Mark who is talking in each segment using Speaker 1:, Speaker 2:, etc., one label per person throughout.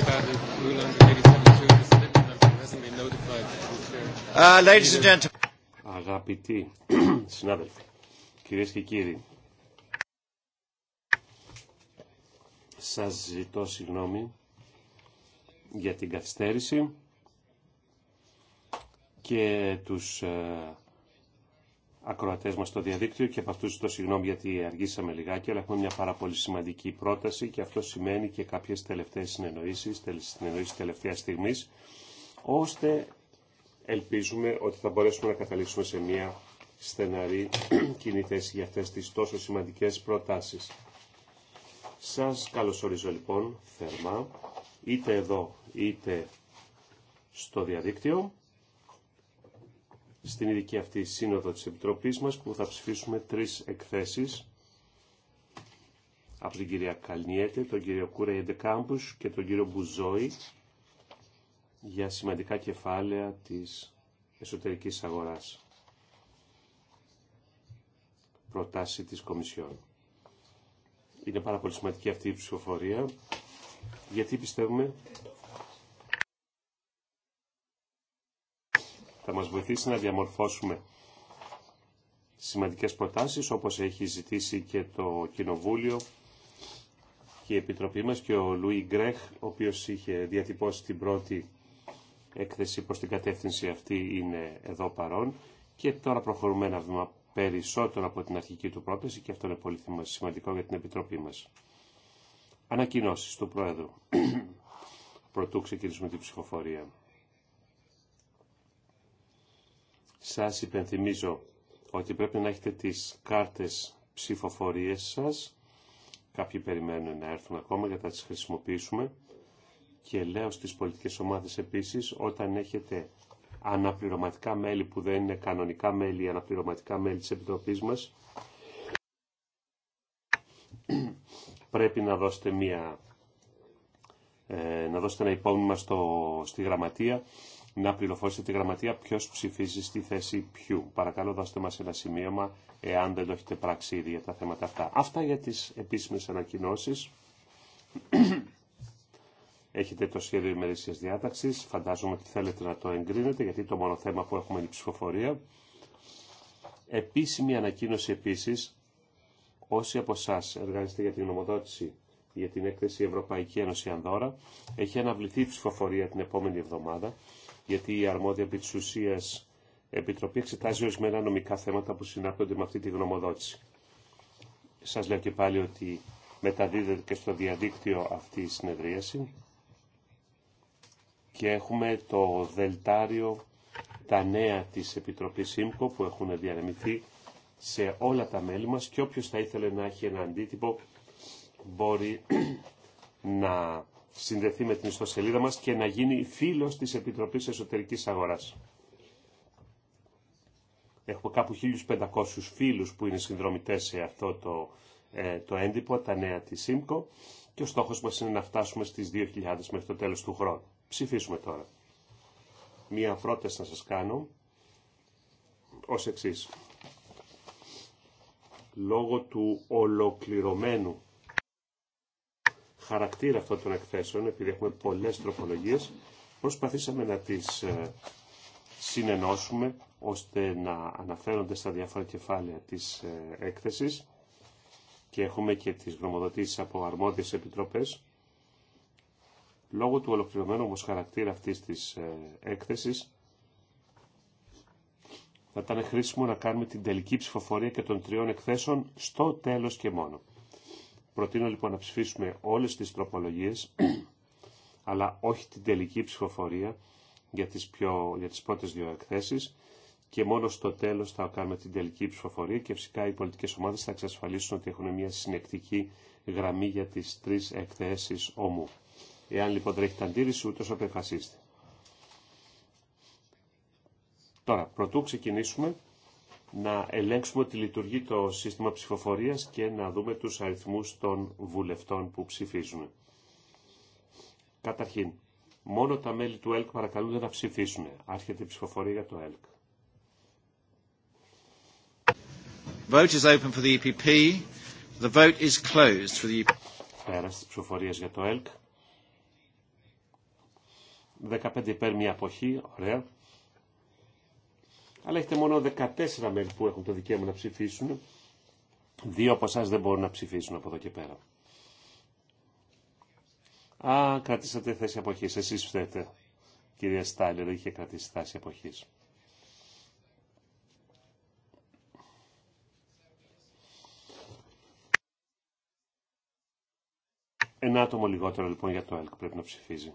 Speaker 1: Uh,
Speaker 2: κυρίες και κύριοι, Σα ζητώ συγγνώμη για την καθυστέρηση και τους ε, ακροατές μας στο διαδίκτυο και από αυτούς το συγγνώμη γιατί αργήσαμε λιγάκι, αλλά έχουμε μια πάρα πολύ σημαντική πρόταση και αυτό σημαίνει και κάποιες τελευταίες συνεννοήσεις, συνεννοήσεις τελευταία στιγμής, ώστε ελπίζουμε ότι θα μπορέσουμε να καταλήξουμε σε μια στεναρή κοινή για αυτές τις τόσο σημαντικές προτάσεις. Σας καλωσορίζω λοιπόν θερμά, είτε εδώ είτε στο διαδίκτυο στην ειδική αυτή σύνοδο της Επιτροπής μας που θα ψηφίσουμε τρεις εκθέσεις από την κυρία Καλνιέτε, τον κύριο Κούρα και τον κύριο Μπουζόη για σημαντικά κεφάλαια της εσωτερικής αγοράς. Προτάση της Κομισιόν. Είναι πάρα πολύ σημαντική αυτή η ψηφοφορία γιατί πιστεύουμε θα μας βοηθήσει να διαμορφώσουμε σημαντικές προτάσεις όπως έχει ζητήσει και το Κοινοβούλιο και η Επιτροπή μας και ο Λουί Γκρέχ ο οποίος είχε διατυπώσει την πρώτη έκθεση προς την κατεύθυνση αυτή είναι εδώ παρόν και τώρα προχωρούμε ένα βήμα περισσότερο από την αρχική του πρόταση και αυτό είναι πολύ σημαντικό για την Επιτροπή μας. Ανακοινώσεις του Πρόεδρου. Πρωτού ξεκινήσουμε την ψηφοφορία. Σας υπενθυμίζω ότι πρέπει να έχετε τις κάρτες ψηφοφορίες σας. Κάποιοι περιμένουν να έρθουν ακόμα για να τις χρησιμοποιήσουμε. Και λέω στις πολιτικές ομάδες επίσης, όταν έχετε αναπληρωματικά μέλη που δεν είναι κανονικά μέλη, αναπληρωματικά μέλη της Επιτροπής μας, πρέπει να δώσετε, μια, ε, να δώσετε ένα υπόμνημα στο, στη γραμματεία να πληροφορήσετε τη γραμματεία ποιο ψηφίζει στη θέση ποιου. Παρακαλώ δώστε μα ένα σημείωμα εάν δεν το έχετε πράξει ήδη για τα θέματα αυτά. Αυτά για τι επίσημε ανακοινώσει, Έχετε το σχέδιο ημερήσια διάταξη. Φαντάζομαι ότι θέλετε να το εγκρίνετε, γιατί το μόνο θέμα που έχουμε είναι η ψηφοφορία. Επίσημη ανακοίνωση επίση. Όσοι από εσά εργάζεστε για την νομοδότηση για την έκθεση Ευρωπαϊκή Ένωση Ανδώρα, έχει αναβληθεί η ψηφοφορία την επόμενη εβδομάδα γιατί η αρμόδια επί της ουσίας Επιτροπή εξετάζει ορισμένα νομικά θέματα που συνάπτονται με αυτή τη γνωμοδότηση. Σας λέω και πάλι ότι μεταδίδεται και στο διαδίκτυο αυτή η συνεδρίαση και έχουμε το δελτάριο τα νέα της Επιτροπής ΣΥΜΚΟ που έχουν διανεμηθεί σε όλα τα μέλη μας και όποιος θα ήθελε να έχει ένα αντίτυπο μπορεί να συνδεθεί με την ιστοσελίδα μας και να γίνει φίλος της Επιτροπής Εσωτερικής Αγοράς. Έχουμε κάπου 1.500 φίλους που είναι συνδρομητές σε αυτό το, ε, το έντυπο, τα νέα της ΣΥΜΚΟ και ο στόχος μας είναι να φτάσουμε στις 2.000 μέχρι το τέλος του χρόνου. Ψηφίσουμε τώρα. Μία πρόταση να σας κάνω ως εξής. Λόγω του ολοκληρωμένου χαρακτήρα αυτών των εκθέσεων, επειδή έχουμε πολλές τροπολογίες, προσπαθήσαμε να τις ε, συνενώσουμε ώστε να αναφέρονται στα διάφορα κεφάλαια της ε, έκθεσης και έχουμε και τις γνωμοδοτήσεις από αρμόδιες επιτροπές. Λόγω του ολοκληρωμένου όμως χαρακτήρα αυτής της ε, έκθεσης θα ήταν χρήσιμο να κάνουμε την τελική ψηφοφορία και των τριών εκθέσεων στο τέλος και μόνο. Προτείνω λοιπόν να ψηφίσουμε όλες τις τροπολογίες, αλλά όχι την τελική ψηφοφορία για τις, πιο, για τις πρώτες δύο εκθέσεις και μόνο στο τέλος θα κάνουμε την τελική ψηφοφορία και φυσικά οι πολιτικές ομάδες θα εξασφαλίσουν ότι έχουν μια συνεκτική γραμμή για τις τρεις εκθέσεις ομού. Εάν λοιπόν δεν έχετε αντίρρηση, ούτως απεφασίστε. Τώρα, πρωτού ξεκινήσουμε, να ελέγξουμε ότι λειτουργεί το σύστημα ψηφοφορίας και να δούμε τους αριθμούς των βουλευτών που ψηφίζουν. Καταρχήν, μόνο τα μέλη του ΕΛΚ παρακαλούνται να ψηφίσουν. Άρχεται η ψηφοφορία για το ΕΛΚ. Vote is open for the EPP. The vote is closed for the e για το ΕΛΚ. 15 υπέρ μια αποχή. Ωραία αλλά έχετε μόνο 14 μέλη που έχουν το δικαίωμα να ψηφίσουν. Δύο από εσά δεν μπορούν να ψηφίσουν από εδώ και πέρα. Α, κρατήσατε θέση αποχή. Εσεί φταίτε. Κυρία Στάλερ είχε κρατήσει θέση αποχή. Ένα άτομο λιγότερο λοιπόν για το ΕΛΚ πρέπει να ψηφίζει.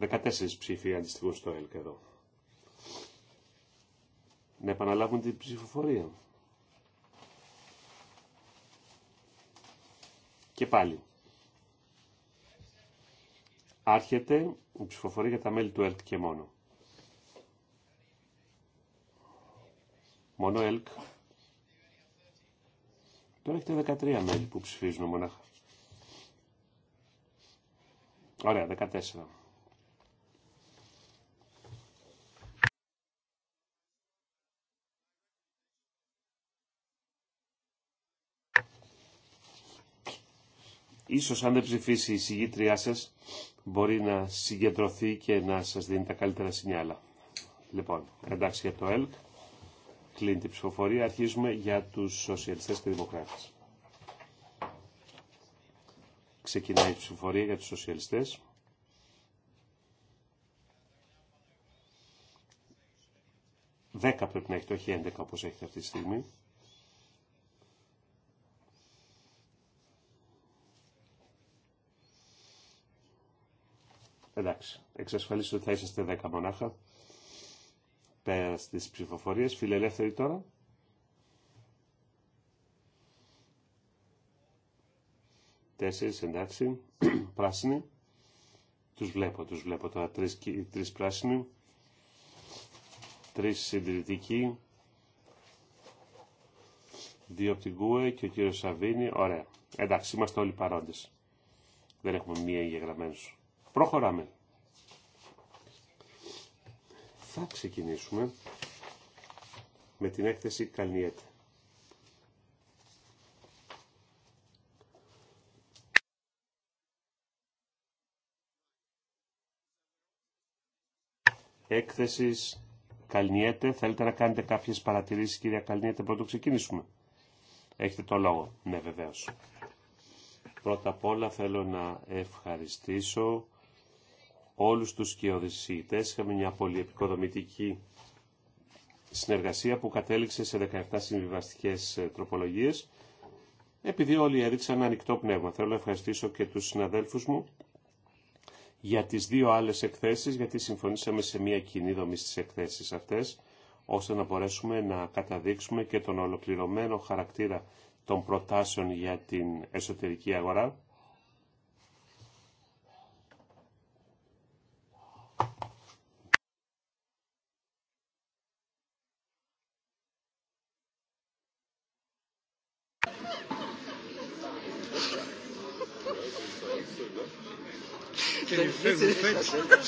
Speaker 2: 14 ψήφοι αντιστοιχούν στο ΕΛΚ εδώ. Να επαναλάβουν την ψηφοφορία. Και πάλι. Άρχεται η ψηφοφορία για τα μέλη του ΕΛΚ και μόνο. Μόνο ΕΛΚ. Τώρα έχετε 13 μέλη που ψηφίζουν μονάχα. Ωραία, 14. Ίσως αν δεν ψηφίσει η συγγήτριά σας μπορεί να συγκεντρωθεί και να σας δίνει τα καλύτερα σινιάλα. Λοιπόν, εντάξει για το ΕΛΚ. Κλείνει την ψηφοφορία. Αρχίζουμε για τους σοσιαλιστές και δημοκράτες. Ξεκινάει η ψηφοφορία για τους σοσιαλιστές. Δέκα πρέπει να έχετε, όχι έντεκα όπως έχετε αυτή τη στιγμή. Εντάξει, εξασφαλίστε ότι θα είσαστε 10 μονάχα. Πέρα στις ψηφοφορίες. Φιλελεύθεροι τώρα. Τέσσερι, εντάξει. πράσινοι. του βλέπω, του βλέπω τώρα. Τρεις, πράσινοι. Τρει συντηρητικοί. Δύο από την ΚΟΕ και ο κύριο Σαββίνη. Ωραία. Εντάξει, είμαστε όλοι παρόντε. Δεν έχουμε μία σου. Προχωράμε. Θα ξεκινήσουμε με την έκθεση Καλνιέτ. Έκθεσης Καλνιέτε, θέλετε να κάνετε κάποιες παρατηρήσεις κυρία Καλνιέτε πρώτο ξεκινήσουμε. Έχετε το λόγο. Ναι βεβαίως. Πρώτα απ' όλα θέλω να ευχαριστήσω όλους τους κοιοδησίτες. Είχαμε μια πολύ επικοδομητική συνεργασία που κατέληξε σε 17 συμβιβαστικές ε, τροπολογίες επειδή όλοι έδειξαν ένα ανοιχτό πνεύμα. Θέλω να ευχαριστήσω και τους συναδέλφους μου για τις δύο άλλες εκθέσεις, γιατί συμφωνήσαμε σε μια κοινή δομή στις εκθέσεις αυτές, ώστε να μπορέσουμε να καταδείξουμε και τον ολοκληρωμένο χαρακτήρα των προτάσεων για την εσωτερική αγορά
Speaker 3: fait,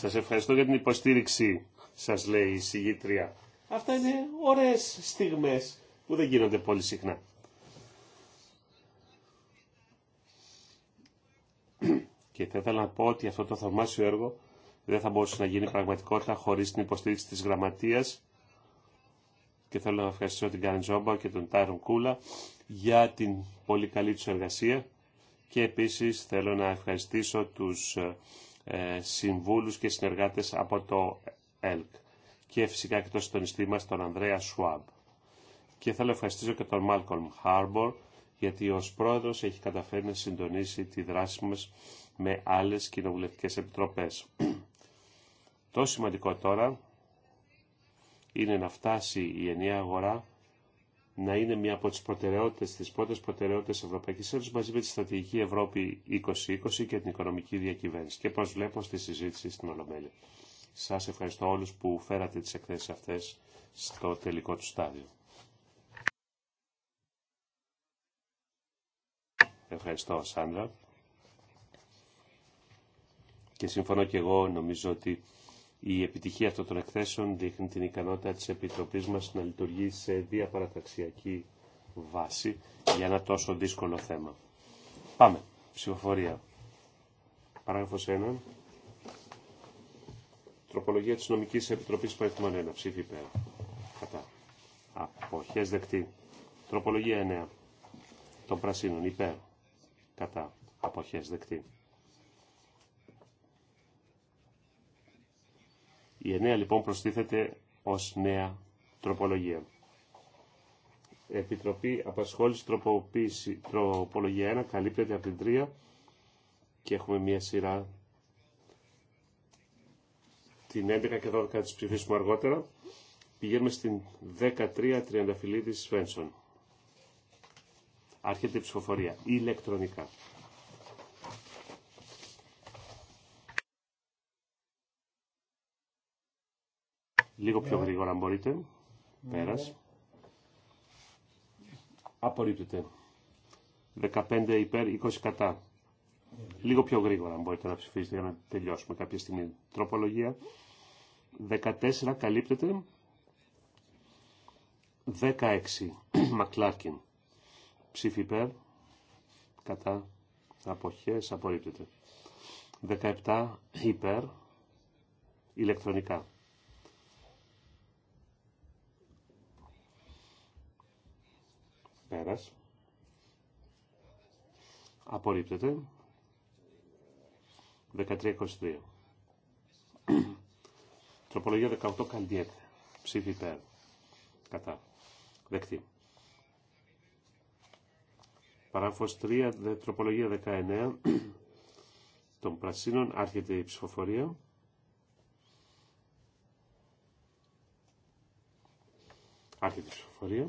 Speaker 1: Σας ευχαριστώ για
Speaker 2: την υποστήριξη, σας λέει η συγγήτρια. Αυτά είναι ωραίες στιγμές που δεν γίνονται πολύ συχνά. Και θα ήθελα να πω ότι αυτό το θαυμάσιο έργο δεν θα μπορούσε να γίνει πραγματικότητα χωρίς την υποστήριξη της γραμματείας και θέλω να ευχαριστήσω την Καντζόμπα και τον Τάιρον Κούλα για την πολύ καλή του εργασία και επίσης θέλω να ευχαριστήσω τους ε, συμβούλους και συνεργάτες από το ΕΛΚ και φυσικά και τον συντονιστή μας τον Ανδρέα Σουάμπ. Και θέλω να ευχαριστήσω και τον Μάλκολμ Χάρμπορ γιατί ως πρόεδρος έχει καταφέρει να συντονίσει τη δράση μας με άλλες κοινοβουλευτικές επιτροπές. Το σημαντικό τώρα είναι να φτάσει η ενιαία αγορά να είναι μία από τις προτεραιότητες, τις πρώτες προτεραιότητες Ευρωπαϊκής Ένωσης μαζί με τη Στρατηγική Ευρώπη 2020 και την οικονομική διακυβέρνηση. Και προσβλέπω στη συζήτηση στην Ολομέλεια. Σας ευχαριστώ όλους που φέρατε τις εκθέσεις αυτές στο τελικό του στάδιο. Ευχαριστώ, Σάντρα. Και συμφωνώ και εγώ, νομίζω ότι η επιτυχία αυτών των εκθέσεων δείχνει την ικανότητα της Επιτροπής μας να λειτουργεί σε διαπαραταξιακή βάση για ένα τόσο δύσκολο θέμα. Πάμε. Ψηφοφορία. Παράγραφος 1. Τροπολογία της Νομικής Επιτροπής Παριθμών 1. Ψήφι υπέρ. Κατά. Αποχές δεκτή. Τροπολογία 9. Των Πρασίνων. Υπέρ. Κατά. Αποχές δεκτή. Η εννέα, λοιπόν προστίθεται ως νέα τροπολογία. Επιτροπή Απασχόληση τροποποίηση, Τροπολογία 1 καλύπτεται από την 3 και έχουμε μία σειρά την 11 και 12 θα ψηφίσουμε αργότερα. Πηγαίνουμε στην 13 Τριανταφυλλίδη Σφένσον. Άρχεται η ψηφοφορία ηλεκτρονικά. Λίγο πιο ναι. γρήγορα αν μπορείτε. Ναι. Πέρας. Απορρίπτεται. 15 υπέρ, 20 κατά. Ναι. Λίγο πιο γρήγορα αν μπορείτε να ψηφίσετε για να τελειώσουμε κάποια στιγμή. Τροπολογία. 14 καλύπτεται. 16 Μακλάρκιν. Ψήφι υπέρ. Κατά. Αποχές. Απορρίπτεται. 17 υπέρ. Ηλεκτρονικά. πέρας. Απορρίπτεται. Τροπολογία 18 καλλιέται. Ψήφι υπέρ. Κατά. Δεκτή. παράφος 3, τροπολογία 19 των πρασίνων, άρχεται η ψηφοφορία. Άρχεται η ψηφοφορία.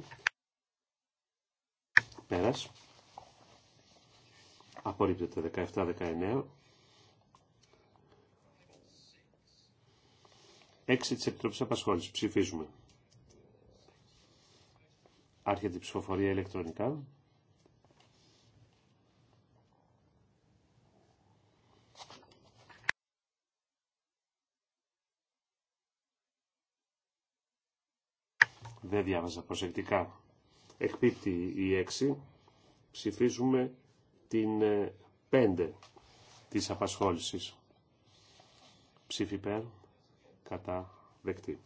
Speaker 2: Πέρας. Απορρίπτεται 17-19. Έξι της Επιτροπής Απασχόλησης. Ψηφίζουμε. Άρχεται η ψηφοφορία ηλεκτρονικά. Δεν διάβαζα προσεκτικά. Εκπίπτει η 6. Ψηφίζουμε την 5 ε, της απασχόλησης. Ψήφι υπέρ, κατά δεκτή.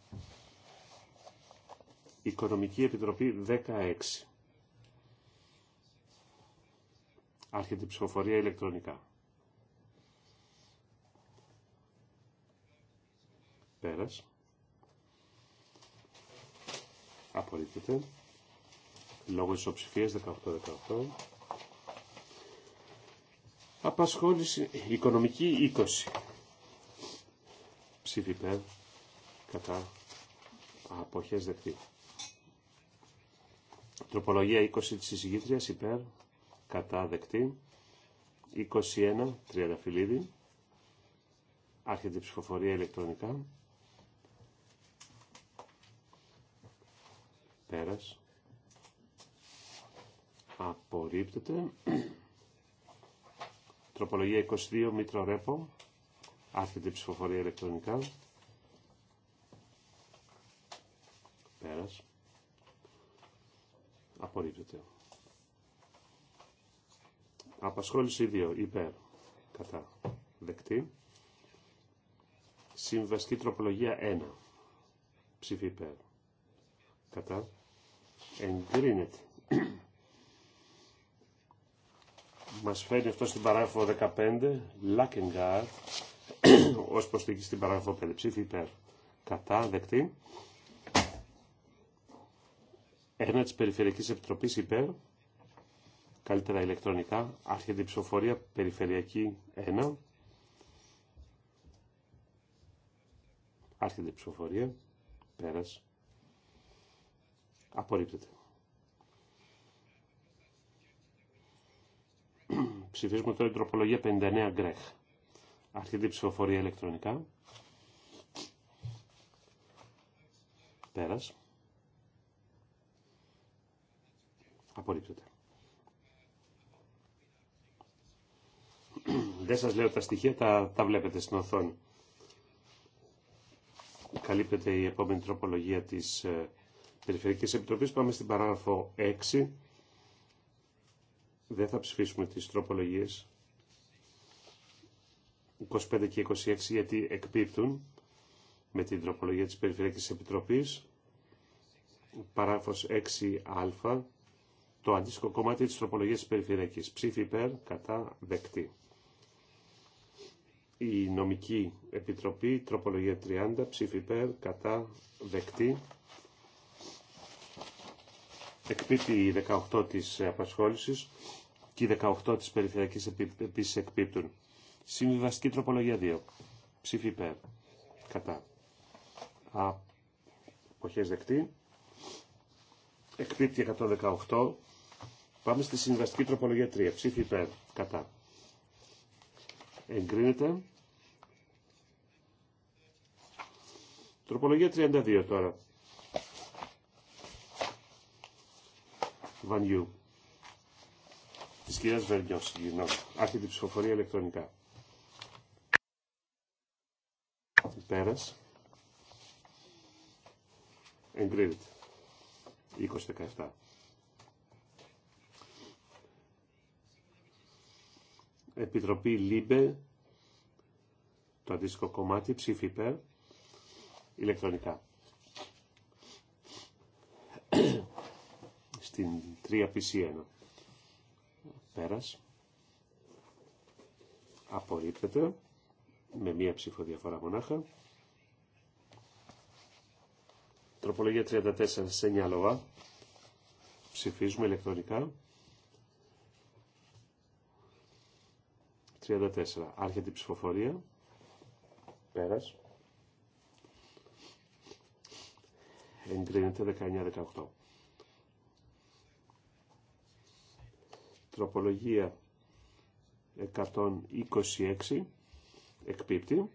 Speaker 2: Οικονομική Επιτροπή 16. Άρχεται η ψηφοφορία ηλεκτρονικά. Πέρας. Απορρίπτεται λογω οψηφιας ισοψηφίας 18-18. Απασχόληση οικονομική 20. Ψήφι κατά αποχές δεκτή. Τροπολογία 20 της εισηγήτριας υπέρ κατά δεκτή. 21 τριανταφυλλίδη. Άρχεται η ψηφοφορία ηλεκτρονικά. Πέρας απορρίπτεται. Τροπολογία 22, Μήτρο Ρέπο, άρχεται η ψηφοφορία ηλεκτρονικά. Πέρας. Απορρίπτεται. Απασχόληση 2, υπέρ, κατά, δεκτή. Συμβαστική τροπολογία 1, ψήφι υπέρ, κατά, εγκρίνεται. μας φέρει αυτό στην παράγραφο 15, Λάκενγκάρ, ως προσθήκη στην παράγραφο 5, ψήφι υπέρ. Κατά, δεκτή. Ένα της Περιφερειακής Επιτροπής υπέρ, καλύτερα ηλεκτρονικά, άρχεται η ψηφοφορία Περιφερειακή 1, άρχεται η ψηφοφορία, πέρας, απορρίπτεται. Ψηφίζουμε τώρα την τροπολογία 59 γκρέχ. Αρχίζει ψηφοφορία ηλεκτρονικά. Πέρας. Απορρίπτεται. Δεν σας λέω τα στοιχεία, τα, τα βλέπετε στην οθόνη. Καλύπτεται η επόμενη τροπολογία της ε, Περιφερειακής Επιτροπής. Πάμε στην παράγραφο 6 δεν θα ψηφίσουμε τις τροπολογίες 25 και 26 γιατί εκπίπτουν με την τροπολογία της Περιφερειακής Επιτροπής παράγραφος 6α το αντίστοιχο κομμάτι της τροπολογίας της Περιφερειακής ψήφι υπέρ κατά δεκτή η νομική επιτροπή τροπολογία 30 ψήφι υπέρ κατά δεκτή εκπίπτει η 18 της απασχόλησης και 18 της περιφερειακής επίσης εκπίπτουν. Συμβιβαστική τροπολογία 2. Ψήφι υπέρ. Κατά. Εποχές δεκτή. Εκπίπτει 118. Πάμε στη συμβιβαστική τροπολογία 3. Ψήφι υπέρ. Κατά. Εγκρίνεται. Τροπολογία 32 τώρα. Βανιού τη κυρία Βεργιό, συγγνώμη. Άρχεται η ψηφοφορία Πέρα. Πέρας. Εγκρίνεται. 20-17. Επιτροπή ΛΥΜΠΕ, το αντίστοιχο κομμάτι, ψήφι υπέρ, ηλεκτρονικά. Στην 3 PC1. Πέρας. Απορρίπτεται με μία ψηφοδιαφορά μονάχα, διαφορά μονάχα. Τροπολογία 34 σε λογά. Ψηφίζουμε ηλεκτρονικά. 34. Άρχεται η ψηφοφορία. Πέρας. Εγκρίνεται 19-18. τροπολογία 126 εκπίπτει.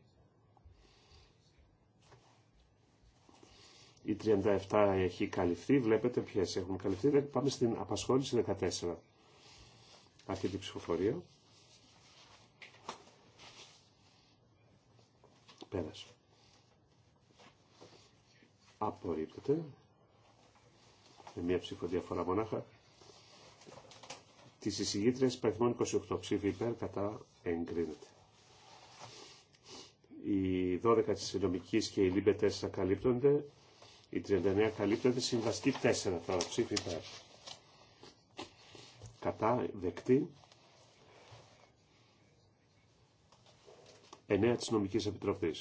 Speaker 2: Η 37 έχει καλυφθεί. Βλέπετε ποιες έχουν καλυφθεί. Πάμε στην απασχόληση 14. Αυτή την ψηφοφορία. Πέρασε. Απορρίπτεται. Με μία ψηφοδιαφορά μονάχα. Τη εισηγήτριας παριθμών 28 ψήφι υπέρ κατά εγκρίνεται. Οι 12 τη συνομική και οι λίμπε 4 καλύπτονται, οι 39 καλύπτονται, συμβαστή 4 τώρα ψήφι υπέρ. Κατά δεκτή. 9 τη νομική επιτροπή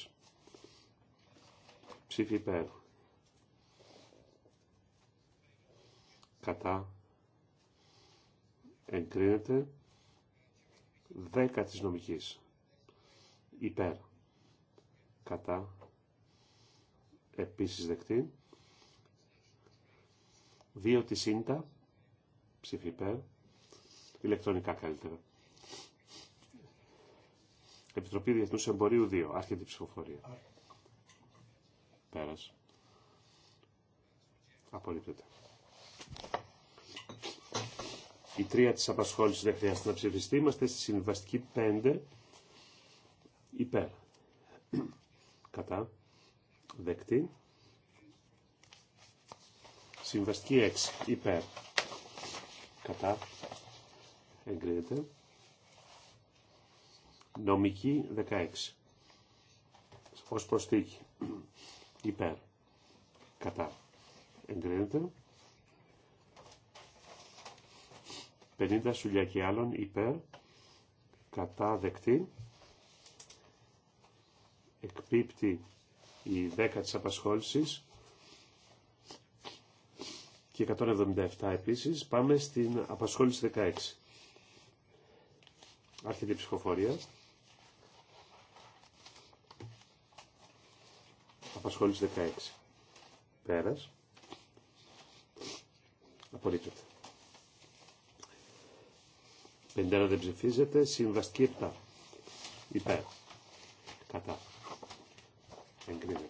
Speaker 2: Ψήφι υπέρ. Κατά εγκρίνεται 10 της νομικής υπέρ κατά επίσης δεκτή 2 της ίντα ψήφι υπέρ ηλεκτρονικά καλύτερα Επιτροπή Διεθνούς Εμπορίου 2 άρχεται η ψηφοφορία πέρας Απολύπτεται. Η τρία της απασχόλησης δεν χρειάζεται να ψηφιστεί. Είμαστε στη συμβαστική 5 υπέρ. Κατά. Δεκτή. Συμβαστική 6 υπέρ. Κατά. Εγκρίνεται. Νομική 16. Ως προστίκη. Υπέρ. Κατά. Εγκρίνεται. 50 σουλιακή άλλων υπέρ κατά δεκτή. Εκπίπτει η δέκα της απασχόλησης και 177 επίσης. Πάμε στην απασχόληση 16. Άρχεται η ψηφοφορία. Απασχόληση 16. Πέρας. Απορρίπτεται. 51 δεν ψηφίζεται. Συμβαστική 7. Υπέρ. Κατά. Εγκρίνεται.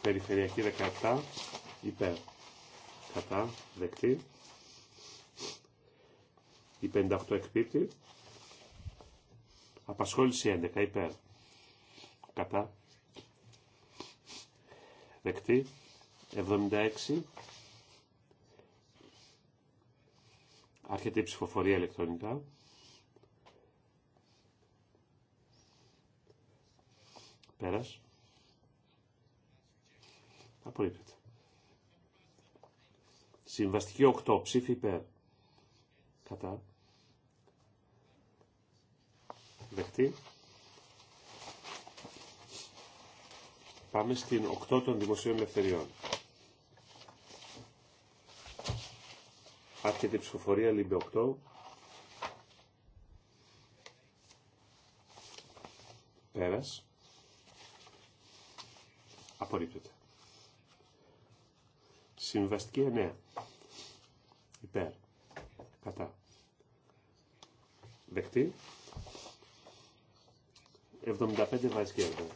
Speaker 2: Περιφερειακή 17. Υπέρ. Κατά. Δεκτή. Η 58 εκπίπτει. Απασχόληση 11. Υπέρ. Κατά. Δεκτή. 76 Άρχεται η ψηφοφορία ηλεκτρονικά. Πέρας. Απορρίπτεται. Συμβαστική 8. Ψήφι υπέρ. Κατά. Δεχτεί. Πάμε στην 8 των δημοσίων ελευθεριών. Άρχεται η ψηφοφορία, λίμπε 8. Πέρας. Απορρίπτεται. Συμβαστική 9. Υπέρ. Κατά. Δεκτή. 75 βαζιέρδα.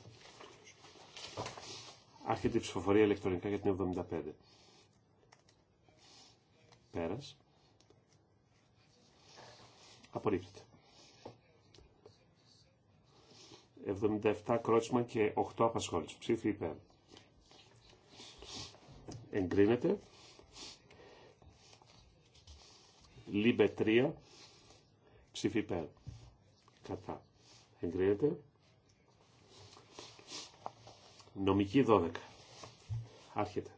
Speaker 2: Άρχεται η ψηφοφορία ηλεκτρονικά για την 75. Πέρας. Απορρίπτεται. 77 κρότσμα και 8 απασχόληση. Ψήφι υπέρ. Εγκρίνεται. Λίμπε 3. Ψήφι υπέρ. Κατά. Εγκρίνεται. Νομική 12. Άρχεται.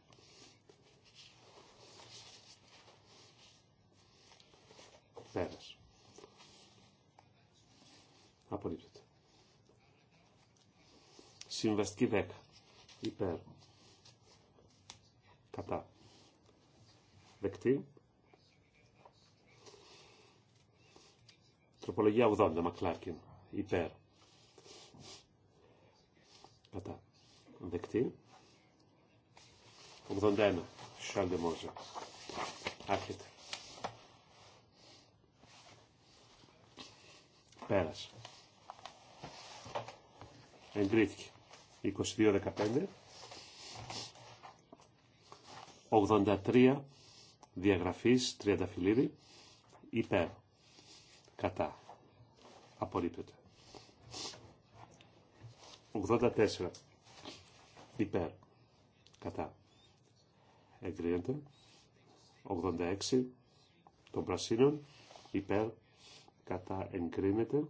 Speaker 2: Απορρίπτεται. Συμβαστική 10. Υπέρ. Κατά. Δεκτή. Τροπολογία 80. Μακλάρκιν. Υπέρ. Κατά. Δεκτή. 81. Σιάντε Μόζε. Άρχεται. Πέρασε εγκρίθηκε. 22-15. 83 διαγραφής 30 φιλίδι υπέρ κατά απορρίπτεται 84 υπέρ κατά εγκρίνεται 86 των πρασίνων υπέρ κατά εγκρίνεται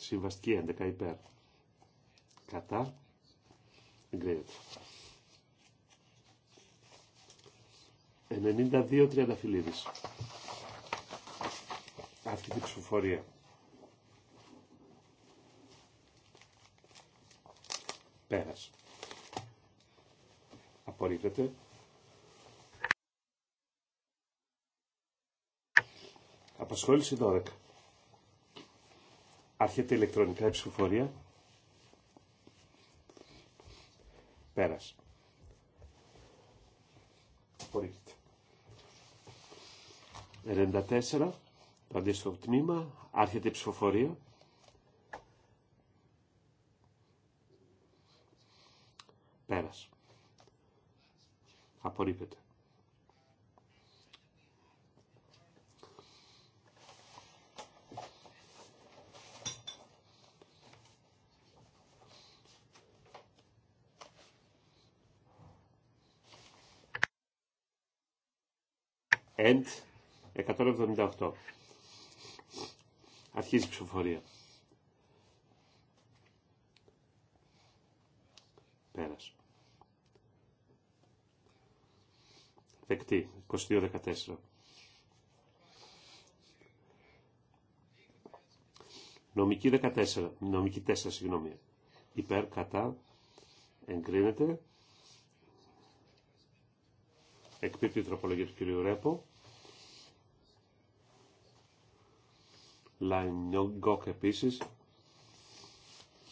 Speaker 2: Συμβαστική 11 υπέρ. Κατά. Εγκρίνεται. 92 τριανταφυλλίδης. Αυτή την ψηφοφορία. Πέρας. Απορρίπτεται. Απασχόληση 12. Άρχεται ηλεκτρονικά η ψηφοφορία. Πέρας. Απορρίπτεται. 94. Το αντίστοιχο τμήμα. Άρχεται η ψηφοφορία. Πέρας. Απορρίπτεται. Εντ 178. Αρχίζει η ψηφοφορία. Πέρας. Δεκτή. 22-14. Νομική 14, νομική 4, συγγνώμη. Υπέρ, κατά, εγκρίνεται. Εκπίπτει η τροπολογία του κ. Ρέπο. Λαϊνιόγκοκ επίσης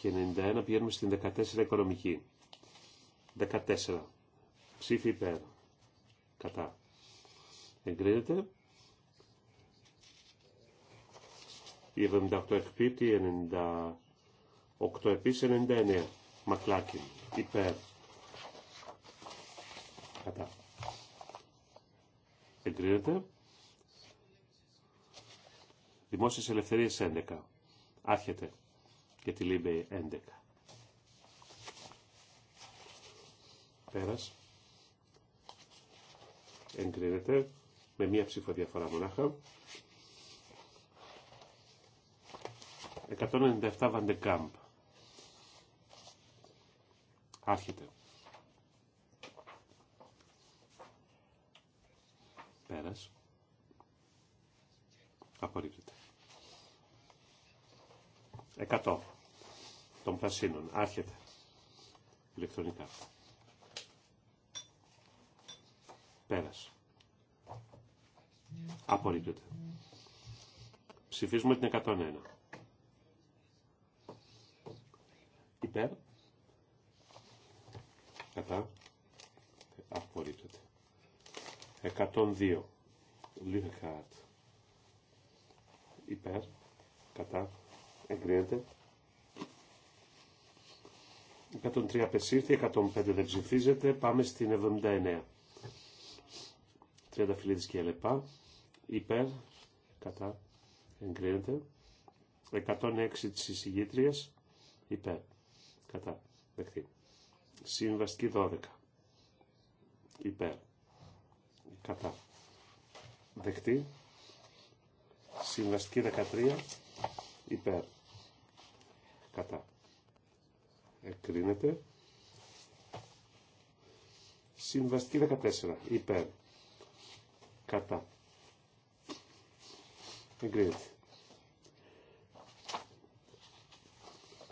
Speaker 2: και 91 πηγαίνουμε στην 14 οικονομική. 14. Ψήφι υπέρ. Κατά. Εγκρίνεται. Η 78 εκπίπτει, 98 επίσης, 99. μακλάκι. Υπέρ. Κατά. Εγκρίνεται. Δημόσιες ελευθερίες 11. Άρχεται και τη Λίμπε 11. Πέρα Εγκρίνεται με μία ψήφο διαφορά μονάχα. 197 Βαντεκάμπ. Άρχεται. Πέρας. Απορρίπτεται. 100 των πρασίνων. Άρχεται ηλεκτρονικά. Πέρασε. Απορρίπτεται. Ψηφίζουμε την 101. Υπέρ. Κατά. Απορρίπτεται. 102. χαρά. Υπέρ. Κατά εγκρίνεται. 103 απεσύρθη, 105 δεν ψηφίζεται. Πάμε στην 79. 30 φιλίδες και λεπά. Υπέρ, κατά, εγκρίνεται. 106 της εισηγήτριας, υπέρ, κατά, Δεχτεί. Συμβαστική 12. Υπέρ, κατά, Δεχτεί. Συμβαστική 13, υπέρ, κατά εκρίνεται συμβαστική 14 υπέρ κατά εγκρίνεται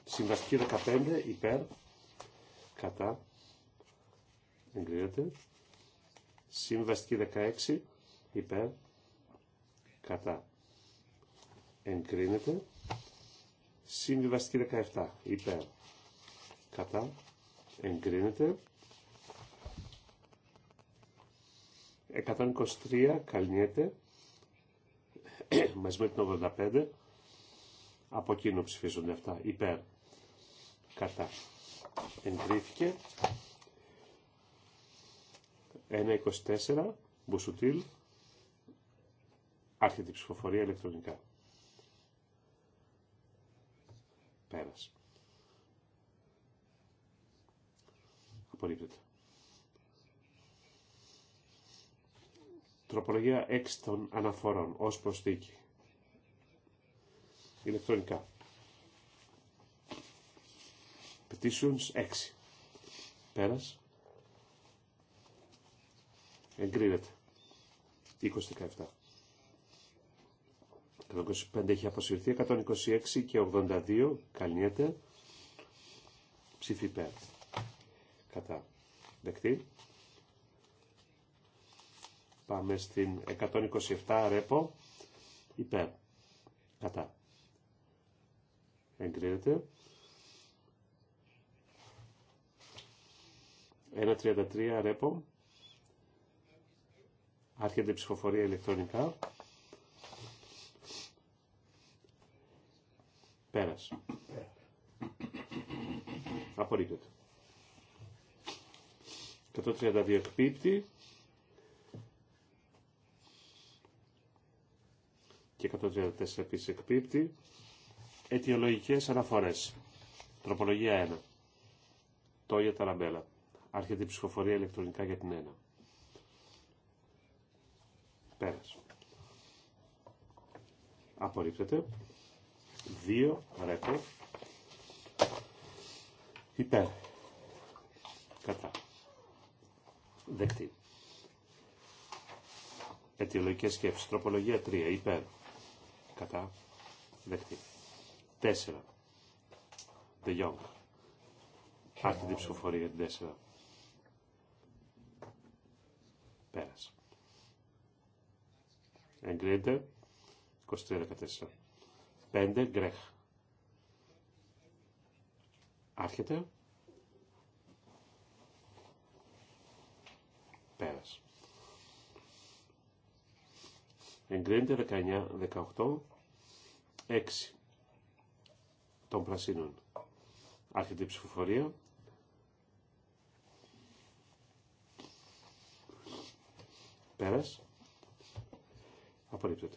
Speaker 2: συμβαστική 15 υπέρ κατά εγκρίνεται συμβαστική 16 υπέρ κατά εγκρίνεται Συμβιβαστική 17 υπέρ κατά εγκρίνεται. 123 καλνιέται μαζί με την 85 από εκείνο ψηφίζονται αυτά υπέρ κατά εγκρίθηκε 1.24 Μπουσουτήλ άρχεται η ψηφοφορία ηλεκτρονικά Πέρας. Απορρίπτεται. Τροπολογία 6 των αναφορών ως προσθήκη. Ηλεκτρονικά. Petitions 6. Πέρας. Εγκρίνεται. 20-17. 125 έχει αποσυρθεί, 126 και 82 καλνιέται. Ψήφι υπέρ. Κατά. Δεκτή. Πάμε στην 127 ρέπο. Υπέρ. Κατά. Εγκρίνεται. 1.33 ρέπο. Άρχεται η ψηφοφορία ηλεκτρονικά. Πέρασε. Απορρίπτεται. 132 εκπίπτει. Και 134 επίσης εκπίπτει. Αιτιολογικές αναφορές. Τροπολογία 1. Τόγια Ταραμπέλα. Άρχεται η ψυχοφορία ηλεκτρονικά για την 1. Πέρασε. Απορρίπτεται. 2 ρεκόρ υπέρ κατά δεκτή αιτιολογικές σκέψεις τροπολογία 3 υπέρ κατά δεκτή 4 De Jong Άρτη την ψηφοφορία 4 πέρας εγκρίνεται 23-14 5 γκρέχ. Άρχεται. Πέρας. Εγκρίνεται 19, 18, 6 των πρασίνων. Άρχεται η ψηφοφορία. Πέρας. Απορρίπτεται.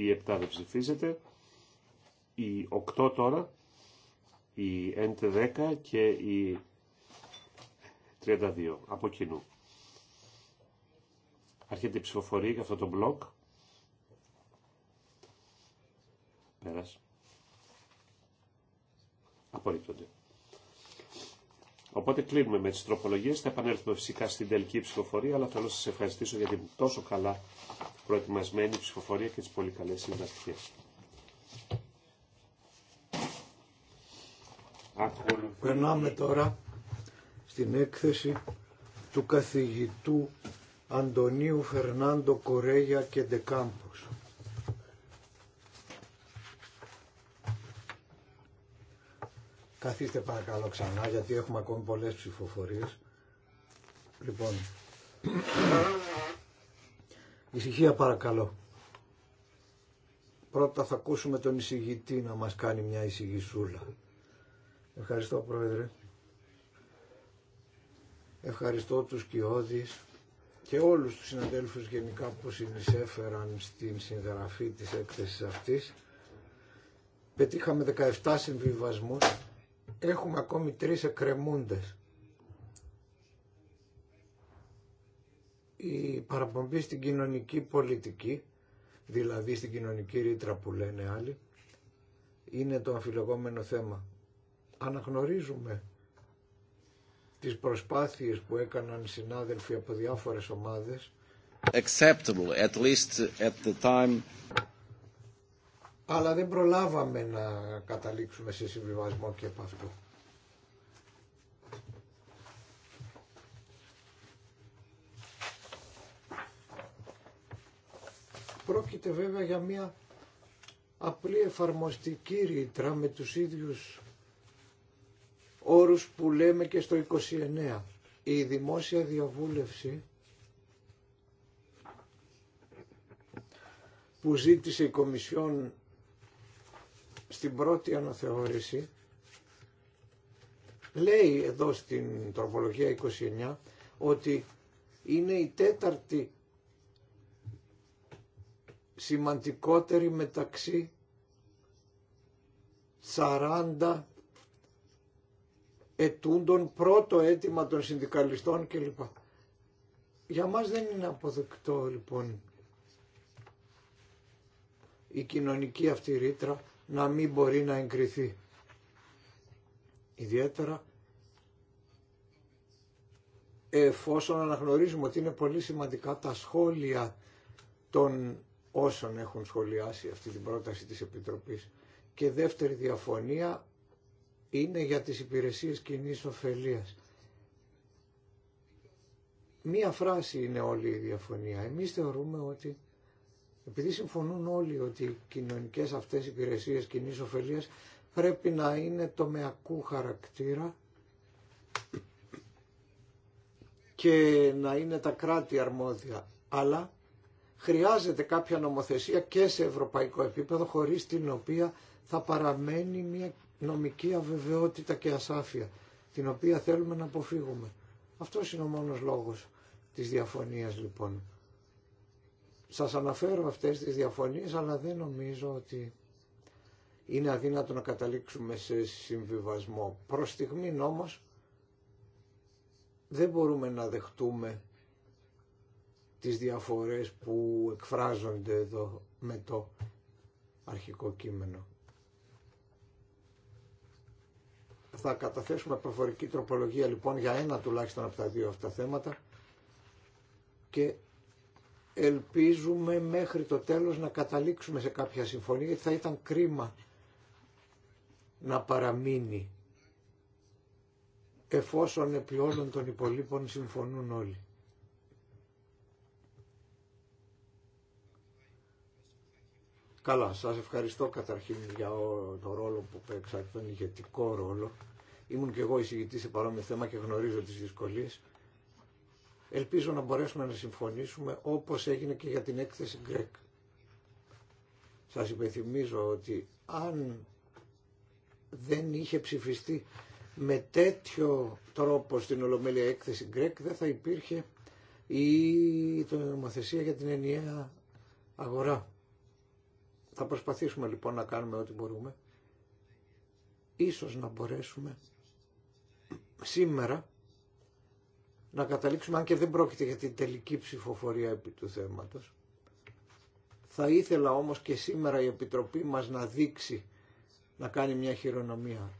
Speaker 2: Η 7 δεν ψηφίζεται. Η 8 τώρα. Η 11 και η 32 από κοινού. Αρχίζει η ψηφοφορία για αυτό το μπλοκ. Πέρασε. Απορρίπτονται. Οπότε κλείνουμε με τις τροπολογίες, θα επανέλθουμε φυσικά στην τελική ψηφοφορία, αλλά θέλω να σας ευχαριστήσω για την τόσο καλά προετοιμασμένη ψηφοφορία και τις πολύ καλές συμβαστικές.
Speaker 1: Περνάμε τώρα στην έκθεση του καθηγητού Αντωνίου Φερνάντο Κορέγια και Ντεκάμπος. Καθίστε παρακαλώ ξανά γιατί έχουμε ακόμη πολλές ψηφοφορίες. Λοιπόν, ησυχία παρακαλώ. Πρώτα θα ακούσουμε τον εισηγητή να μας κάνει μια εισηγησούλα. Ευχαριστώ Πρόεδρε. Ευχαριστώ τους Κιώδης και όλους τους συναδέλφους γενικά που συνεισέφεραν στην συγγραφή της έκθεσης αυτής. Πετύχαμε 17 συμβιβασμούς Έχουμε ακόμη τρεις εκκρεμούντες. Η παραπομπή στην κοινωνική πολιτική, δηλαδή στην κοινωνική ρήτρα που λένε άλλοι, είναι το αμφιλεγόμενο θέμα. Αναγνωρίζουμε τις προσπάθειες που έκαναν συνάδελφοι από διάφορες ομάδες
Speaker 3: acceptable at least at
Speaker 1: αλλά δεν προλάβαμε να καταλήξουμε σε συμβιβασμό και από αυτό. Πρόκειται βέβαια για μια απλή εφαρμοστική ρήτρα με τους ίδιους όρους που λέμε και στο 29. Η δημόσια διαβούλευση που ζήτησε η Κομισιόν στην πρώτη αναθεώρηση λέει εδώ στην τροπολογία 29 ότι είναι η τέταρτη σημαντικότερη μεταξύ 40 ετούντων πρώτο αίτημα των συνδικαλιστών κλπ. Για μας δεν είναι αποδεκτό λοιπόν η κοινωνική αυτή ρήτρα να μην μπορεί να εγκριθεί. Ιδιαίτερα εφόσον αναγνωρίζουμε ότι είναι πολύ σημαντικά τα σχόλια των όσων έχουν σχολιάσει αυτή την πρόταση της Επιτροπής. Και δεύτερη διαφωνία είναι για τις υπηρεσίες κοινή ωφελία. Μία φράση είναι όλη η διαφωνία. Εμείς θεωρούμε ότι επειδή συμφωνούν όλοι ότι οι κοινωνικές αυτές υπηρεσίες κοινή ωφελία πρέπει να είναι το τομεακού χαρακτήρα και να είναι τα κράτη αρμόδια. Αλλά χρειάζεται κάποια νομοθεσία και σε ευρωπαϊκό επίπεδο χωρίς την οποία θα παραμένει μια νομική αβεβαιότητα και ασάφεια την οποία θέλουμε να αποφύγουμε. Αυτό είναι ο μόνος λόγος της διαφωνίας λοιπόν. Σας αναφέρω αυτές τις διαφωνίες, αλλά δεν νομίζω ότι είναι αδύνατο να καταλήξουμε σε συμβιβασμό. Προς στιγμήν όμως δεν μπορούμε να δεχτούμε τις διαφορές που εκφράζονται εδώ με το αρχικό κείμενο. Θα καταθέσουμε προφορική τροπολογία λοιπόν για ένα τουλάχιστον από τα δύο αυτά θέματα και ελπίζουμε μέχρι το τέλος να καταλήξουμε σε κάποια συμφωνία γιατί θα ήταν κρίμα να παραμείνει εφόσον επί όλων των υπολείπων συμφωνούν όλοι. Καλά, σας ευχαριστώ καταρχήν για το ρόλο που παίξατε, τον ηγετικό ρόλο. Ήμουν και εγώ εισηγητή σε παρόμοιο θέμα και γνωρίζω τις δυσκολίες. Ελπίζω να μπορέσουμε να συμφωνήσουμε όπως έγινε και για την έκθεση Γκρέκ. Σας υπενθυμίζω ότι αν δεν είχε ψηφιστεί με τέτοιο τρόπο στην Ολομέλεια έκθεση Γκρέκ δεν θα υπήρχε η νομοθεσία για την ενιαία αγορά. Θα προσπαθήσουμε λοιπόν να κάνουμε ό,τι μπορούμε. Ίσως να μπορέσουμε σήμερα να καταλήξουμε, αν και δεν πρόκειται για την τελική ψηφοφορία επί του θέματος. Θα ήθελα όμως και σήμερα η Επιτροπή μας να δείξει, να κάνει μια χειρονομία.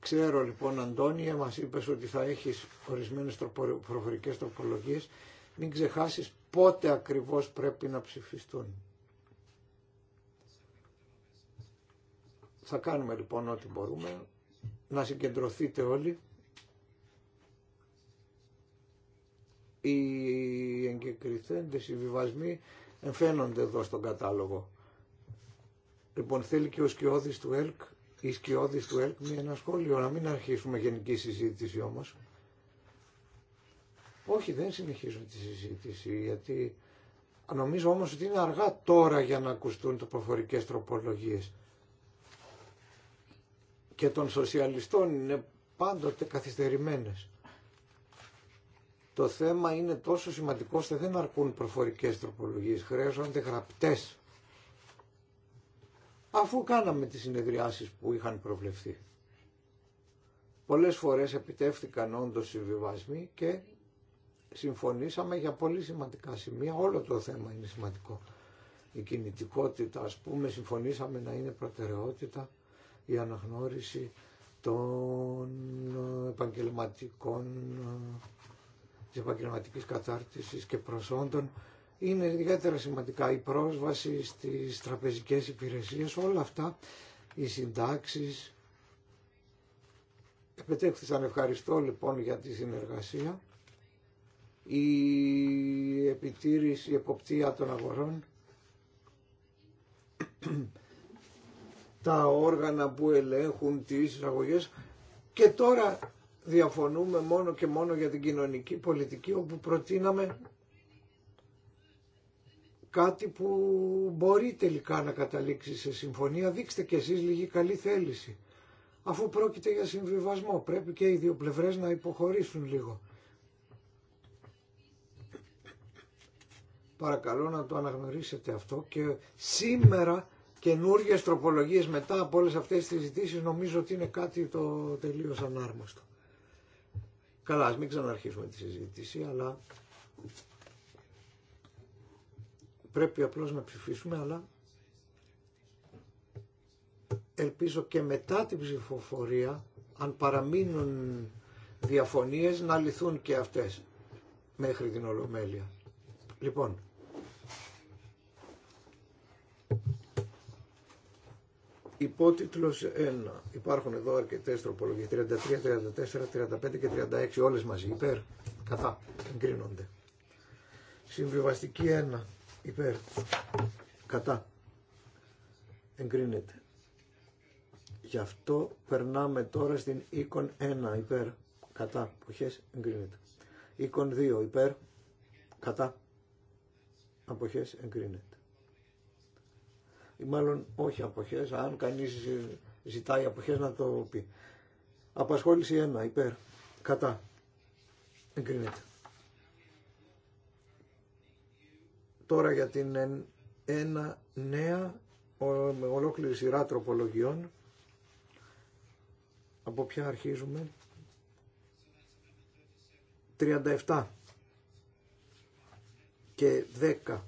Speaker 1: Ξέρω λοιπόν Αντώνια, μας είπες ότι θα έχεις ορισμένες προφορικές τροπολογίες. Μην ξεχάσεις πότε ακριβώς πρέπει να ψηφιστούν. Θα κάνουμε λοιπόν ό,τι μπορούμε. Να συγκεντρωθείτε όλοι. οι εγκεκριθέντες, οι εμφαίνονται εδώ στον κατάλογο. Λοιπόν, θέλει και ο σκιώδης του ΕΛΚ, η σκιώδης του ΕΛΚ, με ένα σχόλιο, να μην αρχίσουμε γενική συζήτηση όμως. Όχι, δεν συνεχίζουμε τη συζήτηση, γιατί νομίζω όμως ότι είναι αργά τώρα για να ακουστούν το προφορικές τροπολογίες. Και των σοσιαλιστών είναι πάντοτε καθυστερημένες το θέμα είναι τόσο σημαντικό ώστε δεν αρκούν προφορικές τροπολογίες, χρειάζονται γραπτές. Αφού κάναμε τις συνεδριάσεις που είχαν προβλεφθεί. Πολλές φορές επιτεύχθηκαν όντως συμβιβασμοί και συμφωνήσαμε για πολύ σημαντικά σημεία. Όλο το θέμα είναι σημαντικό. Η κινητικότητα, ας πούμε, συμφωνήσαμε να είναι προτεραιότητα η αναγνώριση των επαγγελματικών της επαγγελματική κατάρτισης και προσόντων είναι ιδιαίτερα σημαντικά. Η πρόσβαση στις τραπεζικές υπηρεσίες, όλα αυτά, οι συντάξεις, Επιτέχθησαν, ευχαριστώ λοιπόν για τη συνεργασία, η επιτήρηση, η εποπτεία των αγορών, τα όργανα που ελέγχουν τις εισαγωγές και τώρα διαφωνούμε μόνο και μόνο για την κοινωνική πολιτική όπου προτείναμε κάτι που μπορεί τελικά να καταλήξει σε συμφωνία. Δείξτε κι εσείς λίγη καλή θέληση. Αφού πρόκειται για συμβιβασμό πρέπει και οι δύο πλευρές να υποχωρήσουν λίγο. Παρακαλώ να το αναγνωρίσετε αυτό και σήμερα καινούργιες τροπολογίες μετά από όλες αυτές τις συζητήσεις νομίζω ότι είναι κάτι το τελείως ανάρμοστο. Καλά, ας μην ξαναρχίσουμε τη συζήτηση, αλλά πρέπει απλώς να ψηφίσουμε, αλλά ελπίζω και μετά την ψηφοφορία, αν παραμείνουν διαφωνίες, να λυθούν και αυτές μέχρι την Ολομέλεια. Λοιπόν, Υπότιτλος 1. Υπάρχουν εδώ αρκετές τροπολογίες. 33, 34, 35 και 36 όλες μαζί. Υπέρ. Κατά. Εγκρίνονται. Συμβιβαστική 1. Υπέρ. Κατά. Εγκρίνεται. Γι' αυτό περνάμε τώρα στην οίκον 1. Υπέρ. Κατά. Αποχές. Εγκρίνεται. Οίκον 2. Υπέρ. Κατά. Αποχές. Εγκρίνεται ή μάλλον όχι αποχές, αν κανείς ζητάει αποχές να το πει. Απασχόληση 1, υπέρ, κατά, εγκρίνεται. Τώρα για την ένα νέα με ολόκληρη σειρά τροπολογιών. Από ποια αρχίζουμε. 37 και 10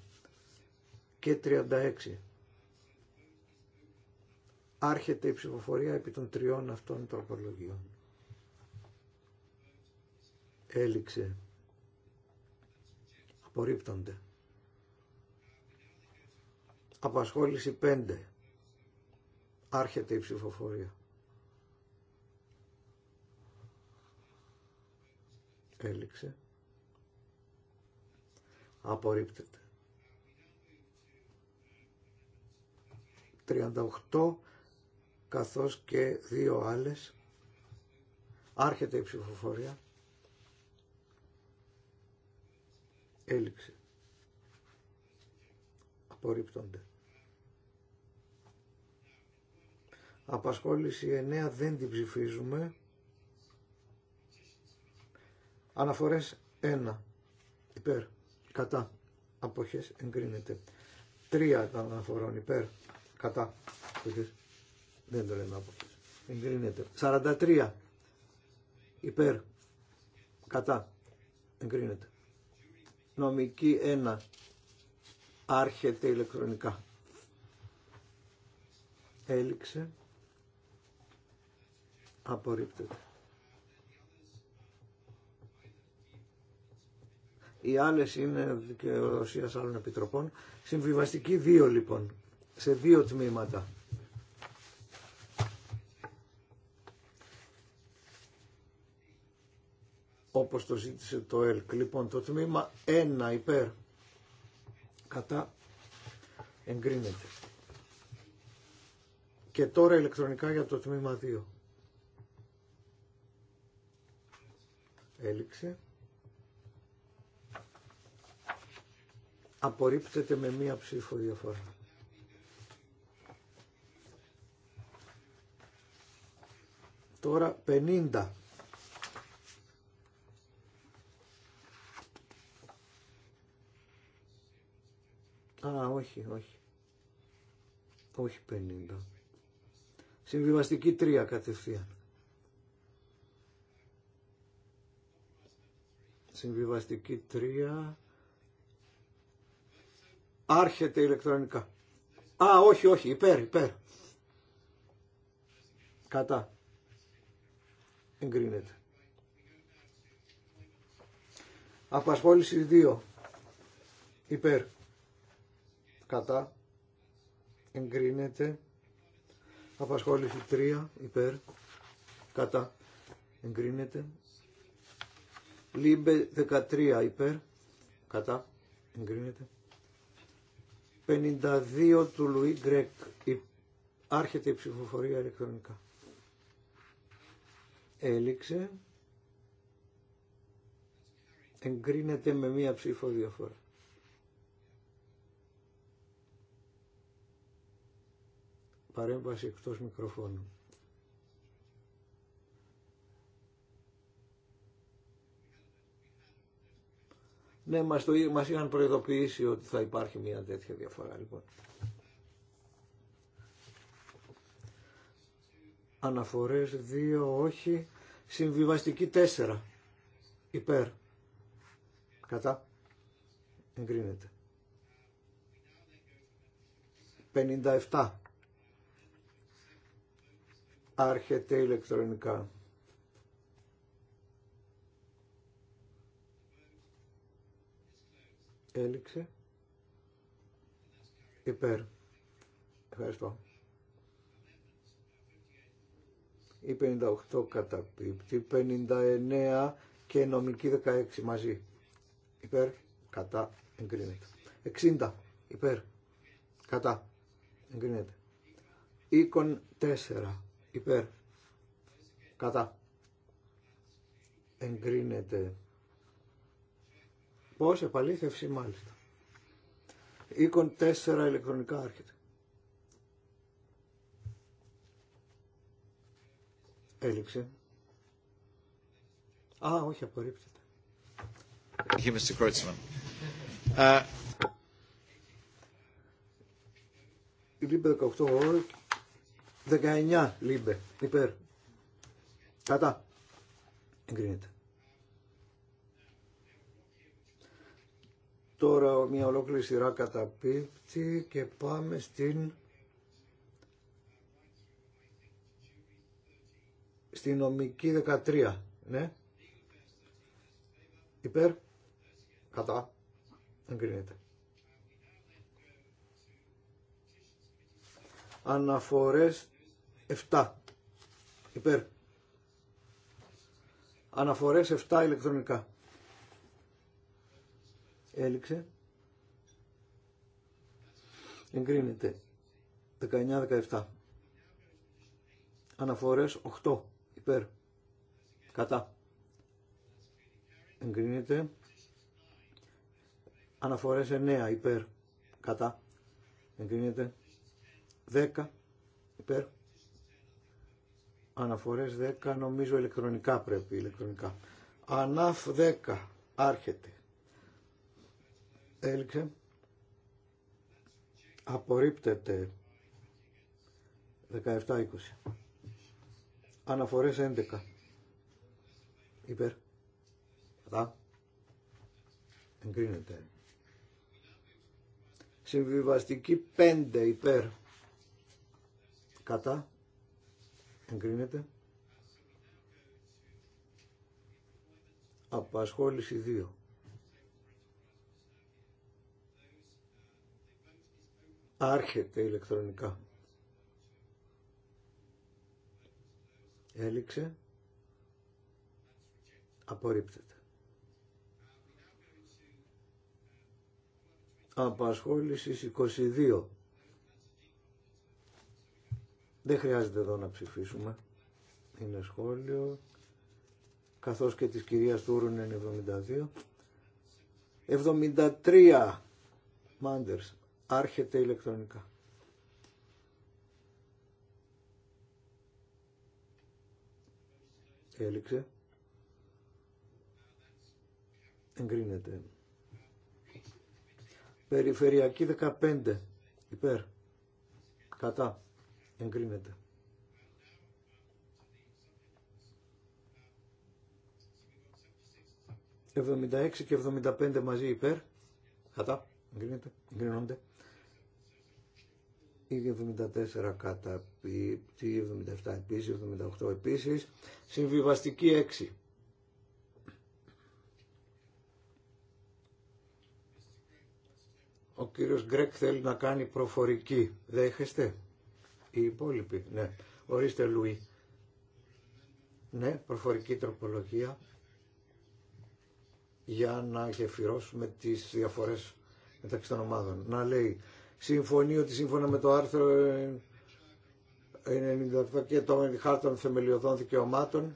Speaker 1: και 36 Άρχεται η ψηφοφορία επί των τριών αυτών τροπολογιών. Έληξε. Απορρίπτονται. Απασχόληση 5. Άρχεται η ψηφοφορία. Έληξε. Απορρίπτεται καθώς και δύο άλλες. Άρχεται η ψηφοφορία. Έληξε. Απορρίπτονται. Απασχόληση 9 δεν την ψηφίζουμε. Αναφορές 1. Υπέρ. Κατά. Αποχές εγκρίνεται. 3 των αναφορών υπέρ. Κατά. Αποχές δεν το λέμε από Εγκρίνεται. 43 υπέρ. Κατά. Εγκρίνεται. Νομική 1. Άρχεται ηλεκτρονικά. Έληξε. Απορρίπτεται. Οι άλλες είναι δικαιοδοσίας άλλων επιτροπών. Συμβιβαστική 2 λοιπόν. Σε δύο τμήματα. όπως το ζήτησε το ΕΛΚ. Λοιπόν, το τμήμα 1 υπέρ κατά εγκρίνεται. Και τώρα ηλεκτρονικά για το τμήμα 2. Έληξε. Απορρίπτεται με μία ψήφο διαφορά. Τώρα 50 Α, όχι, όχι. Όχι 50. Συμβιβαστική 3 κατευθείαν. Συμβιβαστική 3. Άρχεται ηλεκτρονικά. Α, όχι, όχι, υπέρ, υπέρ. Κατά. Εγκρίνεται. Απασχόληση 2. Υπέρ κατά εγκρίνεται απασχόληση 3 υπέρ κατά εγκρίνεται λίμπε 13 υπέρ κατά εγκρίνεται 52 του Λουί Γκρέκ άρχεται η ψηφοφορία ηλεκτρονικά έληξε εγκρίνεται με μία ψήφο διαφορά παρέμβαση εκτός μικροφώνου. Ναι, μας, το, μας είχαν προειδοποιήσει ότι θα υπάρχει μια τέτοια διαφορά, λοιπόν. Αναφορές 2, όχι. Συμβιβαστική 4. Υπέρ. Κατά. Εγκρίνεται. 57. Άρχεται ηλεκτρονικά. Έληξε. Υπέρ. Ευχαριστώ. Η 58 καταπίπτει. 59 και νομική 16 μαζί. Υπέρ. Κατά. Εγκρίνεται. 60. Υπέρ. Κατά. Εγκρίνεται. Οίκον 4 υπέρ κατά εγκρίνεται πώς επαλήθευση μάλιστα οίκον 4 ηλεκτρονικά έρχεται. έληξε α όχι απορρίπτεται Thank you, Mr. Kreutzmann. Uh... Ε, 18 19 λίμπε υπέρ. Κατά. Εγκρίνεται. Τώρα μια ολόκληρη σειρά καταπίπτει και πάμε στην στη νομική 13. Ναι. Υπέρ. Κατά. Εγκρίνεται. Αναφορές 7 υπέρ. Αναφορές 7 ηλεκτρονικά. Έληξε. Εγκρίνεται. 19-17. Αναφορές 8 υπέρ. Κατά. Εγκρίνεται. Αναφορές 9 υπέρ. Κατά. Εγκρίνεται. 10 υπέρ. Αναφορές 10 νομίζω ηλεκτρονικά πρέπει ηλεκτρονικά. Ανάφ 10 άρχεται. Έλξε. Απορρίπτεται 17-20. Αναφορές 11. Υπέρ. Κατά. Εγκρίνεται. Συμβιβαστική 5 υπέρ. Κατά εγκρίνεται. Απασχόληση 2. Άρχεται ηλεκτρονικά. Έληξε. Απορρίπτεται. Απασχόληση 22. Δεν χρειάζεται εδώ να ψηφίσουμε. Είναι σχόλιο. Καθώς και της κυρίας Τούρουν είναι 72. 73 Μάντερς. Άρχεται ηλεκτρονικά. Έληξε. Εγκρίνεται. Περιφερειακή 15. Υπέρ. Κατά. Εγκρίνεται. ...76 και 75 μαζί υπέρ... ...κατά... ...εγκρίνεται... ...εγκρίνονται... ...η 74 κατά... 77 επίσης... ...78 επίσης... ...συμβιβαστική 6... Ο κύριος Γκρέκ θέλει να κάνει προφορική. Δέχεστε οι υπόλοιποι. Ναι. Ορίστε Λουί. Ναι, προφορική τροπολογία για να γεφυρώσουμε τις διαφορές μεταξύ των ομάδων. Να λέει, συμφωνεί ότι σύμφωνα με το άρθρο 97 και το Χάρτων των θεμελιωδών δικαιωμάτων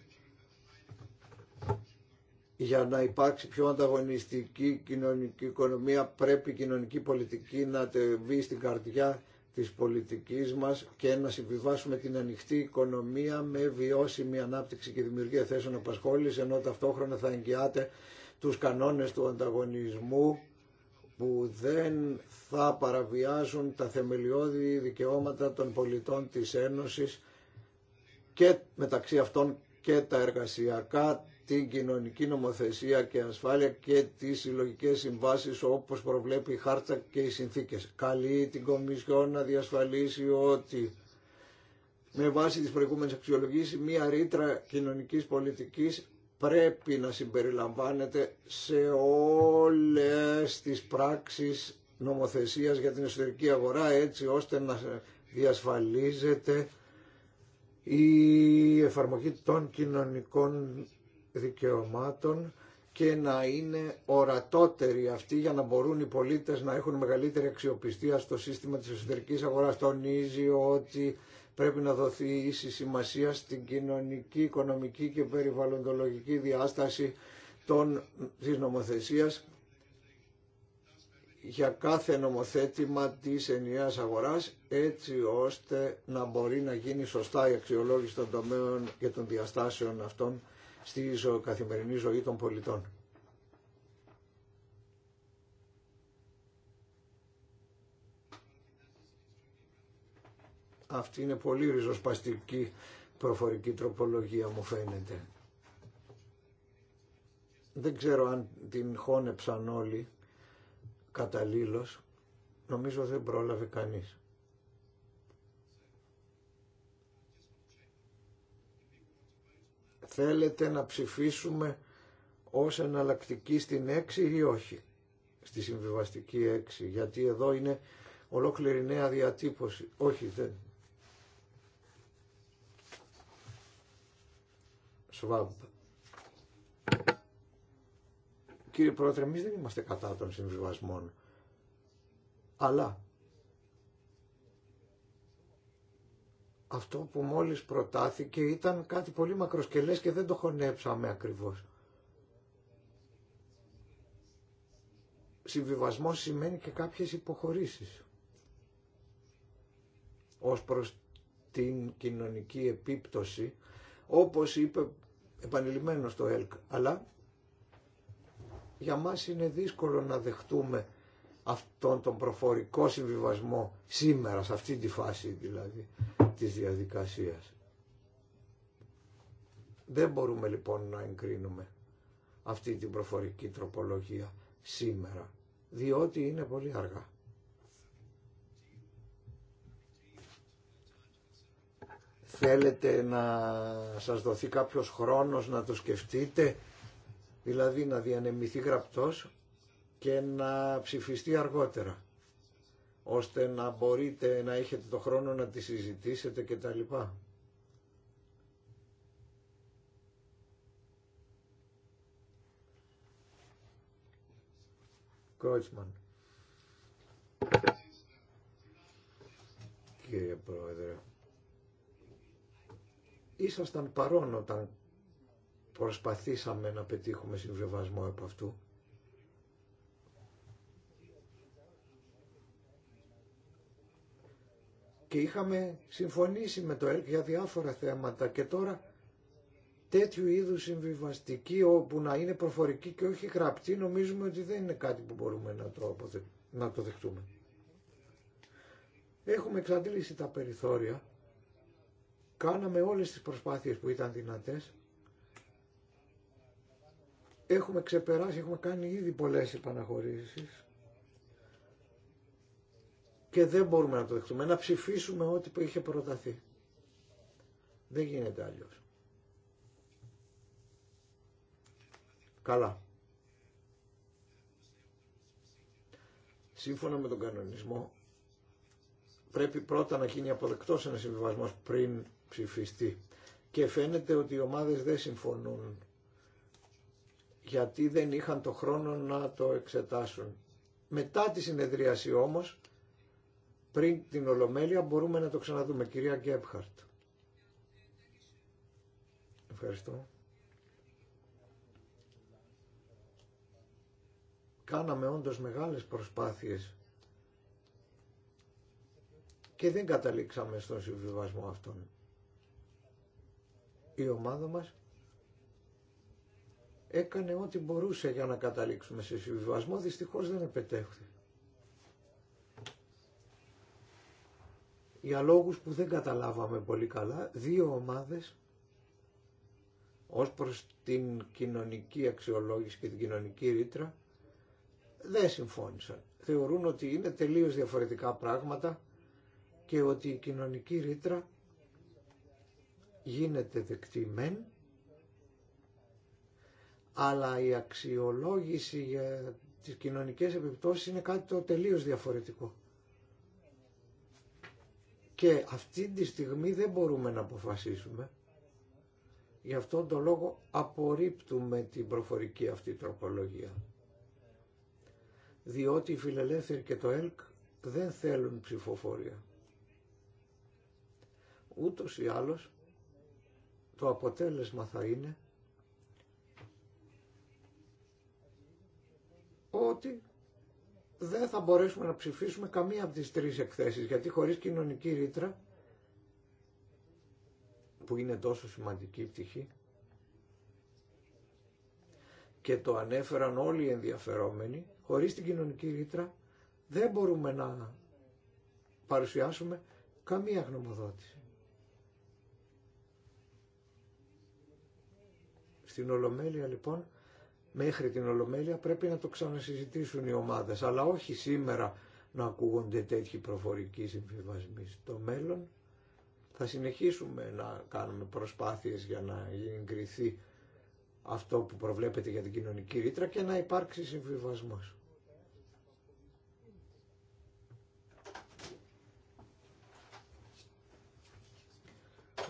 Speaker 1: για να υπάρξει πιο ανταγωνιστική κοινωνική οικονομία πρέπει η κοινωνική πολιτική να τεβεί στην καρδιά της πολιτικής μας και να συμβιβάσουμε την ανοιχτή οικονομία με βιώσιμη ανάπτυξη και δημιουργία θέσεων απασχόληση ενώ ταυτόχρονα θα εγγυάται τους κανόνες του ανταγωνισμού που δεν θα παραβιάζουν τα θεμελιώδη δικαιώματα των πολιτών της Ένωσης και μεταξύ αυτών και τα εργασιακά, την κοινωνική νομοθεσία και ασφάλεια και τις συλλογικέ συμβάσεις όπως προβλέπει η χάρτα και οι συνθήκες. Καλεί την Κομισιόν να διασφαλίσει ότι με βάση τις προηγούμενες αξιολογήσεις μία ρήτρα κοινωνικής πολιτικής πρέπει να συμπεριλαμβάνεται σε όλες τις πράξεις νομοθεσίας για την εσωτερική αγορά έτσι ώστε να διασφαλίζεται η εφαρμογή των κοινωνικών δικαιωμάτων και να είναι ορατότεροι αυτοί για να μπορούν οι πολίτες να έχουν μεγαλύτερη αξιοπιστία στο σύστημα της εσωτερικής αγοράς. Τονίζει ότι πρέπει να δοθεί ίση σημασία στην κοινωνική, οικονομική και περιβαλλοντολογική διάσταση των, της νομοθεσίας για κάθε νομοθέτημα της ενιαίας αγοράς έτσι ώστε να μπορεί να γίνει σωστά η αξιολόγηση των τομέων και των διαστάσεων αυτών στη καθημερινή ζωή των πολιτών. Αυτή είναι πολύ ριζοσπαστική προφορική τροπολογία μου φαίνεται. Δεν ξέρω αν την χώνεψαν όλοι καταλήλως. Νομίζω δεν πρόλαβε κανείς. θέλετε να ψηφίσουμε ως εναλλακτική στην 6 ή όχι, στη συμβιβαστική 6, γιατί εδώ είναι ολόκληρη νέα διατύπωση. Όχι, δεν. Σβάμπ. Κύριε Πρόεδρε, εμεί δεν είμαστε κατά των συμβιβασμών. Αλλά αυτό που μόλις προτάθηκε ήταν κάτι πολύ μακροσκελές και δεν το χωνέψαμε ακριβώς. Συμβιβασμός σημαίνει και κάποιες υποχωρήσεις ως προς την κοινωνική επίπτωση, όπως είπε επανειλημμένος το ΕΛΚ, αλλά για μας είναι δύσκολο να δεχτούμε αυτόν τον προφορικό συμβιβασμό σήμερα, σε αυτή τη φάση δηλαδή της διαδικασίας. Δεν μπορούμε λοιπόν να εγκρίνουμε αυτή την προφορική τροπολογία σήμερα, διότι είναι πολύ αργά. Θέλετε να σας δοθεί κάποιος χρόνος να το σκεφτείτε, δηλαδή να διανεμηθεί γραπτός και να ψηφιστεί αργότερα ώστε να μπορείτε να έχετε το χρόνο να τη συζητήσετε λοιπά. Κρότσμαν. Κύριε Πρόεδρε, ήσασταν παρόν όταν προσπαθήσαμε να πετύχουμε συμβιβασμό από αυτού. και είχαμε συμφωνήσει με το ΕΛΚ για διάφορα θέματα και τώρα τέτοιου είδους συμβιβαστική όπου να είναι προφορική και όχι γραπτή νομίζουμε ότι δεν είναι κάτι που μπορούμε να το, να το δεχτούμε. Έχουμε εξαντλήσει τα περιθώρια, κάναμε όλες τις προσπάθειες που ήταν δυνατές, έχουμε ξεπεράσει, έχουμε κάνει ήδη πολλές επαναχωρήσεις και δεν μπορούμε να το δεχτούμε. Να ψηφίσουμε ό,τι είχε προταθεί. Δεν γίνεται αλλιώ. Καλά. Σύμφωνα με τον κανονισμό πρέπει πρώτα να γίνει αποδεκτός ένα συμβιβασμό πριν ψηφιστεί. Και φαίνεται ότι οι ομάδες δεν συμφωνούν γιατί δεν είχαν το χρόνο να το εξετάσουν. Μετά τη συνεδρίαση όμως πριν την Ολομέλεια μπορούμε να το ξαναδούμε. Κυρία Γκέμπχαρτ. Ευχαριστώ. Κάναμε όντως μεγάλες προσπάθειες και δεν καταλήξαμε στον συμβιβασμό αυτόν. Η ομάδα μας έκανε ό,τι μπορούσε για να καταλήξουμε σε συμβιβασμό, δυστυχώς δεν επετέχθηκε. για λόγους που δεν καταλάβαμε πολύ καλά, δύο ομάδες ως προς την κοινωνική αξιολόγηση και την κοινωνική ρήτρα δεν συμφώνησαν. Θεωρούν ότι είναι τελείως διαφορετικά πράγματα και ότι η κοινωνική ρήτρα γίνεται δεκτή μεν, αλλά η αξιολόγηση για τις κοινωνικές επιπτώσεις είναι κάτι το τελείως διαφορετικό. Και αυτή τη στιγμή δεν μπορούμε να αποφασίσουμε. Γι' αυτόν τον λόγο απορρίπτουμε την προφορική αυτή τροπολογία. Διότι οι φιλελεύθεροι και το ΕΛΚ δεν θέλουν ψηφοφορία. Ούτως ή άλλως το αποτέλεσμα θα είναι ότι δεν θα μπορέσουμε να ψηφίσουμε καμία από τις τρεις εκθέσεις, γιατί χωρίς κοινωνική ρήτρα, που είναι τόσο σημαντική πτυχή, και το ανέφεραν όλοι οι ενδιαφερόμενοι, χωρίς την κοινωνική ρήτρα δεν μπορούμε να παρουσιάσουμε καμία γνωμοδότηση. Στην Ολομέλεια λοιπόν μέχρι την Ολομέλεια πρέπει να το ξανασυζητήσουν οι ομάδες, αλλά όχι σήμερα να ακούγονται τέτοιοι προφορικοί συμβιβασμοί. Στο μέλλον θα συνεχίσουμε να κάνουμε προσπάθειες για να εγκριθεί αυτό που προβλέπεται για την κοινωνική ρήτρα και να υπάρξει συμβιβασμός.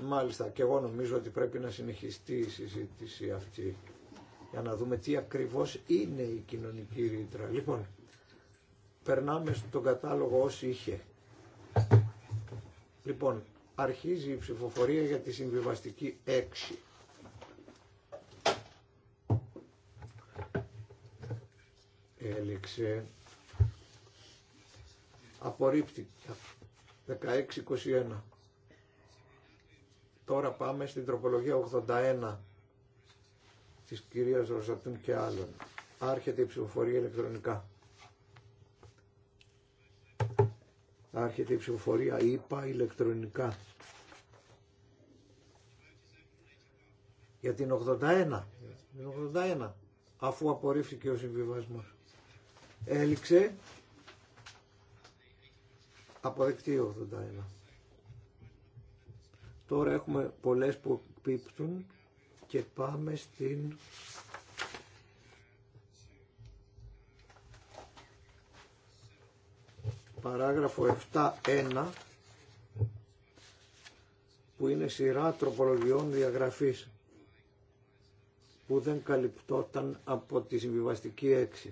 Speaker 1: Μάλιστα, και εγώ νομίζω ότι πρέπει να συνεχιστεί η συζήτηση αυτή για να δούμε τι ακριβώς είναι η κοινωνική ρήτρα. Λοιπόν, περνάμε στον κατάλογο όσοι είχε. Λοιπόν, αρχίζει η ψηφοφορία για τη συμβιβαστική 6. Έληξε. Απορρίπτηκε. 16-21. Τώρα πάμε στην τροπολογία 81 της κυρίας Ροζατούν και άλλων. Άρχεται η ψηφοφορία ηλεκτρονικά. Άρχεται η ψηφοφορία είπα ηλεκτρονικά. Για την 81. Την 81. Αφού απορρίφθηκε ο συμβιβασμός. Έληξε. Αποδεκτή 81. Τώρα έχουμε πολλές που πίπτουν και πάμε στην παράγραφο 7.1 που είναι σειρά τροπολογιών διαγραφής που δεν καλυπτόταν από τη συμβιβαστική 6.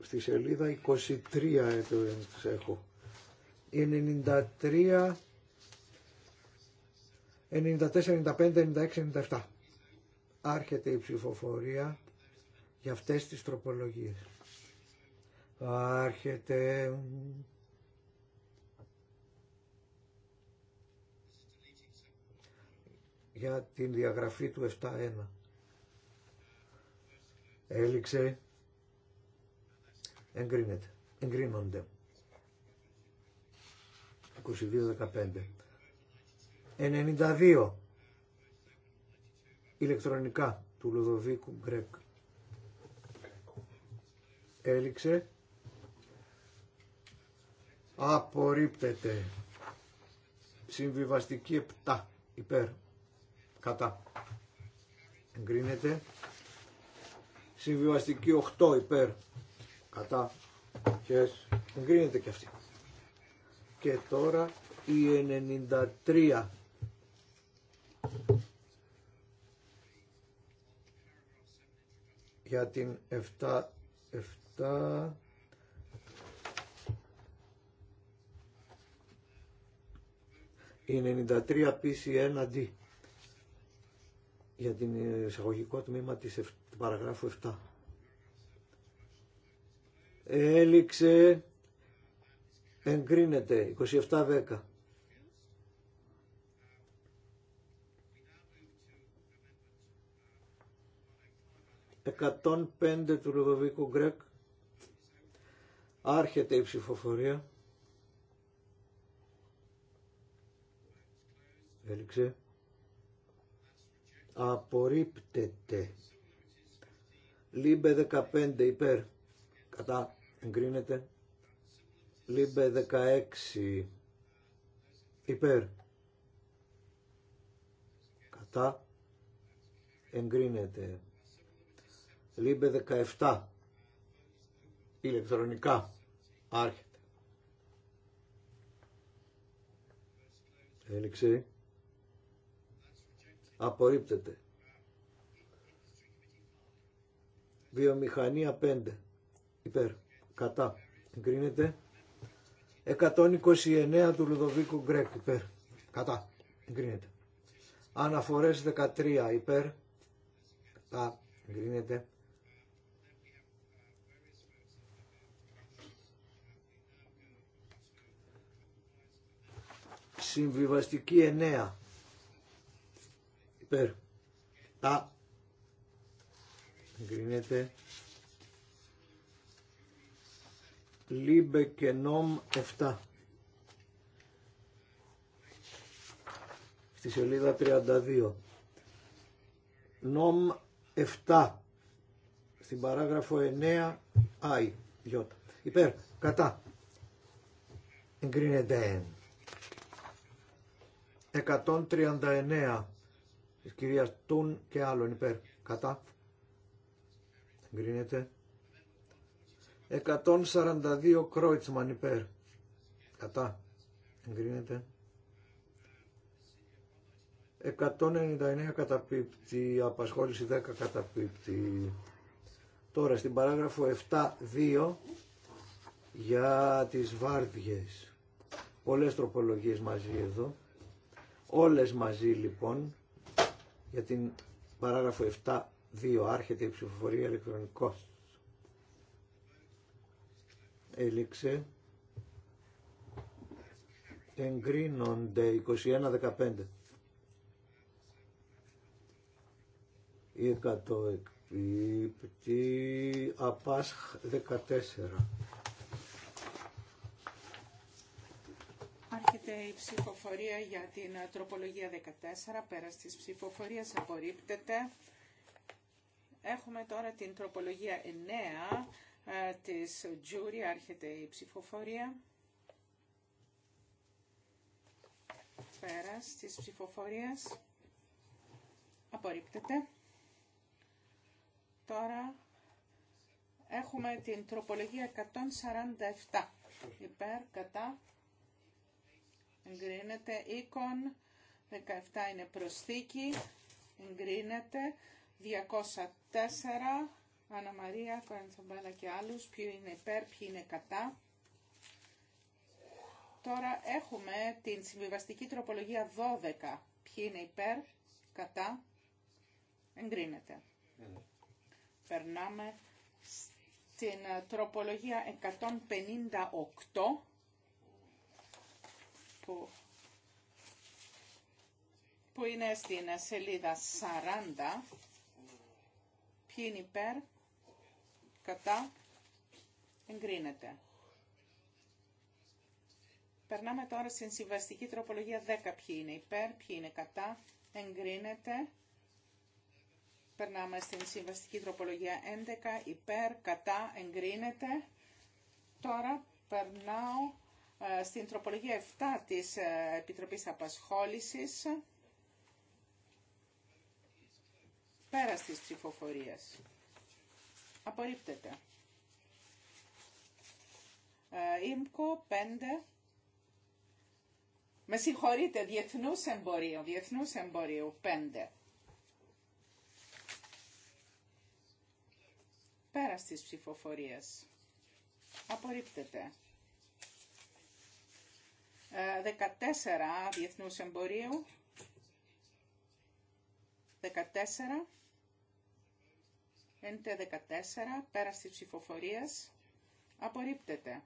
Speaker 1: Στη σελίδα 23 ε, έχω. 93, 94, 95, 96, 97. Άρχεται η ψηφοφορία για αυτές τις τροπολογίες. Άρχεται... για την διαγραφή του 7-1. Έληξε. Εγκρίνεται. Εγκρίνονται. 22 92 ηλεκτρονικά του Λουδοβίκου Γκρέκ. Έληξε. Απορρίπτεται. Συμβιβαστική 7 υπέρ. Κατά. Εγκρίνεται. Συμβιβαστική 8 υπέρ. Κατά. και Εγκρίνεται και αυτή. Και τώρα η 93. για την 7, 7 η 93 PC1D για την εισαγωγικό τμήμα της παραγράφου 7. Έληξε Εγκρίνεται 27-10. 105 πέντε του Λουδοβίκου Γκρέκ. Άρχεται η ψηφοφορία. Έληξε. Απορρίπτεται. Λίμπε 15 υπέρ. Κατά. Εγκρίνεται. Λίμπε 16 υπέρ κατά εγκρίνεται. Λίμπε 17 ηλεκτρονικά άρχεται. Έληξε. Απορρίπτεται. Βιομηχανία 5 υπέρ κατά εγκρίνεται. 129 του Λουδοβίκου Γκρέκ υπέρ. Κατά. Εγκρίνεται. Αναφορές 13 υπέρ. Κατά. Εγκρίνεται. Συμβιβαστική 9 υπέρ. Κατά. Εγκρίνεται. Λίμπε και Νόμ 7. Στη σελίδα 32. Νόμ 7. Στην παράγραφο 9. Άι. Γιώτα. Υπέρ. Κατά. Εγκρίνεται. 139 της κυρίας Τούν και άλλων υπέρ. Κατά. Εγκρίνεται. 142 Κρόιτσμαν υπέρ. Κατά. Εγκρίνεται. 199 καταπίπτει, απασχόληση 10 καταπίπτει. Τώρα στην παράγραφο 7.2 για τις βάρδιες. Πολλές τροπολογίες μαζί εδώ. Όλες μαζί λοιπόν για την παράγραφο 7.2 άρχεται η ψηφοφορία ηλεκτρονικός έληξε εγκρίνονται 21-15 ή 100 εκπίπτει απάσχ 14 Άρχεται η 100 απασχ 14
Speaker 3: αρχεται η ψηφοφορια για την τροπολογία 14 πέρα της ψηφοφορίας απορρίπτεται Έχουμε τώρα την τροπολογία 9 ε, της Τζούρι άρχεται η ψηφοφορία. Πέρας της ψηφοφορίας. Απορρίπτεται. Τώρα έχουμε την τροπολογία 147. Υπέρ, κατά, εγκρίνεται. Οίκον, 17 είναι προσθήκη, εγκρίνεται. 204 Αναμαρία, Μπάλα και άλλους, ποιοι είναι υπέρ, ποιοι είναι κατά. Τώρα έχουμε την συμβιβαστική τροπολογία 12. Ποιοι είναι υπέρ, κατά, εγκρίνεται. Περνάμε στην τροπολογία 158 που, που είναι στην σελίδα 40. Ποιοι είναι υπέρ, κατά, εγκρίνεται. Περνάμε τώρα στην συμβαστική τροπολογία 10. Ποιοι είναι υπέρ, ποιοι είναι κατά, εγκρίνεται. Περνάμε στην συμβαστική τροπολογία 11. Υπέρ, κατά, εγκρίνεται. Τώρα περνάω ε, στην τροπολογία 7 της ε, Επιτροπής Απασχόλησης. Πέρα της ψηφοφορίας. Απορρίπτεται. Ήμκο ε, 5. Με συγχωρείτε, διεθνούς εμπορίου, διεθνούς εμπορίου 5. Πέρα στις ψηφοφορίες. Απορρίπτεται. 14 ε, διεθνούς εμπορίου. 14 τε 14, πέρας της ψηφοφορίας, απορρίπτεται.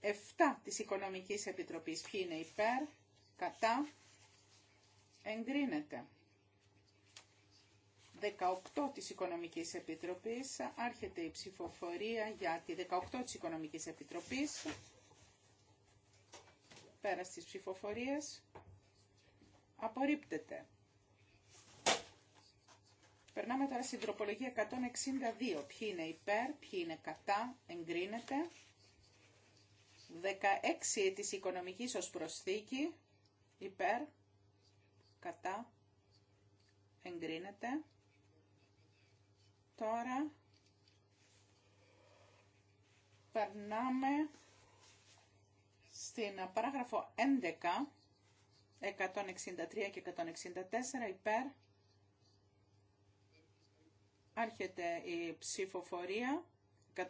Speaker 3: 7 της Οικονομικής Επιτροπής, ποιοι είναι υπέρ, κατά, εγκρίνεται. 18 της Οικονομικής Επιτροπής, άρχεται η ψηφοφορία για τη 18 της Οικονομικής Επιτροπής, πέρας της ψηφοφορίας, απορρίπτεται. Περνάμε τώρα στην τροπολογία 162. Ποιοι είναι υπέρ, ποιοι είναι κατά, εγκρίνεται. 16 της οικονομικής ως προσθήκη, υπέρ, κατά, εγκρίνεται. Τώρα περνάμε στην παράγραφο 11, 163 και 164 υπέρ, Άρχεται η ψηφοφορία 163-164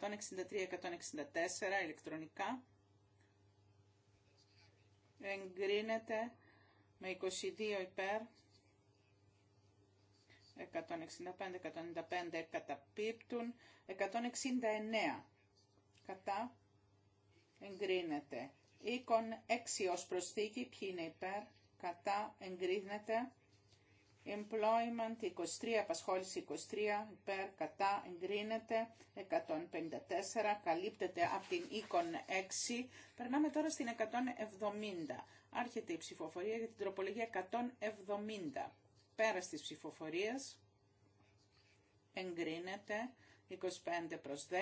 Speaker 3: ηλεκτρονικά. Εγκρίνεται με 22 υπέρ. 165-195 καταπίπτουν. 169 κατά. Εγκρίνεται. Οίκον 6 ως προσθήκη. Ποιοι είναι υπέρ. Κατά. Εγκρίνεται. Employment 23, απασχόληση 23, υπέρ, κατά, εγκρίνεται, 154, καλύπτεται από την οίκον 6. Περνάμε τώρα στην 170. Άρχεται η ψηφοφορία για την τροπολογία 170. Πέρα της ψηφοφορίας, εγκρίνεται, 25 προς 10.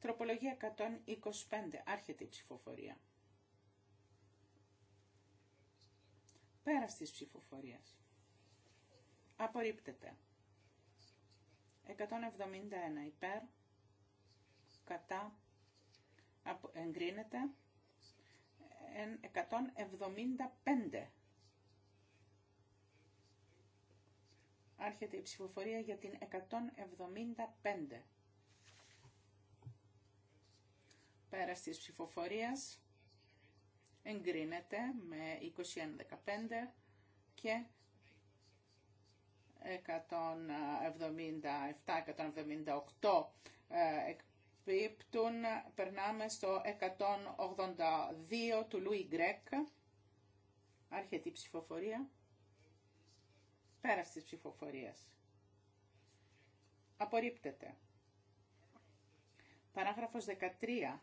Speaker 3: Τροπολογία 125, άρχεται η ψηφοφορία. Πέρας της ψηφοφορίας. Απορρίπτεται. 171 υπέρ, κατά, εγκρίνεται. 175. Άρχεται η ψηφοφορία για την 175. Πέρας της ψηφοφορίας εγκρίνεται με 21-15 και 177-178 ε, εκπίπτουν. Περνάμε στο 182 του Λουί Γκρέκ. Άρχεται η ψηφοφορία. Πέρας της ψηφοφορίας. Απορρίπτεται. Παράγραφος 13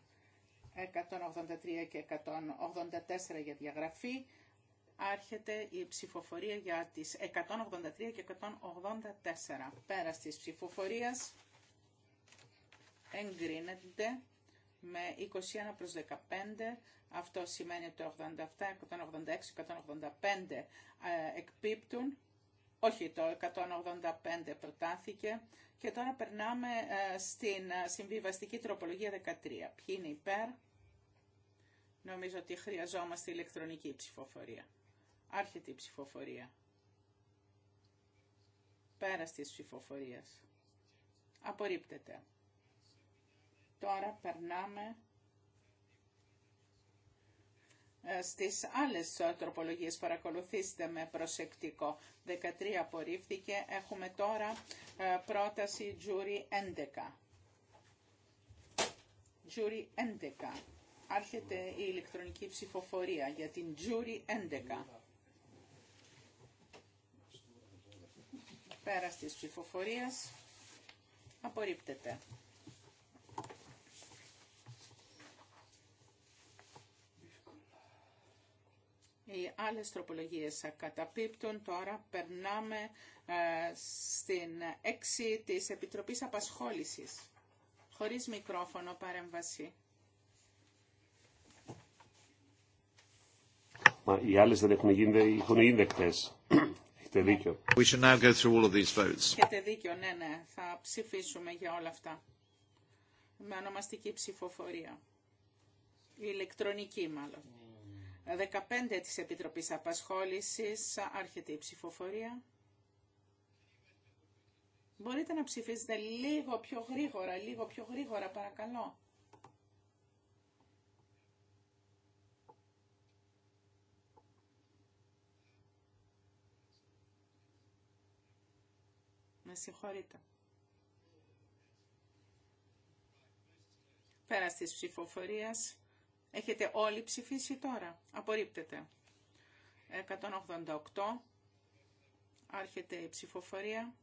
Speaker 3: 183 και 184 για διαγραφή. Άρχεται η ψηφοφορία για τις 183 και 184. Πέρας της ψηφοφορίας εγκρίνεται με 21 προς 15. Αυτό σημαίνει ότι το 87, 186, 185 εκπίπτουν. Όχι, το 185 προτάθηκε. Και τώρα περνάμε ε, στην ε, συμβιβαστική τροπολογία 13. Ποιοι είναι υπέρ, Νομίζω ότι χρειαζόμαστε ηλεκτρονική ψηφοφορία. Άρχεται η ψηφοφορία. Πέρας της ψηφοφορίας. Απορρίπτεται. Τώρα περνάμε ε, στις άλλες τροπολογίες παρακολουθήστε με προσεκτικό. 13 απορρίφθηκε. Έχουμε τώρα ε, πρόταση jury 11. Τζούρι 11. Άρχεται η ηλεκτρονική ψηφοφορία για την Jury 11. Πέρας της ψηφοφορίας απορρίπτεται. Οι άλλες τροπολογίες καταπίπτουν. Τώρα περνάμε ε, στην έξι της Επιτροπής Απασχόλησης. Χωρίς μικρόφωνο παρέμβαση.
Speaker 2: οι άλλες δεν έχουν γίνει, έχουν γίνει δεκτές. Έχετε δίκιο. We should now go through all of these votes.
Speaker 3: Έχετε δίκιο, ναι, ναι. Θα ψηφίσουμε για όλα αυτά. Με ονομαστική ψηφοφορία. ηλεκτρονική μάλλον. 15 της Επιτροπής Απασχόλησης, άρχεται η ψηφοφορία. Μπορείτε να ψηφίσετε λίγο πιο γρήγορα, λίγο πιο γρήγορα παρακαλώ. συγχωρείτε. Πέρα της ψηφοφορίας, έχετε όλοι ψηφίσει τώρα. Απορρίπτεται. 188, άρχεται η ψηφοφορία.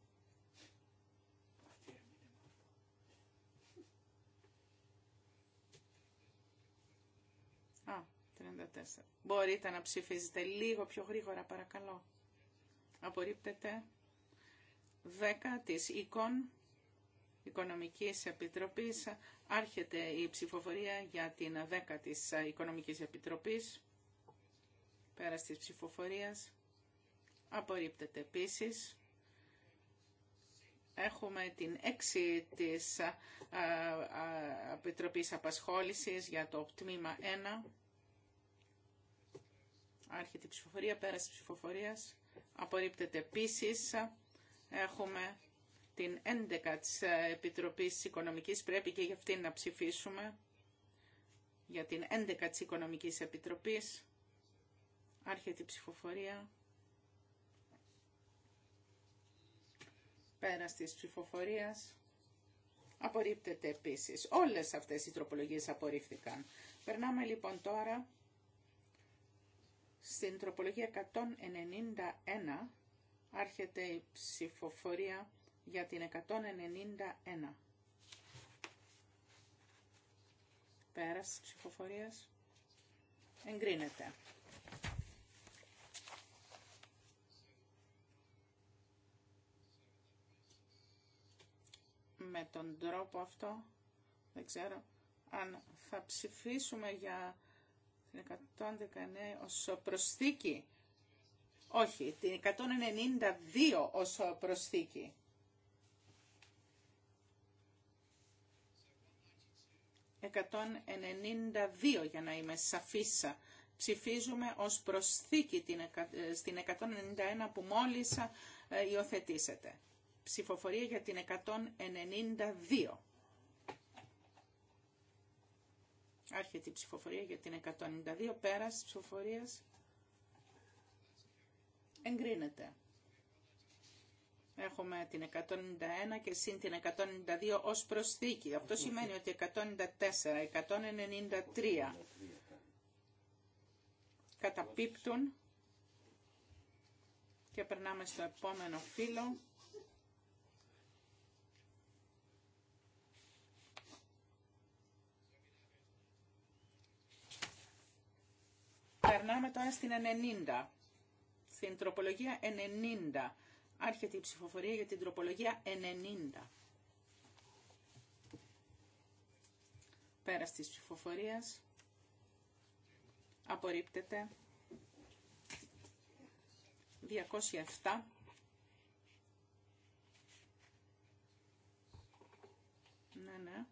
Speaker 3: Α, 34. Μπορείτε να ψηφίζετε λίγο πιο γρήγορα, παρακαλώ. Απορρίπτεται. 10 της ΕΚΟΝ, Οικονομικής Επιτροπής, άρχεται η ψηφοφορία για την 10 της Οικονομικής Επιτροπής, πέρας της ψηφοφορίας, απορρίπτεται επίσης. Έχουμε την 6 της Επιτροπής Απασχόλησης για το τμήμα 1, άρχεται η ψηφοφορία, πέρας της ψηφοφορίας, απορρίπτεται επίσης. Έχουμε την 11 της ε, Επιτροπής Οικονομικής, πρέπει και για αυτήν να ψηφίσουμε, για την 11 της Οικονομικής Επιτροπής. Άρχεται η ψηφοφορία. Πέρας της ψηφοφορίας. Απορρίπτεται επίσης. Όλες αυτές οι τροπολογίες απορρίφθηκαν. Περνάμε λοιπόν τώρα στην τροπολογία 191 Άρχεται η ψηφοφορία για την 191. Πέρας της ψηφοφορίας. Εγκρίνεται. Με τον τρόπο αυτό, δεν ξέρω, αν θα ψηφίσουμε για την 119 ως προσθήκη όχι, την 192 ως προσθήκη. «192» για να είμαι σαφής. Ψηφίζουμε ως προσθήκη στην 191 που μόλις ε, υιοθετήσετε. Ψηφοφορία για την 192. Άρχεται η ψηφοφορία για την 192 πέρας ψηφοφορίας εγκρίνεται. Έχουμε την 191 και συν την 192 ως προσθήκη. Αυτό σημαίνει ότι 194, 193 καταπίπτουν και περνάμε στο επόμενο φύλλο. Περνάμε τώρα στην 90. Την τροπολογία 90. Άρχεται η ψηφοφορία για την τροπολογία 90. Πέρα της ψηφοφορίας. Απορρίπτεται. 207. Ναι, ναι.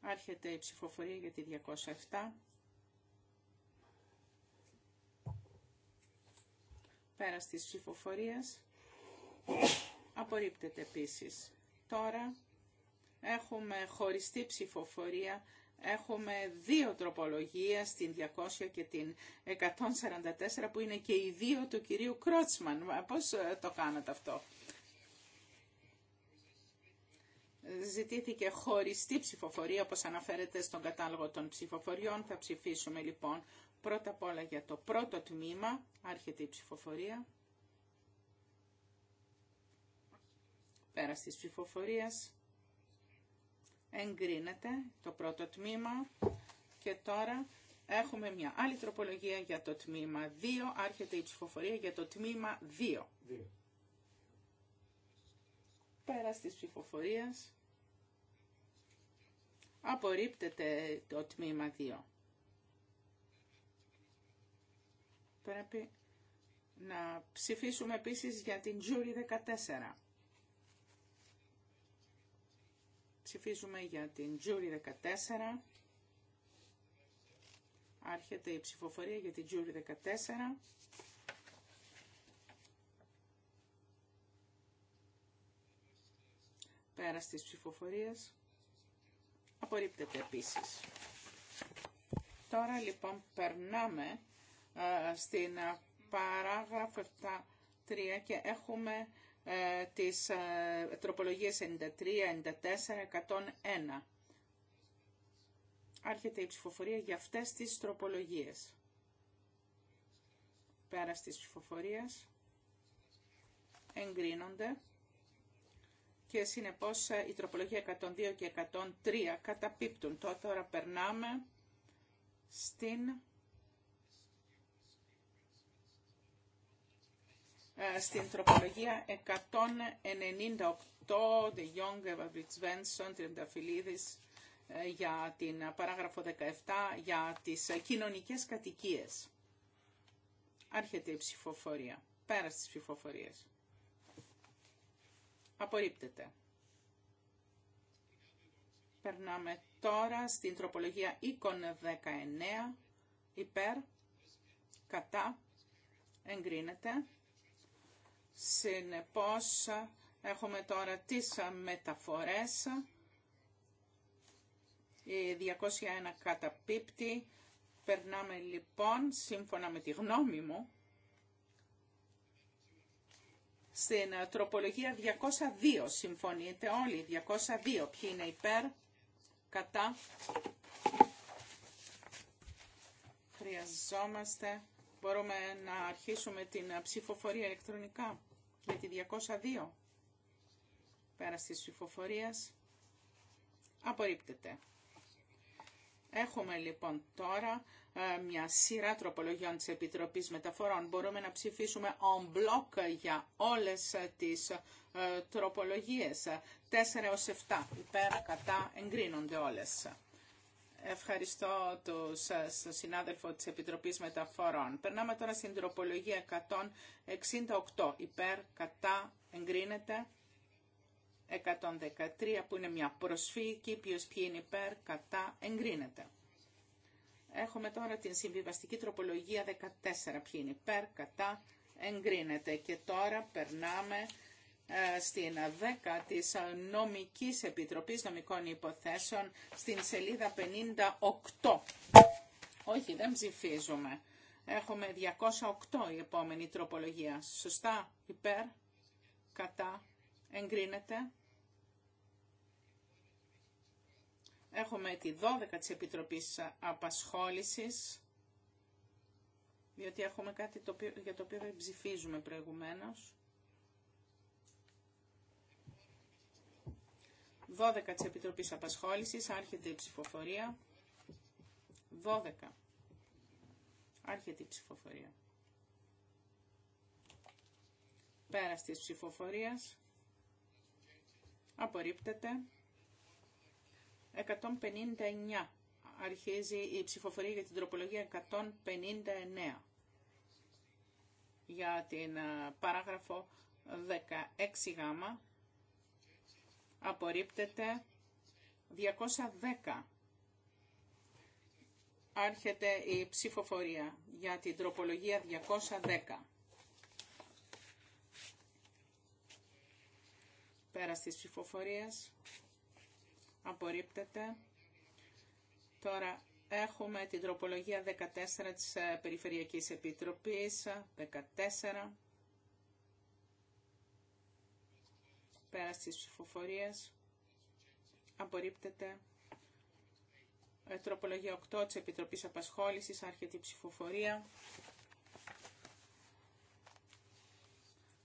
Speaker 3: Άρχεται η ψηφοφορία για τη 207. Πέρας της ψηφοφορίας. Απορρίπτεται επίσης. Τώρα έχουμε χωριστή ψηφοφορία. Έχουμε δύο τροπολογίες, στην 200 και την 144, που είναι και οι δύο του κυρίου Κρότσμαν. Πώς ε, το κάνατε αυτό. Ζητήθηκε χωριστή ψηφοφορία, όπως αναφέρεται στον κατάλογο των ψηφοφοριών. Θα ψηφίσουμε λοιπόν Πρώτα απ' όλα για το πρώτο τμήμα, άρχεται η ψηφοφορία. Πέρα της ψηφοφορίας εγκρίνεται το πρώτο τμήμα και τώρα έχουμε μια άλλη τροπολογία για το τμήμα 2, άρχεται η ψηφοφορία για το τμήμα 2. 2. Πέρα της ψηφοφορίας απορρίπτεται το τμήμα 2. Πρέπει να ψηφίσουμε επίσης για την Τζούρι 14. Ψηφίζουμε για την Τζούρι 14. Άρχεται η ψηφοφορία για την Τζούρι 14. πέρα στις ψηφοφορίες Απορρίπτεται επίσης. Τώρα λοιπόν περνάμε ε, στην ε, παράγραφο 7.3 και έχουμε ε, τις τροπολογίες 93, 94, 101. Άρχεται η ψηφοφορία για αυτές τις τροπολογίες. Πέρα της ψηφοφορίας εγκρίνονται και συνεπώς η τροπολογία 102 και 103 καταπίπτουν. Τώρα περνάμε στην Ε, στην τροπολογία 198 De Jong, Evavits ε, για την ε, παράγραφο 17 για τις κοινωνικές κατοικίες. Άρχεται η ψηφοφορία. Πέρα στις ψηφοφορίες. Απορρίπτεται. Περνάμε τώρα στην τροπολογία 19 υπέρ κατά εγκρίνεται Συνεπώς έχουμε τώρα τις μεταφορές. Η 201 καταπίπτει. Περνάμε λοιπόν, σύμφωνα με τη γνώμη μου, στην τροπολογία 202. Συμφωνείτε όλοι, 202. Ποιοι είναι υπέρ, κατά. Χρειαζόμαστε Μπορούμε να αρχίσουμε την ψηφοφορία ηλεκτρονικά για τη 202. Πέρα στις ψηφοφορίας απορρίπτεται. Έχουμε λοιπόν τώρα ε, μια σειρά τροπολογιών της Επιτροπής Μεταφορών. Μπορούμε να ψηφίσουμε on block για όλες ε, τις ε, τροπολογίες. 4 έως 7 υπέρ κατά εγκρίνονται όλες. Ευχαριστώ τον συνάδελφο της Επιτροπής Μεταφορών. Περνάμε τώρα στην τροπολογία 168. Υπέρ, κατά, εγκρίνεται. 113 που είναι μια προσφύγη, ποιος ποιοι είναι υπέρ, κατά, εγκρίνεται. Έχουμε τώρα την συμβιβαστική τροπολογία 14, ποιοι είναι υπέρ, κατά, εγκρίνεται. Και τώρα περνάμε στην 10 της Νομικής Επιτροπής Νομικών Υποθέσεων στην σελίδα 58. Όχι, δεν ψηφίζουμε. Έχουμε 208 η επόμενη τροπολογία. Σωστά, υπέρ, κατά, εγκρίνεται. Έχουμε τη 12 της Επιτροπής Απασχόλησης, διότι έχουμε κάτι για το οποίο δεν ψηφίζουμε προηγουμένως. 12 της Επιτροπής Απασχόλησης, άρχεται η ψηφοφορία. 12. Άρχεται η ψηφοφορία. Πέρας της ψηφοφορίας. Απορρίπτεται. 159. Αρχίζει η ψηφοφορία για την τροπολογία 159. Για την ε, παράγραφο 16 γάμα απορρίπτεται 210. Άρχεται η ψηφοφορία για την τροπολογία 210. Πέρα της ψηφοφορίας απορρίπτεται. Τώρα έχουμε την τροπολογία 14 της ε, Περιφερειακής Επιτροπής. 14. Πέρας της ψηφοφορίας απορρίπτεται ε, τροπολογία 8 της Επιτροπής Απασχόλησης, άρχεται η ψηφοφορία.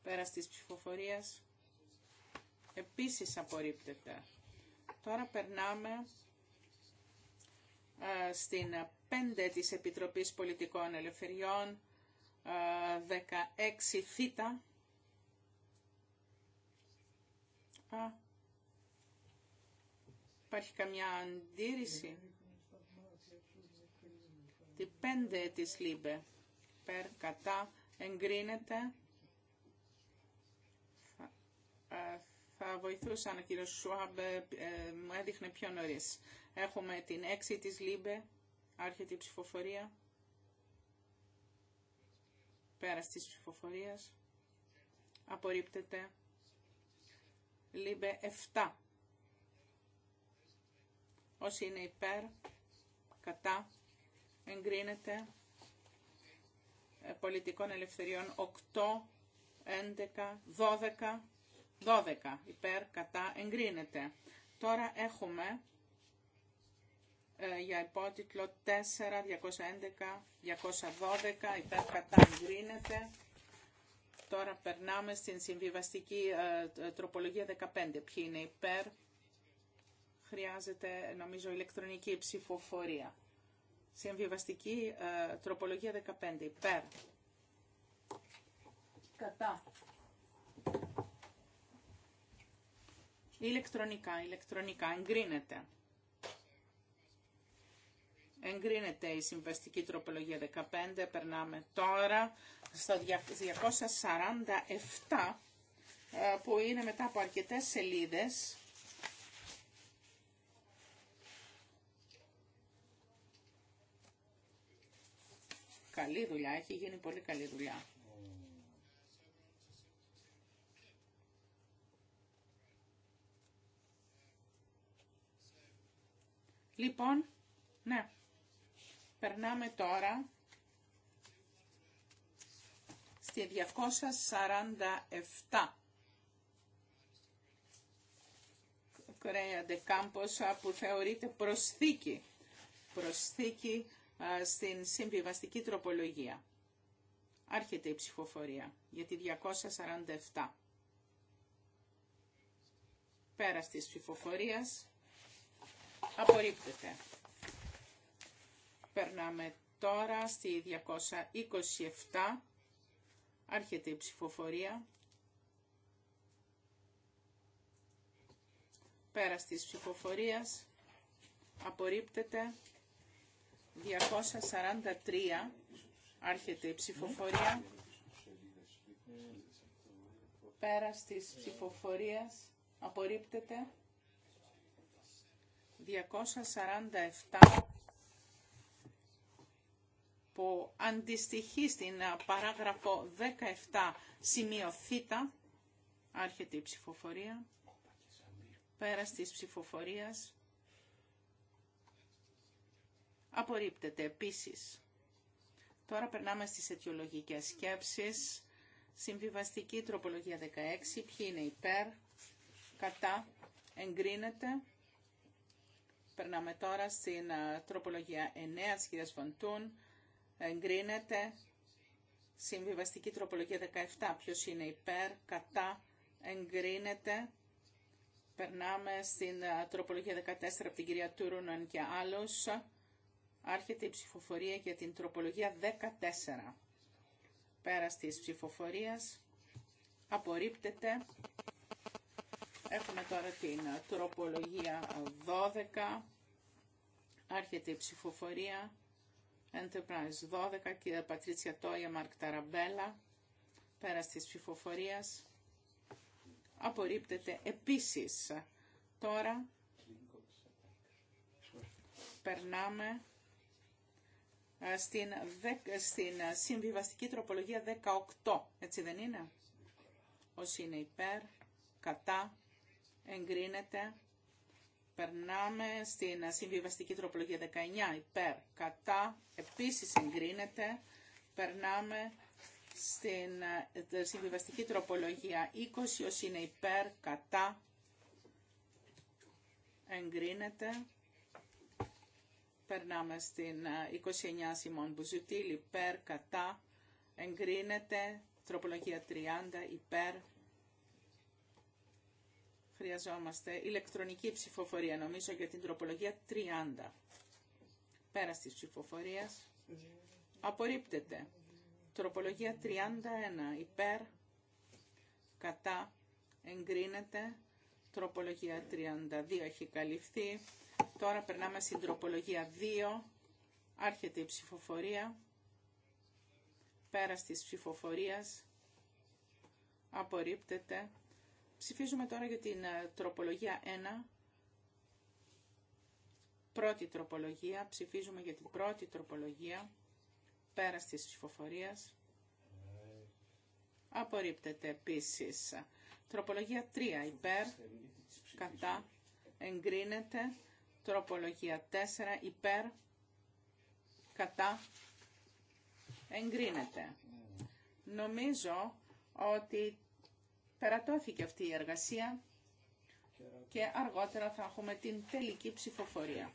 Speaker 3: Πέρας της ψηφοφορίας επίσης απορρίπτεται. Τώρα περνάμε ε, στην 5 της Επιτροπής Πολιτικών Ελευθεριών, 16 ε, θήτα, Α, υπάρχει καμιά αντίρρηση. Τη πέντε της ΛΥΜΠΕ. Περ, κατά, εγκρίνεται. Θα ε, βοηθούσα ο κύριο Σουάμπε. ε, μου έδειχνε πιο νωρί. Έχουμε την έξι της ΛΥΜΠΕ, άρχεται η ψηφοφορία. Πέρας της ψηφοφορίας. Απορρίπτεται. Λίμπε 7. Όσοι είναι υπέρ, κατά, εγκρίνεται ε, πολιτικών ελευθεριών 8, 11, 12, 12 υπέρ, κατά, εγκρίνεται. Τώρα έχουμε ε, για υπότιτλο 4, 211, 212 υπέρ, κατά, εγκρίνεται. Τώρα περνάμε στην συμβιβαστική ε, τροπολογία 15. Ποιοι είναι υπέρ. Χρειάζεται νομίζω ηλεκτρονική ψηφοφορία. Συμβιβαστική ε, τροπολογία 15. Υπέρ. Κατά. Ηλεκτρονικά, ηλεκτρονικά, εγκρίνεται. Εγκρίνεται η συμβαστική τροπολογία 15. Περνάμε τώρα στο 247 ε, που είναι μετά από αρκετές σελίδες. Καλή δουλειά, έχει γίνει πολύ καλή δουλειά. Λοιπόν, ναι. Περνάμε τώρα στη 247. Κρέα κάμποσα που θεωρείται προσθήκη, προσθήκη στην συμβιβαστική τροπολογία. Άρχεται η ψηφοφορία για τη 247. Πέρας της ψηφοφορίας απορρίπτεται. Περνάμε τώρα στη 227. Άρχεται η ψηφοφορία. Πέρας της ψηφοφορίας απορρίπτεται 243. Άρχεται η ψηφοφορία. Πέρας της ψηφοφορίας απορρίπτεται 247 που αντιστοιχεί στην ε, παράγραφο 17 σημείο θ, άρχεται η ψηφοφορία, πέρας της ψηφοφορίας, απορρίπτεται επίσης. Τώρα περνάμε στις αιτιολογικές σκέψεις. Συμβιβαστική τροπολογία 16, ποιοι είναι υπέρ, κατά, εγκρίνεται. Περνάμε τώρα στην ε, τροπολογία 9 της εγκρίνεται. Συμβιβαστική τροπολογία 17. Ποιος είναι υπέρ, κατά, εγκρίνεται. Περνάμε στην ε, τροπολογία 14 από την κυρία Τούρουναν και άλλος. Άρχεται η ψηφοφορία για την τροπολογία 14. Πέρα της ψηφοφορίας απορρίπτεται. Έχουμε τώρα την ε, τροπολογία 12. Άρχεται η ψηφοφορία. Enterprise 12, κυρία Πατρίτσια Τόια, Μαρκ Ταραμπέλα, πέρα της ψηφοφορίας. Απορρίπτεται επίσης. Τώρα περνάμε ε, στην, στην συμβιβαστική τροπολογία 18, έτσι δεν είναι? Όσοι είναι υπέρ, κατά, εγκρίνεται Περνάμε στην συμβιβαστική τροπολογία 19 υπέρ κατά, επίσης εγκρίνεται. Περνάμε στην ε, συμβιβαστική τροπολογία 20 όσοι είναι υπέρ κατά, εγκρίνεται. Περνάμε στην 29 ε, Σιμών Μπουζουτήλ υπέρ κατά, εγκρίνεται. Τροπολογία 30 υπέρ χρειαζόμαστε ηλεκτρονική ψηφοφορία, νομίζω, για την τροπολογία 30. Πέρα τη ψηφοφορία Απορρίπτεται. Τροπολογία 31. Υπέρ. Κατά. Εγκρίνεται. Τροπολογία 32 έχει καλυφθεί. Τώρα περνάμε στην τροπολογία 2. Άρχεται η ψηφοφορία. Πέρα της ψηφοφορία Απορρίπτεται. Ψηφίζουμε τώρα για την ε, τροπολογία 1. Πρώτη τροπολογία. Ψηφίζουμε για την πρώτη τροπολογία. Πέρα της ψηφοφορίας. Απορρίπτεται επίσης. Τροπολογία 3. Υπέρ. Κατά. Εγκρίνεται. Τροπολογία 4. Υπέρ. Κατά. Εγκρίνεται. Νομίζω ότι Περατώθηκε αυτή η εργασία και αργότερα θα έχουμε την τελική ψηφοφορία.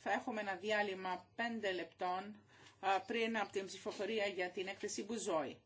Speaker 3: Θα έχουμε ένα διάλειμμα 5 λεπτών πριν από την ψηφοφορία για την έκθεση Μπουζόη.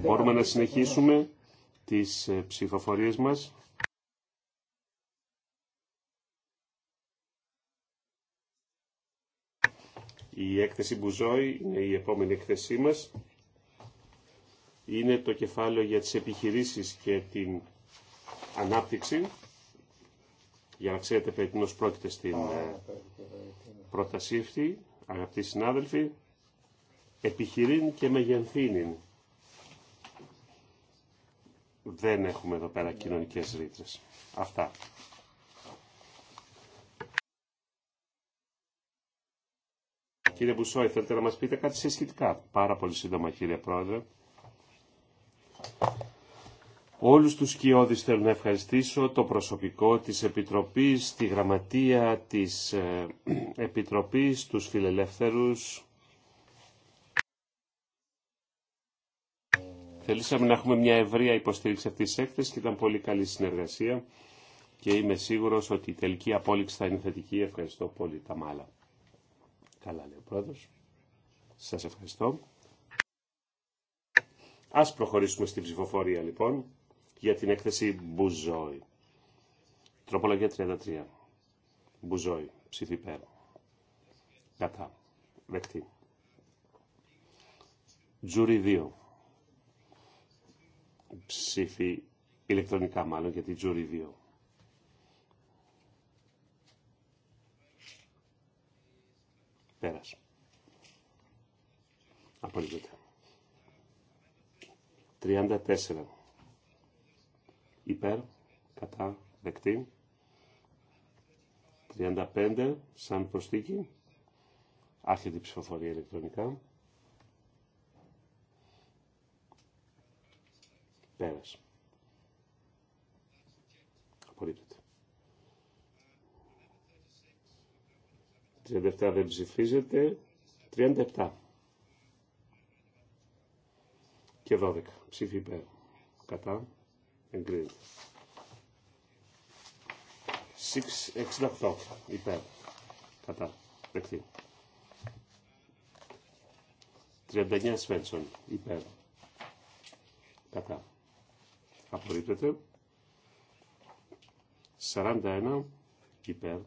Speaker 2: Μπορούμε να συνεχίσουμε τις ε, ψηφοφορίες μας. Η έκθεση Μπουζόη είναι η επόμενη έκθεσή μας. Είναι το κεφάλαιο για τις επιχειρήσεις και την ανάπτυξη. Για να ξέρετε περί πρόκειται στην ε, πρόταση Αγαπητοί συνάδελφοι, επιχειρήν και μεγενθύνην. Δεν έχουμε εδώ πέρα κοινωνικές ρήτρες. Αυτά. Κύριε Μπουσόη, θέλετε να μας πείτε κάτι σε σχετικά. Πάρα πολύ σύντομα, κύριε Πρόεδρε. Όλους τους σκιώδεις θέλω να ευχαριστήσω, το προσωπικό της Επιτροπής, τη Γραμματεία της ε, Επιτροπής, τους φιλελεύθερους. Θέλησαμε να έχουμε μια ευρεία υποστήριξη αυτής της έκθεσης και ήταν πολύ καλή συνεργασία και είμαι σίγουρος ότι η τελική απόλυξη θα είναι θετική. Ευχαριστώ πολύ τα μάλα. Καλά λέει ο πρόεδρος. Σας ευχαριστώ. Ας προχωρήσουμε στην ψηφοφορία λοιπόν για την έκθεση Μπουζόη. Τροπολογία 33. Μπουζόη. Ψήφι πέρα. Κατά. Δεκτή. Τζούρι 2. Ψήφι ηλεκτρονικά μάλλον για την Τζούρι 2. Πέρας. Απολύτως. 34 υπέρ, κατά, δεκτή. 35 σαν προστίκη. Άρχεται η ψηφοφορία ηλεκτρονικά. Πέρασε. Απορρίπτεται. 37 δεν ψηφίζεται. 37. Και 12. Ψήφι υπέρ. Κατά εγκρίνει. 68 υπέρ κατά δεκτή. 39 Σφένσον υπέρ κατά απορρίπτεται. 41 υπέρ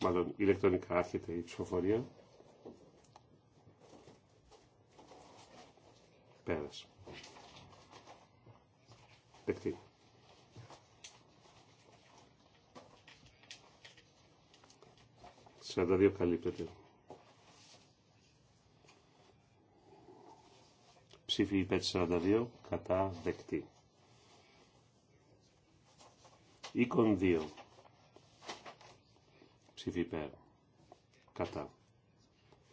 Speaker 2: μάλλον ηλεκτρονικά άρχεται η ψηφοφορία. Πέρασε. Δεκτή. 42 καλύπτεται. Ψήφι υπέρ 42 κατά δεκτή. Οίκον 2. Ψήφι υπέρ. Κατά.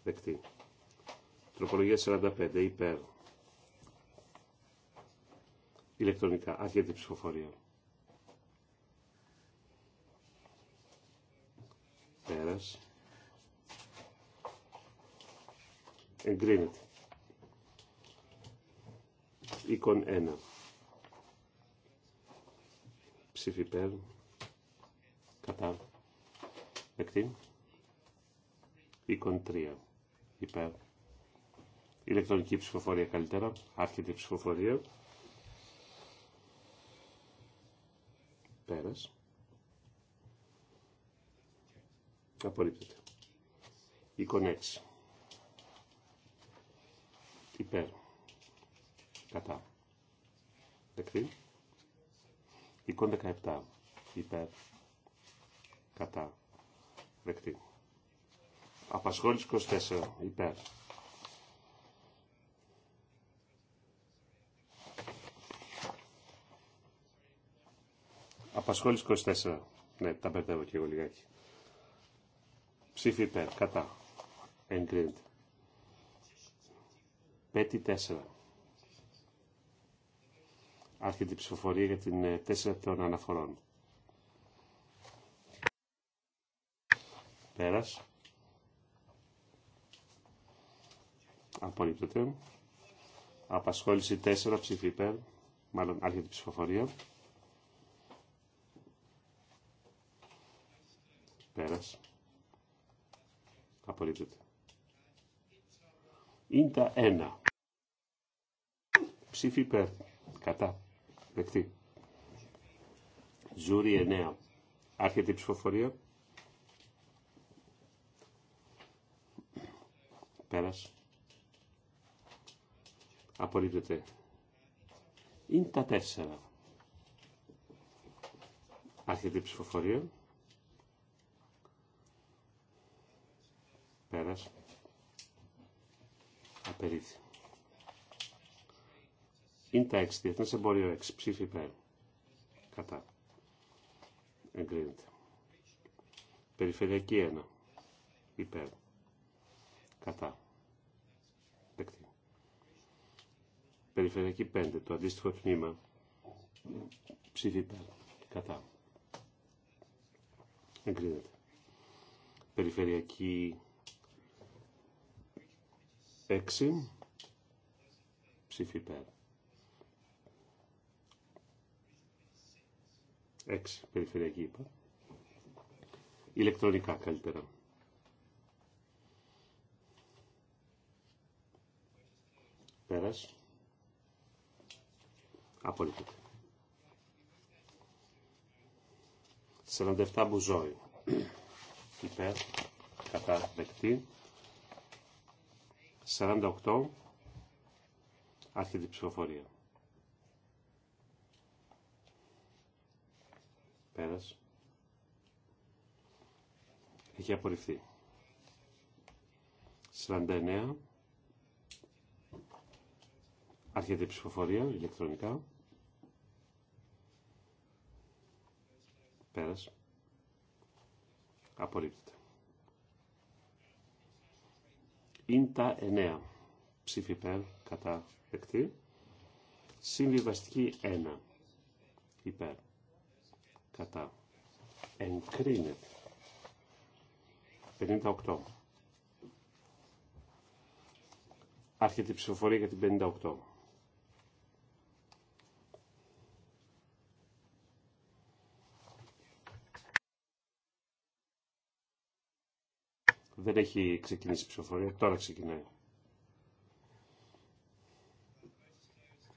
Speaker 2: Δεκτή. Τροπολογία 45 υπέρ ηλεκτρονικά. Άρχεται η ψηφοφορία. Πέρας. Εγκρίνεται. Είκον 1. Ψήφι υπέρ. Κατά. Δεκτή. Είκον 3. Υπέρ. Ηλεκτρονική ψηφοφορία καλύτερα. Άρχεται η ψηφοφορία. Απορρίπτεται. 6. Υπέρ. Κατά. Δεκτή. 17. Υπέρ. Κατά. Δεκτή. Απασχόληση 24. Υπέρ. Απασχόληση 24. Ναι, τα μπερδεύω και εγώ λιγάκι. Ψήφι υπέρ. Κατά. Εγκρίνεται. Πέτη 4. Άρχεται η ψηφοφορία για την 4 ε, των αναφορών. Πέρας. Απορρίπτεται. Απασχόληση 4 ψήφι υπέρ. Μάλλον άρχεται η ψηφοφορία. Πέρας είναι τα 1. Ψήφι υπέρ. Κατά. Δεκτή. Ζούρι 9. Άρχεται η ψηφοφορία. Πέρας. είναι τα 4. Άρχεται η ψηφοφορία. Πέρας. Απερίφθη. Είναι τα 6. Διεθνές εμπόριο 6. Ψήφι υπέρ. Κατά. Εγκρίνεται. Περιφερειακή 1. Υπέρ. Κατά. Δεκτή. Περιφερειακή 5. Το αντίστοιχο τμήμα. Ψήφι υπέρ. Κατά. Εγκρίνεται. Περιφερειακή 6. Ψήφι υπέρ. 6. Περιφερειακή είπα. Ηλεκτρονικά καλύτερα. Πέρας. απολύτερα 47 μπουζόι. Υπέρ. Κατά δεκτή. 48 άρχεται η ψηφοφορία. Πέρας. Έχει απορριφθεί. 49 άρχεται η ψηφοφορία ηλεκτρονικά. Πέρας. Απορρίπτει. Ίντα 9. Ψήφι υπέρ κατά δεκτή. Συμβιβαστική 1. Υπέρ κατά εγκρίνεται. 58. Άρχεται η ψηφοφορία για την 58. Δεν έχει ξεκινήσει η ψηφοφορία. Τώρα ξεκινάει.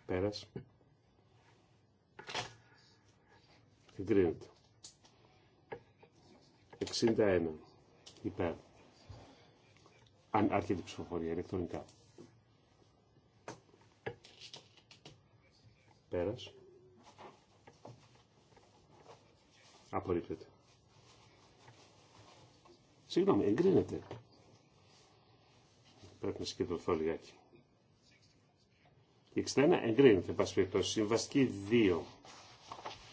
Speaker 2: Πέρας. Εγκρίνεται. 61. Υπέρ. Αν άρχεται η ψηφοφορία ηλεκτρονικά. Πέρας. Απορρίπτεται. Συγγνώμη, εγκρίνεται. Πρέπει να συγκεντρωθώ λιγάκι. 61 εγκρίνεται, πάση περιπτώσει. Συμβαστική 2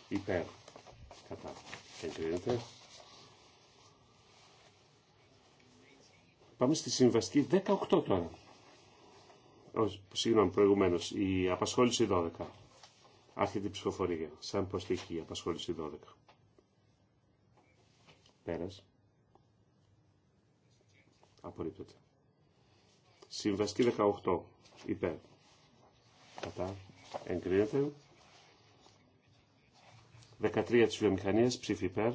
Speaker 2: υπέρ. Κατά. Εγκρίνεται. Πάμε στη συμβαστική 18 τώρα. συγγνώμη, προηγουμένω. Η απασχόληση 12. Άρχεται η ψηφοφορία. Σαν προσθήκη η απασχόληση 12. Πέρας. Απορρίπτεται. Συμβαστή 18. Υπέρ. Κατά. Εγκρίνεται. 13 της βιομηχανίας. Ψήφι υπέρ.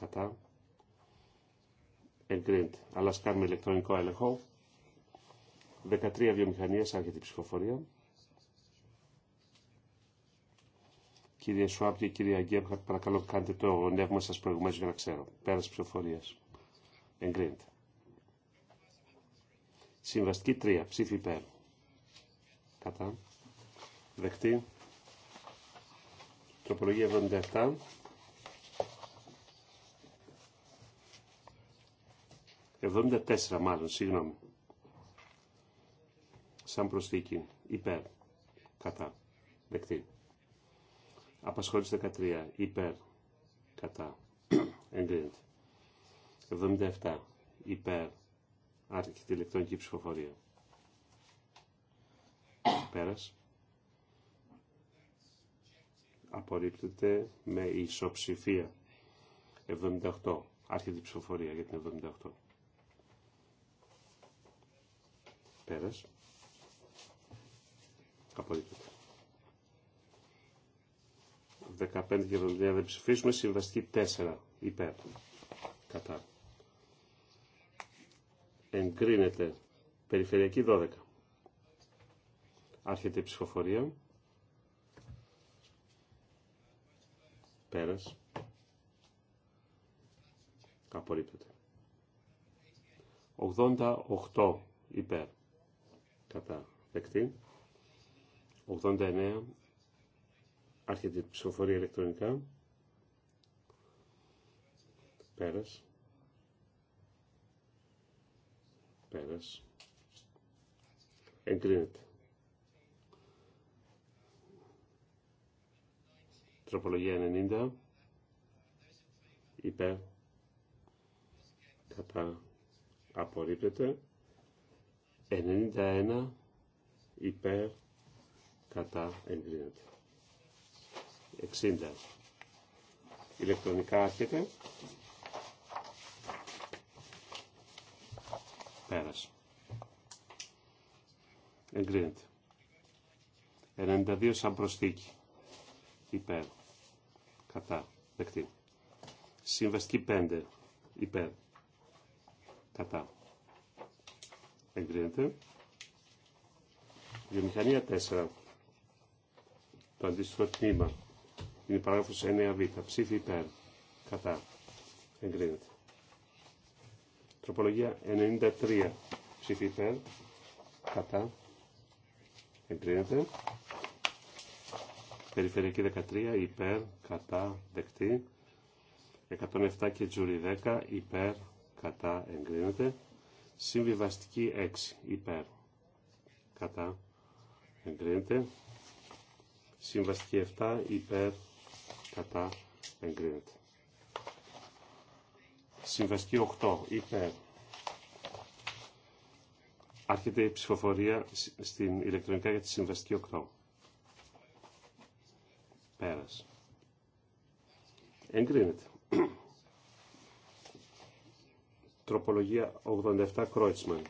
Speaker 2: Κατά. Εγκρίνεται. Αλλά ας κάνουμε ηλεκτρονικό έλεγχο. 13 βιομηχανίας. Άρχεται η ψηφοφορία. Κύριε Σουάπ και κύριε Αγγέμπχαρτ, παρακαλώ κάντε το νεύμα σας προηγουμένως για να ξέρω. Πέρας ψηφοφορίας. Εγκρίνεται. Συμβαστική 3. Ψήφι υπέρ. Κατά. Δεκτή. Τροπολογία 77. 74 τέσσερα μάλλον, συγγνώμη. Σαν προσθήκη. Υπέρ. Κατά. Δεκτή. Απασχόληση 13. Υπέρ. Κατά. Εγκρίνεται. 77. Υπέρ. Άρχεται ηλεκτρονική ψηφοφορία. Πέρας. Απορρίπτεται με ισοψηφία. 78. Άρχεται η ψηφοφορία για την 78. Πέρας. Απορρίπτεται. 15 και 79 δεν ψηφίσουμε. Συμβαστική 4 υπέρ. Κατά. Εγκρίνεται. Περιφερειακή 12. Άρχεται η ψηφοφορία. Πέρας. Απορρίπτεται. 88 υπέρ. Κατά. Δεκτή. 89 Άρχεται η ψηφοφορία ηλεκτρονικά. Πέρας. Πέρας. Εγκρίνεται. Τροπολογία 90. Υπέρ. Κατά. Απορρίπτεται. 91. Υπέρ. Κατά. Εγκρίνεται. 60. Ηλεκτρονικά άρχεται. Πέρασε. Εγκρίνεται. 92 σαν προσθήκη. Υπέρ. Κατά. Δεκτή. Συμβαστική 5. Υπέρ. Κατά. Εγκρίνεται. Βιομηχανία 4. Το αντίστοιχο τμήμα είναι παράγραφος 9β. Ψήφι υπέρ. Κατά. Εγκρίνεται. Τροπολογία 93. Ψήφι υπέρ. Κατά. Εγκρίνεται. Περιφερειακή 13. Υπέρ. Κατά. Δεκτή. 107 και τζούρι 10. Υπέρ. Κατά. Εγκρίνεται. Συμβιβαστική 6. Υπέρ. Κατά. Εγκρίνεται. Συμβαστική 7. Υπέρ κατά εγκρίνεται. Συμβαστική 8 είπε. Άρχεται η ψηφοφορία στην ηλεκτρονικά για τη συμβαστική 8. Πέρας. Εγκρίνεται. Τροπολογία 87 Κρόιτσμαν.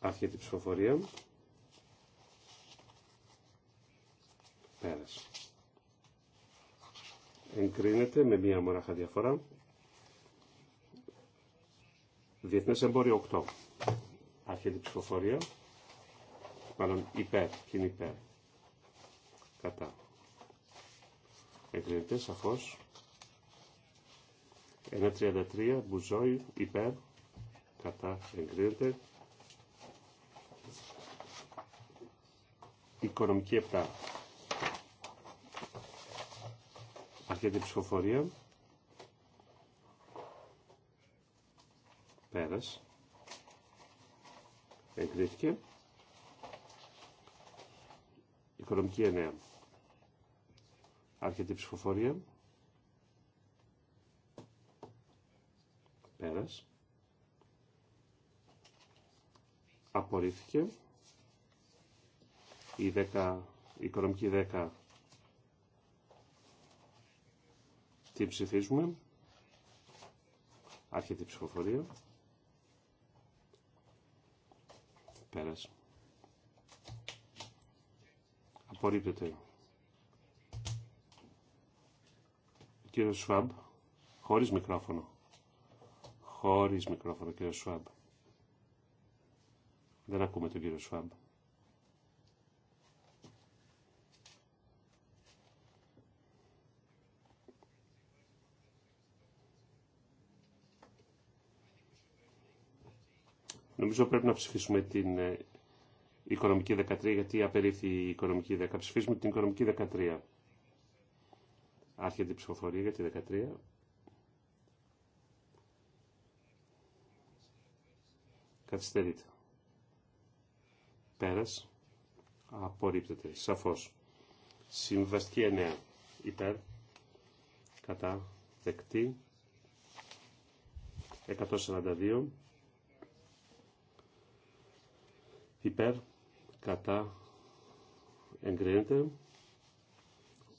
Speaker 2: Άρχεται η ψηφοφορία. Πέρασε εγκρίνεται με μία μονάχα διαφορά. Διεθνές εμπόριο 8. Άρχεται ψηφοφορία. Μάλλον υπέρ. Ποιοι είναι υπέρ. Κατά. Εγκρίνεται σαφώς. 1.33 Μπουζόι. υπέρ. Κατά. Εγκρίνεται. Οικονομική 7. Αρκετή ψηφοφορία. Πέρας. Εγκρίθηκε. Οικονομική ενέα. Άρχεται ψηφοφορία. Πέρας. Απορρίφθηκε. Η, 10, η οικονομική δέκα. Τι ψηφίζουμε. Άρχεται η ψηφοφορία. Πέρασε. Απορρίπτεται. Ο κύριος Σφάμπ, χωρίς μικρόφωνο. Χωρίς μικρόφωνο, κύριο Σφάμπ. Δεν ακούμε τον κύριο Σφάμπ. Νομίζω πρέπει να ψηφίσουμε την ε, οικονομική 13, γιατί απερίφθη η οικονομική 10. Ψηφίσουμε την οικονομική 13. Άρχεται η ψηφοφορία για τη 13. Καθυστερείται. Πέρας. Απορρίπτεται. Σαφώς. Συμβαστική 9. Υπέρ. Κατά. Δεκτή. 142. υπέρ κατά εγκρίνεται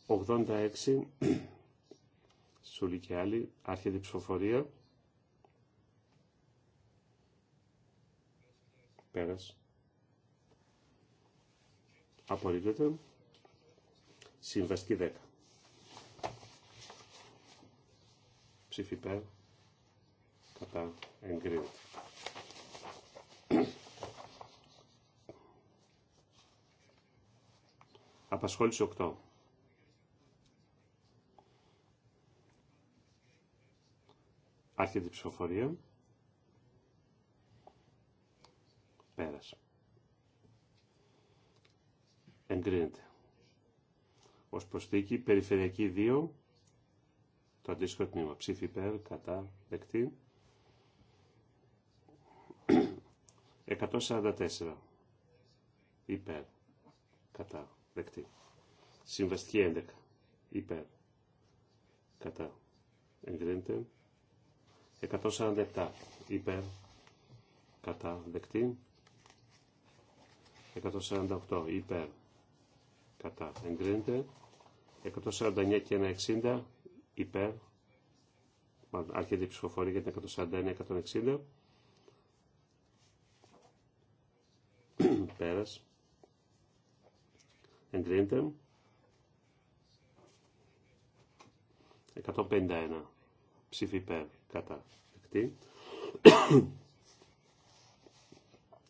Speaker 2: 86 Σούλη και άλλη, άρχεται η ψηφοφορία πέρας απορρίπτεται συμβαστική 10 ψήφι υπέρ κατά εγκρίνεται Απασχόληση 8. Άρχεται η ψηφοφορία. Πέρασε. Εγκρίνεται. Ω προσθήκη, περιφερειακή 2, το αντίστοιχο τμήμα. Ψήφι υπέρ, κατά, δεκτή. 144 υπέρ, κατά, Δεκτή. Συμβαστική 11. Υπέρ. Κατά. Εγκρίνεται. 147. Υπέρ. Κατά. Δεκτή. 148. Υπέρ. Κατά. Εγκρίνεται. 149 και 160. Υπέρ. Άρχεται η ψηφοφορία για την 141-160. Πέρας εγκρίνεται. 151 ψήφι υπέρ κατά δεκτή.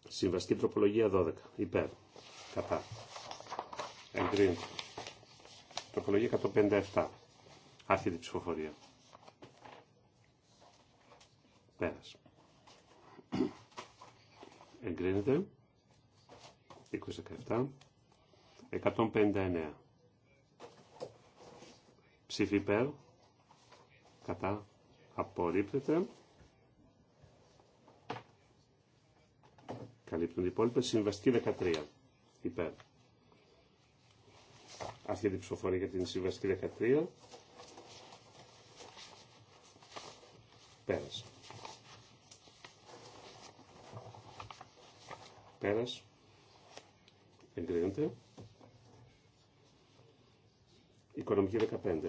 Speaker 2: Συμβαστική τροπολογία 12 υπέρ κατά εγκρίνεται. Τροπολογία 157 άρχιδη ψηφοφορία. Πέρας. Εγκρίνεται. 27. 159. Ψήφι υπέρ. Κατά. Απορρίπτεται. Καλύπτουν οι υπόλοιπε. Συμβαστική 13. Υπέρ. Αυτή την ψηφοφορία για την συμβαστική 13. Πέρασε. Πέρασε. Εγκρίνεται. Οικονομική 15.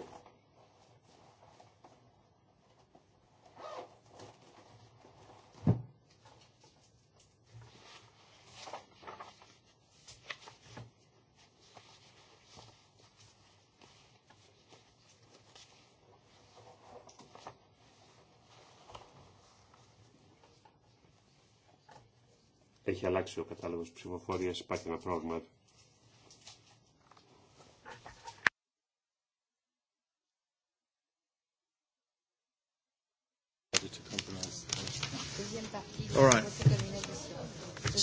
Speaker 2: Έχει αλλάξει ο κατάλογος ψηφοφορίας, υπάρχει ένα πρόβλημα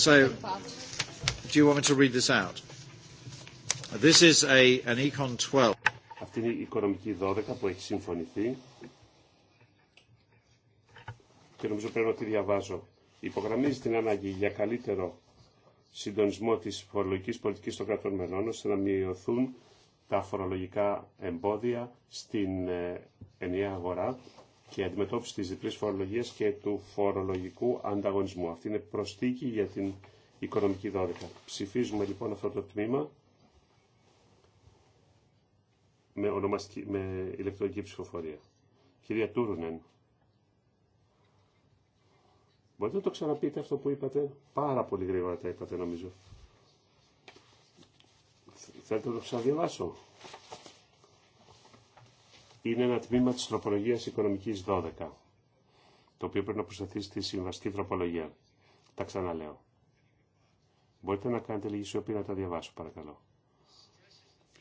Speaker 3: So,
Speaker 1: do you want me to read this out?
Speaker 2: This is a, an Econ 12. Αυτή είναι η οικονομική 12 που έχει συμφωνηθεί και νομίζω πρέπει να τη διαβάζω. Υπογραμμίζει την ανάγκη για καλύτερο συντονισμό της φορολογικής πολιτικής των κρατών μελών ώστε να μειωθούν τα φορολογικά εμπόδια στην ε, ενιαία αγορά και αντιμετώπιση της διπλής φορολογίας και του φορολογικού ανταγωνισμού. Αυτή είναι προστίκη για την οικονομική 12. Ψηφίζουμε λοιπόν αυτό το τμήμα με, ονομαστική, με ηλεκτρονική ψηφοφορία. Κυρία Τούρουνεν, μπορείτε να το ξαναπείτε αυτό που είπατε. Πάρα πολύ γρήγορα τα είπατε νομίζω. Θέλετε να το ξαναδιαβάσω είναι ένα τμήμα της τροπολογίας οικονομικής 12, το οποίο πρέπει να προσταθεί στη συμβαστική τροπολογία. Τα ξαναλέω. Μπορείτε να κάνετε λίγη σιωπή να τα διαβάσω, παρακαλώ.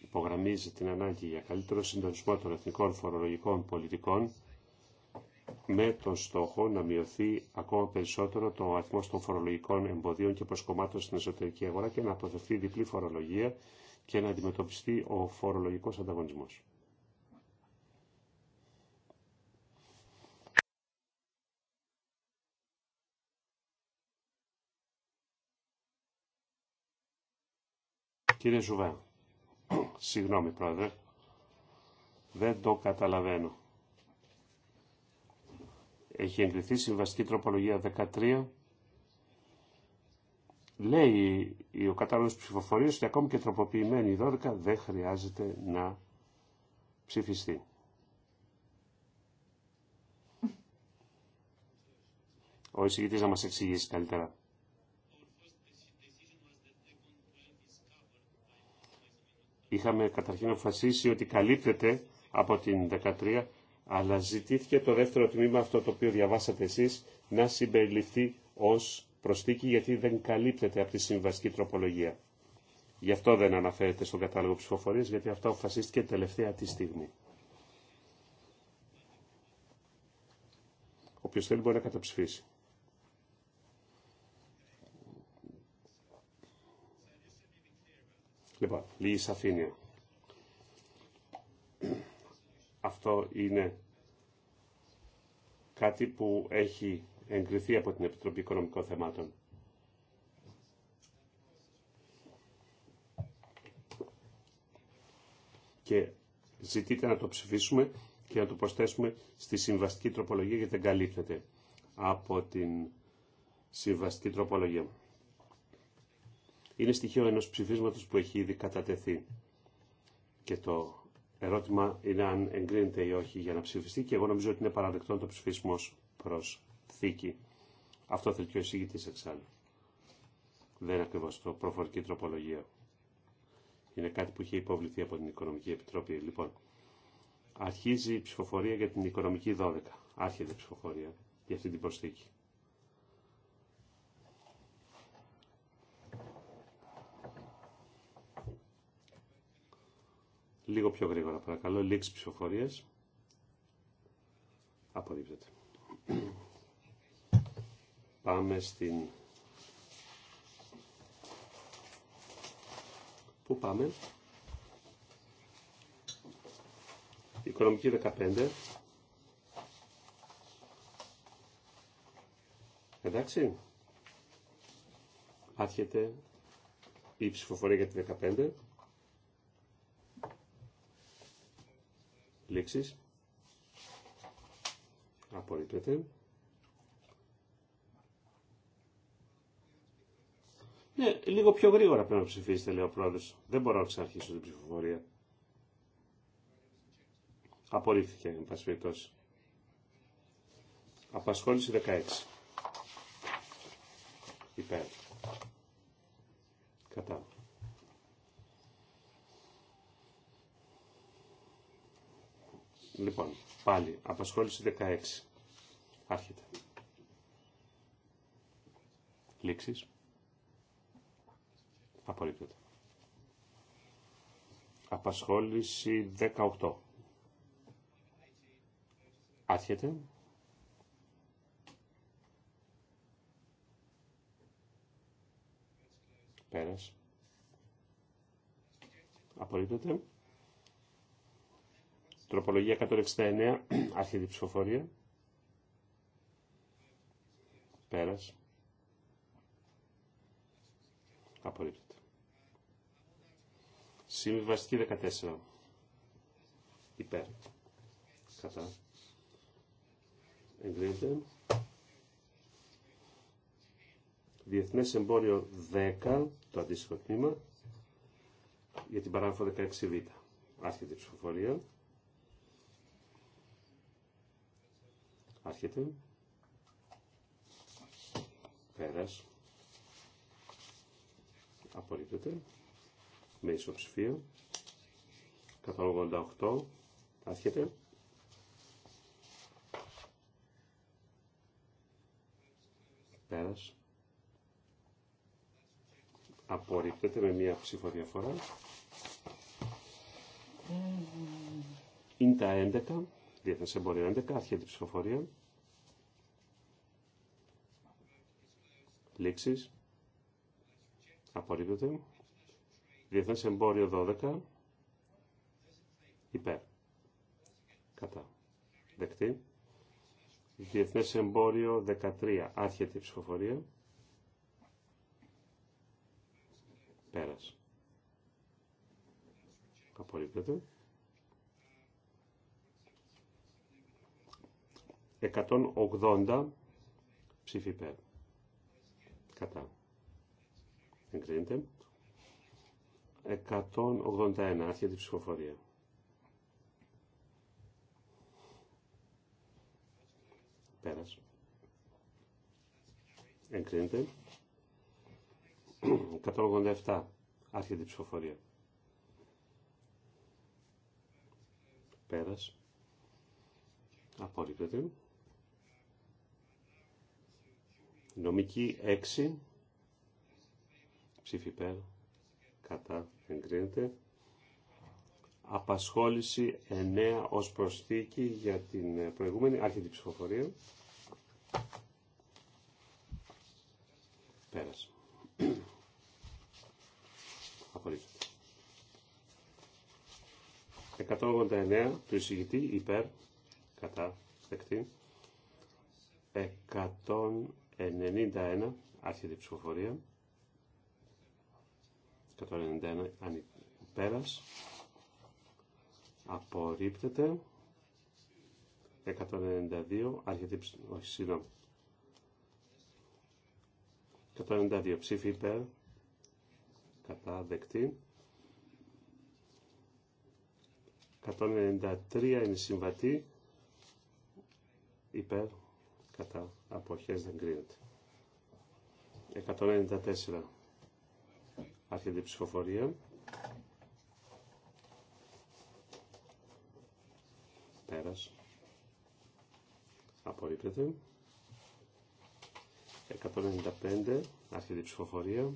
Speaker 2: Υπογραμμίζει την ανάγκη για καλύτερο συντονισμό των εθνικών φορολογικών πολιτικών με τον στόχο να μειωθεί ακόμα περισσότερο το αριθμό των φορολογικών εμποδίων και προσκομμάτων στην εσωτερική αγορά και να αποφευθεί διπλή φορολογία και να αντιμετωπιστεί ο φορολογικός ανταγωνισμός. Κύριε Ζουβά, συγγνώμη πρόεδρε, δεν το καταλαβαίνω. Έχει εγκριθεί συμβαστική τροπολογία 13. Λέει ο κατάλληλος ψηφοφορίας ότι ακόμη και τροποποιημένη η 12 δεν χρειάζεται να ψηφιστεί. Ο εισηγητής να μας εξηγήσει καλύτερα είχαμε καταρχήν αποφασίσει ότι καλύπτεται από την 13, αλλά ζητήθηκε το δεύτερο τμήμα, αυτό το οποίο διαβάσατε εσείς, να συμπεριληφθεί ως προστίκη, γιατί δεν καλύπτεται από τη συμβασική τροπολογία. Γι' αυτό δεν αναφέρεται στον κατάλογο ψηφοφορίας, γιατί αυτό αποφασίστηκε τελευταία τη στιγμή. Όποιος θέλει μπορεί να καταψηφίσει. Λοιπόν, λίγη σαφήνεια. Αυτό είναι κάτι που έχει εγκριθεί από την Επιτροπή Οικονομικών Θεμάτων. Και ζητείτε να το ψηφίσουμε και να το προσθέσουμε στη συμβαστική τροπολογία γιατί δεν καλύπτεται από την συμβαστική τροπολογία είναι στοιχείο ενός ψηφίσματος που έχει ήδη κατατεθεί. Και το ερώτημα είναι αν εγκρίνεται ή όχι για να ψηφιστεί και εγώ νομίζω ότι είναι παραδεκτό το ψηφισμό προς θήκη. Αυτό θέλει και ο εισηγητής εξάλλου. Δεν είναι ακριβώς το προφορική τροπολογία. Είναι κάτι που είχε υποβληθεί από την Οικονομική Επιτροπή. Λοιπόν, αρχίζει η ψηφοφορία για την Οικονομική 12. Άρχεται η ψηφοφορία για αυτή την προσθήκη. Λίγο πιο γρήγορα παρακαλώ. Λήξη ψηφοφορίας. Απορρίπτεται. Πάμε στην... Πού πάμε? Οικονομική 15. Εντάξει. Άρχεται η ψηφοφορία για τη 15. λέξεις. Απορρίπτεται. Ναι, λίγο πιο γρήγορα πρέπει να ψηφίσετε, λέει ο πρόεδρος. Δεν μπορώ να ξαναρχίσω την ψηφοφορία. Απορρίφθηκε, εν πάση περιπτώσει. Απασχόληση 16. Υπέρ. Κατά. Λοιπόν, πάλι, απασχόληση 16. Άρχεται. Λήξεις. Απορρίπτεται. Απασχόληση 18. Άρχεται. Πέρας. Απορρίπτεται. Τροπολογία 169, άρχεται η ψηφοφορία. Πέρας. Απορρίπτεται. Συμβιβαστική 14. Υπέρ. Κατά. Εγκρίνεται. Διεθνές εμπόριο 10, το αντίστοιχο τμήμα, για την παράγραφο 16β. Άρχεται ψηφοφορία. Άρχεται. Πέρας. Απορρίπτεται. Με ισοψηφία. Καταλογνων8 Άρχεται. Πέρας. Απορρίπτεται με μία ψήφο διαφορά. Είναι τα 11 διεθνές εμπορίο 11, αρχιέται ψηφοφορία. Λήξεις. Απορρίπτεται. Διεθνές εμπόριο 12. Υπέρ. Κατά. Δεκτή. Διεθνές εμπόριο 13. Άρχεται η ψηφοφορία. Πέρας. Απορρίπτεται. 180 ψήφι υπέρ. Κατά. Εγκρίνεται. 181 άρχεται την ψηφοφορία. Πέρασε. Εγκρίνεται. 187 άρχεται την ψηφοφορία. Πέρας. Απορρίπτεται. Νομική 6. Ψήφι υπέρ. Κατά. Εγκρίνεται. Απασχόληση 9 ως προσθήκη για την ε, προηγούμενη άρχιτη ψηφοφορία. Πέρασε. Απορρίπτεται. 189 του εισηγητή υπέρ κατά δεκτή 91 άρχεται η ψηφοφορία 191 αν πέρας απορρίπτεται 192 άρχεται όχι συγγνώμη 192 ψήφι υπέρ κατά δεκτή 193 είναι συμβατή υπέρ κατά αποχές δεν κρίνεται. 194 άρχεται ψηφοφορία. Πέρας. 195 άρχεται η ψηφοφορία.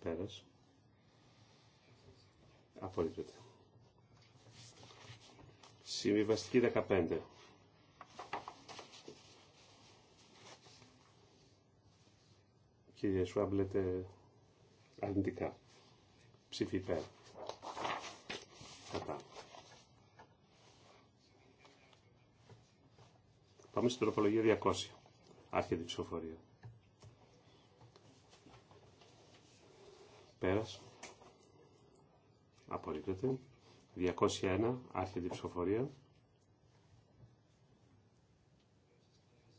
Speaker 2: Πέρας. Απορρίπτεται. Συμβιβαστική 15. Κύριε Σουάμπ, βλέπετε αρνητικά. Ψήφι υπέρ. Κατά. Πάμε στην τροπολογία 200. Άρχεται η ψηφοφορία. Πέρας. Απορρίπτεται. 201 άρχεται ψηφοφορία.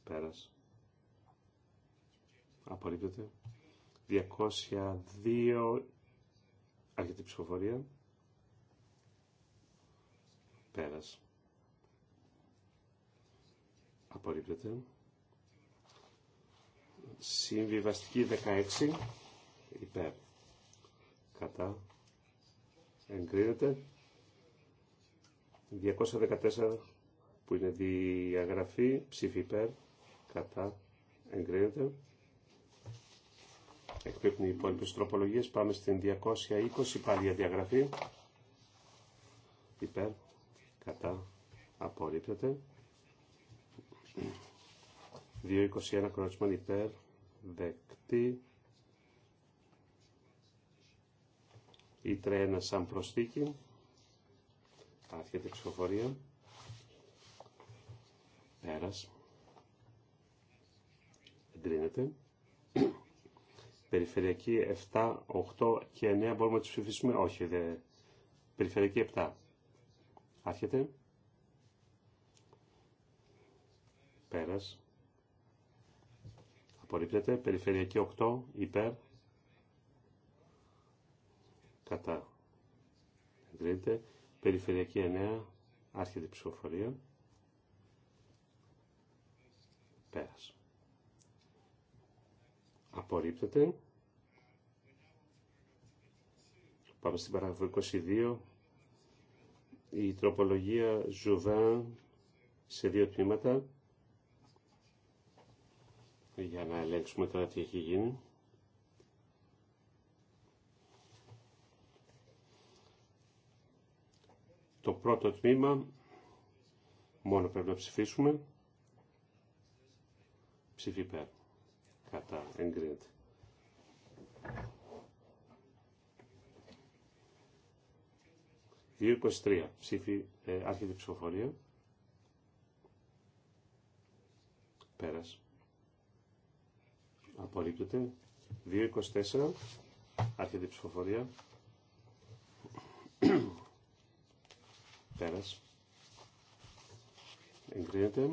Speaker 2: Πέρας. Απορρίπτεται. 202 άρχεται ψηφοφορία. Πέρας. Απορρίπτεται. Συμβιβαστική 16 υπέρ. Κατά. Εγκρίνεται. 214 που είναι διαγραφή, ψήφι υπέρ, κατά, εγκρίνεται. Εκπίπτουν οι υπόλοιπε τροπολογίε. Πάμε στην 220, πάλι για διαγραφή. Υπέρ, κατά, απορρίπτεται. 221 κροτσμαν υπέρ, δεκτή. Ήτρε ένα σαν προσθήκη. Άρχεται η ψηφοφορία. Πέρας. Εγκρίνεται. Περιφερειακή 7, 8 και 9 μπορούμε να τις ψηφίσουμε. Όχι, δε. Περιφερειακή 7. Άρχεται. Πέρας. Απορρίπτεται. Περιφερειακή 8, υπέρ. Κατά. Εγκρίνεται. Περιφερειακή 9, άρχεται η ψηφοφορία. Πέρασε. Απορρίπτεται. Πάμε στην παράγραφο 22. Η τροπολογία ζουβά σε δύο τμήματα. Για να ελέγξουμε τώρα τι έχει γίνει. Το πρώτο τμήμα, μόνο πρέπει να ψηφίσουμε. Ψήφι υπέρ. Κατά. Εγκρίνεται. Δύο 23. Ψήφι. Ε, άρχεται η ψηφοφορία. Πέρας. Απορρίπτεται. 2.24. Άρχεται η ψηφοφορία. Πέρας. Εγκρίνεται.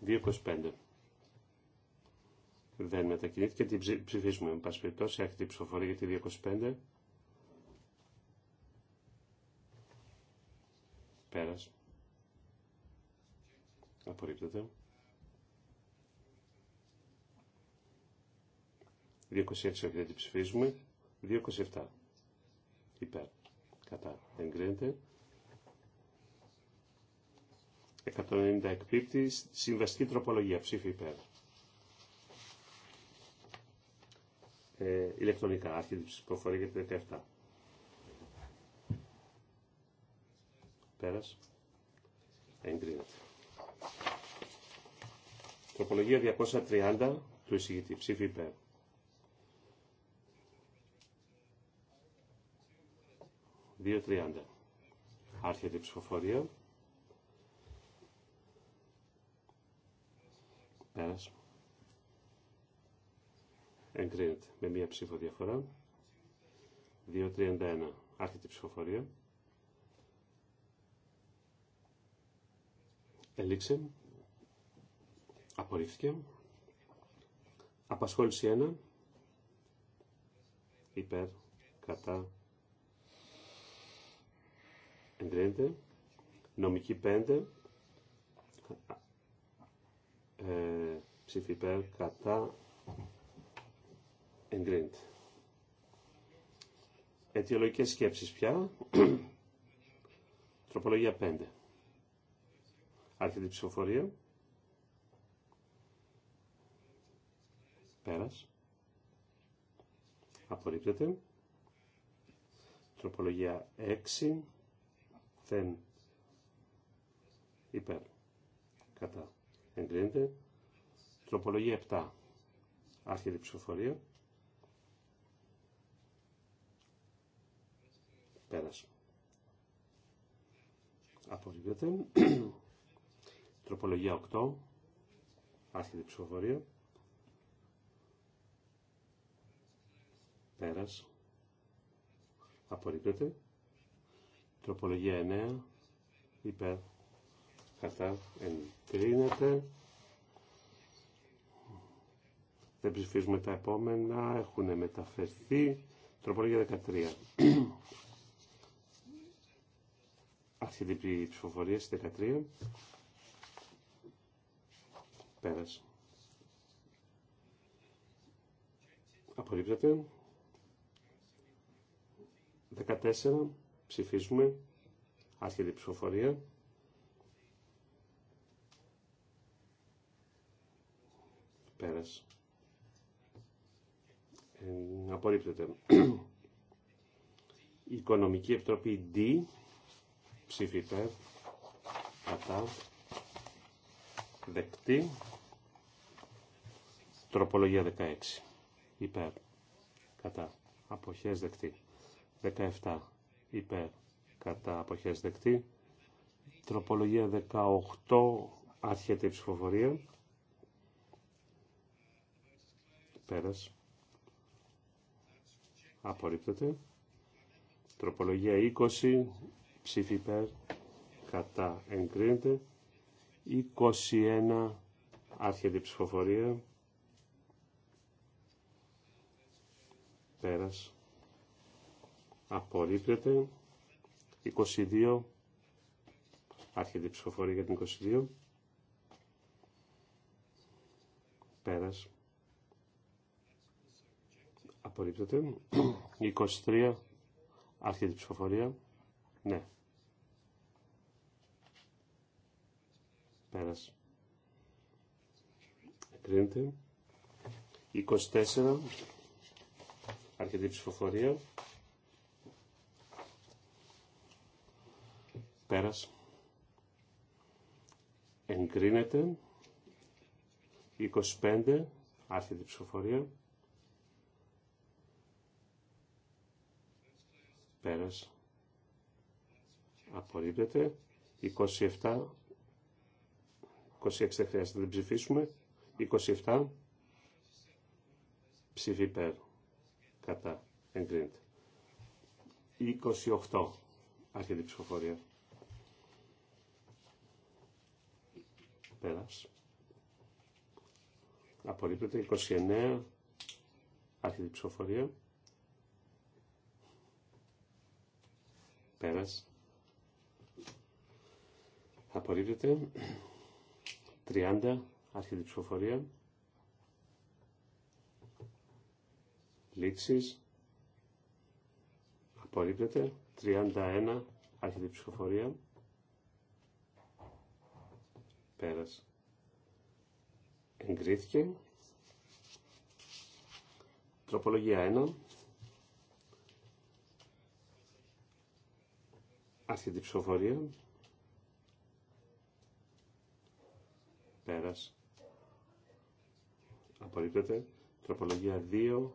Speaker 2: Δύο Δεν μετακινήθηκε. Την ψηφίσουμε, εν πάση περιπτώσει. Έρχεται η ψηφοφορία για τη 225. απορρίπτεται. 226 όχι δεν την ψηφίζουμε. 27 υπέρ. Κατά εγκρίνεται. 190 εκπίπτει. Συμβαστική τροπολογία. Ψήφι υπέρ. Ε, ηλεκτρονικά. Άρχεται την ψηφοφορία για την 17. Πέρας. Εγκρίνεται. Τροπολογία 230 του εισηγητή. Ψήφι υπέρ. πέρα. Άρχεται η ψηφοφορία. Πέρας. Εγκρίνεται με μία ψήφο διαφορά. 2.31. Άρχεται η ψηφοφορία. Έληξε. Απορρίφθηκε. Απασχόληση 1. Υπέρ. Κατά. Εγκρίνεται. Νομική 5. Ε, ψήφι υπέρ. Κατά. Εγκρίνεται. Αιτιολογικές σκέψεις πια. Τροπολογία 5. Άρχεται η ψηφοφορία. Πέρας. Απορρίπτεται. Τροπολογία 6. Δεν υπέρ. Κατά. Εγκρίνεται. Τροπολογία 7. Άρχεται η ψηφοφορία. Πέρας. Απορρίπτεται. Τροπολογία 8. Άρχεται η ψηφοφορία. Πέρας. Απορρίπτεται. Τροπολογία 9. Υπέρ. Κατά. Εντρίνεται. Δεν ψηφίζουμε τα επόμενα. Έχουν μεταφερθεί. Τροπολογία 13. Άρχεται η ψηφοφορία στις 13. Πέρασε. Απορρίπτεται. 14 ψηφίζουμε Άσχετη ψηφοφορία. Πέρας. Ε, απορρίπτεται. Η Οικονομική Επιτροπή D ψήφι υπέρ κατά δεκτή τροπολογία 16 υπέρ κατά αποχές δεκτή 17 υπέρ κατά αποχές δεκτή. Τροπολογία 18 άρχεται η ψηφοφορία. Πέρας. Απορρίπτεται. Τροπολογία 20 ψήφι υπέρ κατά εγκρίνεται. 21 άρχεται η ψηφοφορία. Πέρας απορρίπτεται 22 άρχεται η ψηφοφορία για την 22 πέρας απορρίπτεται 23 άρχεται η ψηφοφορία ναι πέρας εγκρίνεται 24 άρχεται η ψηφοφορία Πέρας. Εγκρίνεται. 25. Άρχεται η ψηφοφορία. Πέρας. Απορρίπτεται. 27. 26 δεν χρειάζεται να ψηφίσουμε. 27 ψήφι πέρα Κατά. Εγκρίνεται. 28. Άρχεται ψηφοφορία. Πέρας. Απορρίπτεται 29. Άρχεται ψηφοφορία. Πέρας. Απορρίπτεται 30. Άρχεται ψηφοφορία. Λήξεις. Απορρίπτεται 31. Άρχεται ψηφοφορία. Πέρας. Εγκρίθηκε. Τροπολογία 1. Άρχεται ψηφοφορία. Πέρας. Απορρίπτεται. Τροπολογία 2.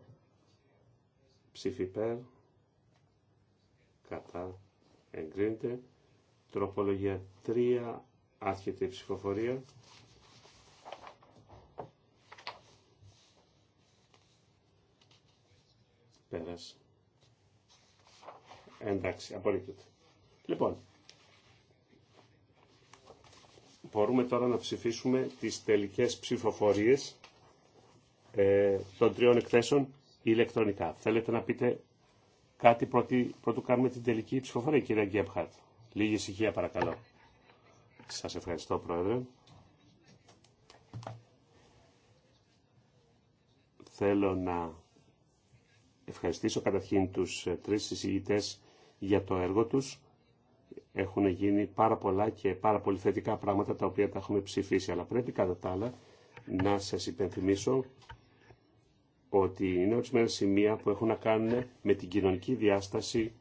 Speaker 2: Ψήφι υπέρ. Κατά. Εγκρίνεται. Τροπολογία 3 Άρχεται η ψηφοφορία. Πέρασε. Εντάξει, απολύτω. Λοιπόν, μπορούμε τώρα να ψηφίσουμε τις τελικές ψηφοφορίες ε, των τριών εκθέσεων ηλεκτρονικά. Θέλετε να πείτε κάτι πρώτη, πρώτου κάνουμε την τελική ψηφοφορία, κύριε Γκέμπχαρτ. Λίγη ησυχία παρακαλώ. Σας ευχαριστώ, Πρόεδρε. Θέλω να ευχαριστήσω καταρχήν τους ε, τρεις συζητητές για το έργο τους. Έχουν γίνει πάρα πολλά και πάρα πολύ θετικά πράγματα τα οποία τα έχουμε ψηφίσει. Αλλά πρέπει κατά τα άλλα να σας υπενθυμίσω ότι είναι ορισμένα σημεία που έχουν να κάνουν με την κοινωνική διάσταση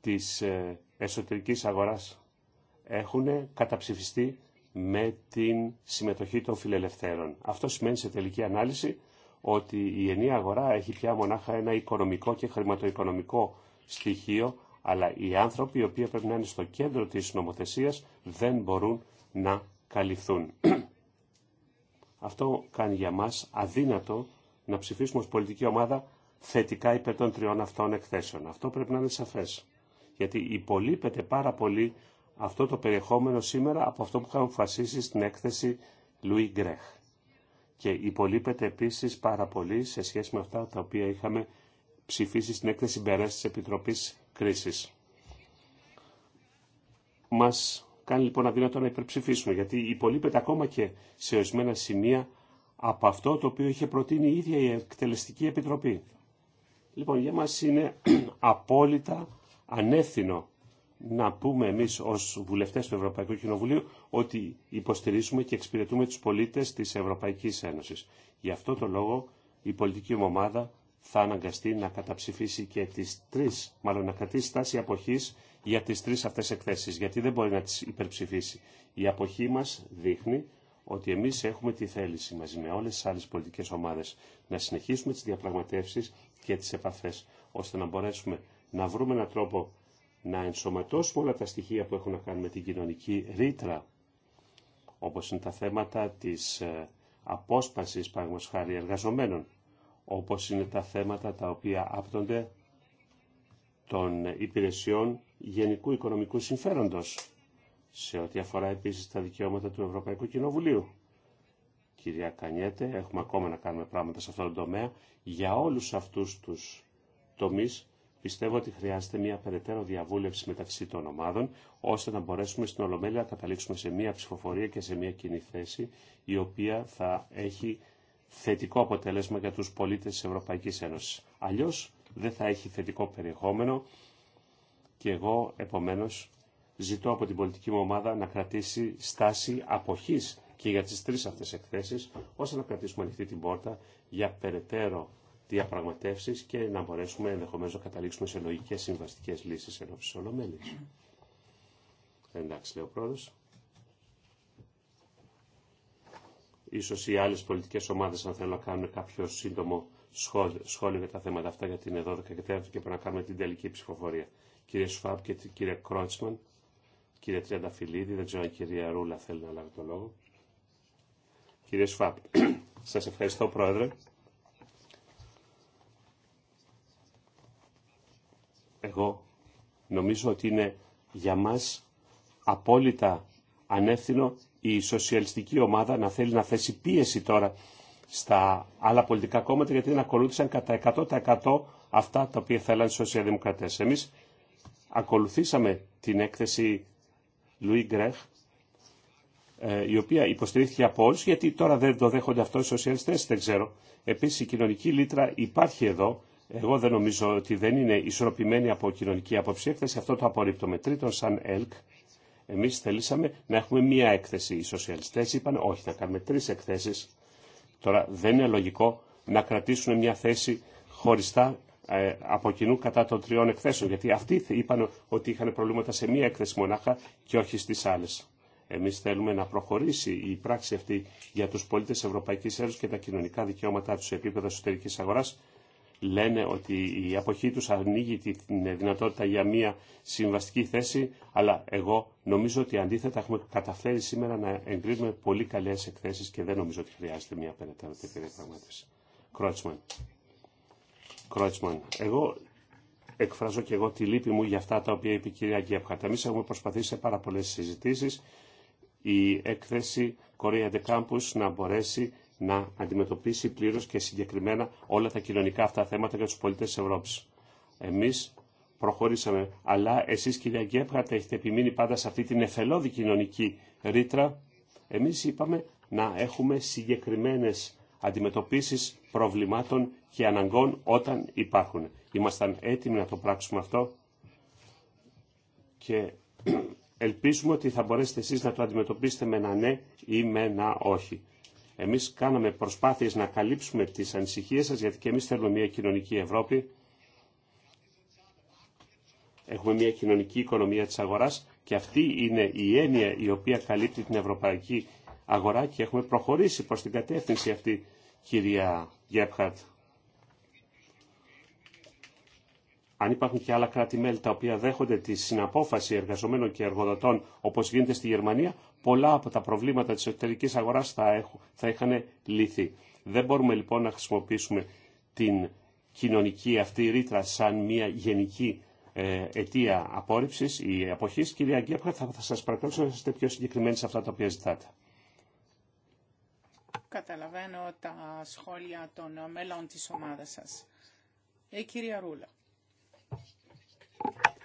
Speaker 2: της ε, εσωτερικής αγοράς έχουν καταψηφιστεί με την συμμετοχή των φιλελευθέρων. Αυτό σημαίνει σε τελική ανάλυση ότι η ενία αγορά έχει πια μονάχα ένα οικονομικό και χρηματοοικονομικό στοιχείο, αλλά οι άνθρωποι οι οποίοι πρέπει να είναι στο κέντρο της νομοθεσίας δεν μπορούν να καλυφθούν. Αυτό κάνει για μας αδύνατο να ψηφίσουμε ως πολιτική ομάδα θετικά υπέρ των τριών αυτών εκθέσεων. Αυτό πρέπει να είναι σαφές. Γιατί υπολείπεται πάρα πολύ αυτό το περιεχόμενο σήμερα από αυτό που είχαμε αποφασίσει στην έκθεση Louis Grech. Και υπολείπεται επίσης πάρα πολύ σε σχέση με αυτά τα οποία είχαμε ψηφίσει στην έκθεση Μπερές της Επιτροπής Κρίσης. Μας κάνει λοιπόν αδύνατο να υπερψηφίσουμε, γιατί υπολείπεται ακόμα και σε ορισμένα σημεία από αυτό το οποίο είχε προτείνει η ίδια η Εκτελεστική Επιτροπή. Λοιπόν, για μας είναι απόλυτα ανεύθυνο να πούμε εμεί ω βουλευτέ του Ευρωπαϊκού Κοινοβουλίου ότι υποστηρίζουμε και εξυπηρετούμε του πολίτε τη Ευρωπαϊκή Ένωση. Γι' αυτό το λόγο η πολιτική μου ομάδα θα αναγκαστεί να καταψηφίσει και τι τρει, μάλλον να κρατήσει στάση αποχής για τι τρει αυτέ εκθέσει, γιατί δεν μπορεί να τι υπερψηφίσει. Η αποχή μα δείχνει ότι εμεί έχουμε τη θέληση μαζί με όλες τις άλλε πολιτικές ομάδες να συνεχίσουμε τι διαπραγματεύσει και τι επαφέ, ώστε να μπορέσουμε να βρούμε έναν τρόπο να ενσωματώσουμε όλα τα στοιχεία που έχουν να κάνουν με την κοινωνική ρήτρα, όπως είναι τα θέματα της ε, απόσπασης χάρη εργαζομένων, όπως είναι τα θέματα τα οποία άπτονται των υπηρεσιών γενικού οικονομικού συμφέροντος, σε ό,τι αφορά επίσης τα δικαιώματα του Ευρωπαϊκού Κοινοβουλίου. Κυρία Κανιέτε, έχουμε ακόμα να κάνουμε πράγματα σε αυτόν τον τομέα. Για όλους αυτούς τους τομείς Πιστεύω ότι χρειάζεται μια περαιτέρω διαβούλευση μεταξύ των ομάδων, ώστε να μπορέσουμε στην Ολομέλεια να καταλήξουμε σε μια ψηφοφορία και σε μια κοινή θέση, η οποία θα έχει θετικό αποτέλεσμα για τους πολίτες της Ευρωπαϊκής Ένωσης. Αλλιώς δεν θα έχει θετικό περιεχόμενο και εγώ επομένως ζητώ από την πολιτική μου ομάδα να κρατήσει στάση αποχής και για τις τρεις αυτές εκθέσεις, ώστε να κρατήσουμε ανοιχτή την πόρτα για περαιτέρω διαπραγματεύσεις και να μπορέσουμε ενδεχομένως να καταλήξουμε σε λογικές συμβαστικές λύσεις ενώ ολομέλης. Εντάξει, λέει ο πρόεδρος. Ίσως οι άλλες πολιτικές ομάδες αν θέλουν να κάνουν κάποιο σύντομο σχόλιο για τα θέματα αυτά γιατί είναι 12 και 4 και πρέπει να κάνουμε την τελική ψηφοφορία. Κύριε Σφάπ και κύριε Κρότσμαν, κύριε Τριανταφυλλίδη, δεν ξέρω αν κυρία Ρούλα θέλει να λάβει το λόγο. Κύριε Σφάπ, σας ευχαριστώ πρόεδρε. εγώ νομίζω ότι είναι για μας απόλυτα ανεύθυνο η σοσιαλιστική ομάδα να θέλει να θέσει πίεση τώρα στα άλλα πολιτικά κόμματα γιατί δεν ακολούθησαν κατά 100% αυτά τα οποία θέλαν οι σοσιαλδημοκρατές. Εμείς ακολουθήσαμε την έκθεση Λουί Γκρέχ ε, η οποία υποστηρίχθηκε από όλους γιατί τώρα δεν το δέχονται αυτό οι σοσιαλιστές, δεν ξέρω. Επίσης η κοινωνική λύτρα υπάρχει εδώ, ε. εγώ δεν νομίζω ότι δεν είναι ισορροπημένη από κοινωνική άποψη έκθεση. Αυτό το απορρίπτω με τρίτον σαν ΕΛΚ. Εμεί θελήσαμε να έχουμε μία έκθεση. Οι σοσιαλιστέ είπαν όχι, θα κάνουμε τρει εκθέσει. Τώρα δεν είναι λογικό να κρατήσουν μια θέση χωριστά ε, από κοινού κατά των τριών εκθέσεων. Γιατί αυτοί είπαν ότι είχαν προβλήματα σε μία έκθεση μονάχα και όχι στι άλλε. Εμεί θέλουμε να προχωρήσει η πράξη αυτή για του πολίτε Ευρωπαϊκή Ένωση και τα κοινωνικά δικαιώματά του σε επίπεδο εσωτερική αγορά λένε ότι η αποχή τους ανοίγει τη δυνατότητα για μια συμβαστική θέση, αλλά εγώ νομίζω ότι αντίθετα έχουμε καταφέρει σήμερα να εγκρίνουμε πολύ καλές εκθέσεις και δεν νομίζω ότι χρειάζεται μια περαιτέρω τέτοια διαπραγμάτευση. Κρότσμαν. Κρότσμαν. Εγώ εκφράζω και εγώ τη λύπη μου για αυτά τα οποία είπε η κυρία Γκέπχαρτ. Εμεί έχουμε προσπαθήσει σε πάρα πολλέ συζητήσει η έκθεση Korea the Campus να μπορέσει να αντιμετωπίσει πλήρω και συγκεκριμένα όλα τα κοινωνικά αυτά θέματα για του πολιτέ της Ευρώπης. Εμείς προχωρήσαμε, αλλά εσεί κυρία Γκέπχαρτ έχετε επιμείνει πάντα σε αυτή την εφελώδη κοινωνική ρήτρα. εμεί είπαμε να έχουμε συγκεκριμένε αντιμετωπίσει προβλημάτων και αναγκών όταν υπάρχουν. Ήμασταν έτοιμοι να το πράξουμε αυτό και ελπίζουμε ότι θα μπορέσετε εσείς να το αντιμετωπίσετε με ένα ναι ή με ένα όχι. Εμείς κάναμε προσπάθειες να καλύψουμε τις ανησυχίες σας, γιατί και εμείς θέλουμε μια κοινωνική Ευρώπη. Έχουμε μια κοινωνική οικονομία της αγοράς και αυτή είναι η έννοια η οποία καλύπτει την ευρωπαϊκή αγορά και έχουμε προχωρήσει προς την κατεύθυνση αυτή, κυρία Γκέπχαρτ. αν υπάρχουν και άλλα κράτη-μέλη τα οποία δέχονται τη συναπόφαση εργαζομένων και εργοδοτών όπω γίνεται στη Γερμανία, πολλά από τα προβλήματα τη εσωτερική αγορά θα, θα είχαν λυθεί. Δεν μπορούμε λοιπόν να χρησιμοποιήσουμε την κοινωνική αυτή ρήτρα σαν μια γενική ε, αιτία απόρριψη ή αποχή. Κυρία Γκέπχα, θα, θα σα παρακαλούσα να είστε πιο συγκεκριμένοι σε αυτά τα οποία ζητάτε.
Speaker 3: Καταλαβαίνω τα σχόλια των μέλων της ομάδας σας. Ε, κυρία Ρούλα.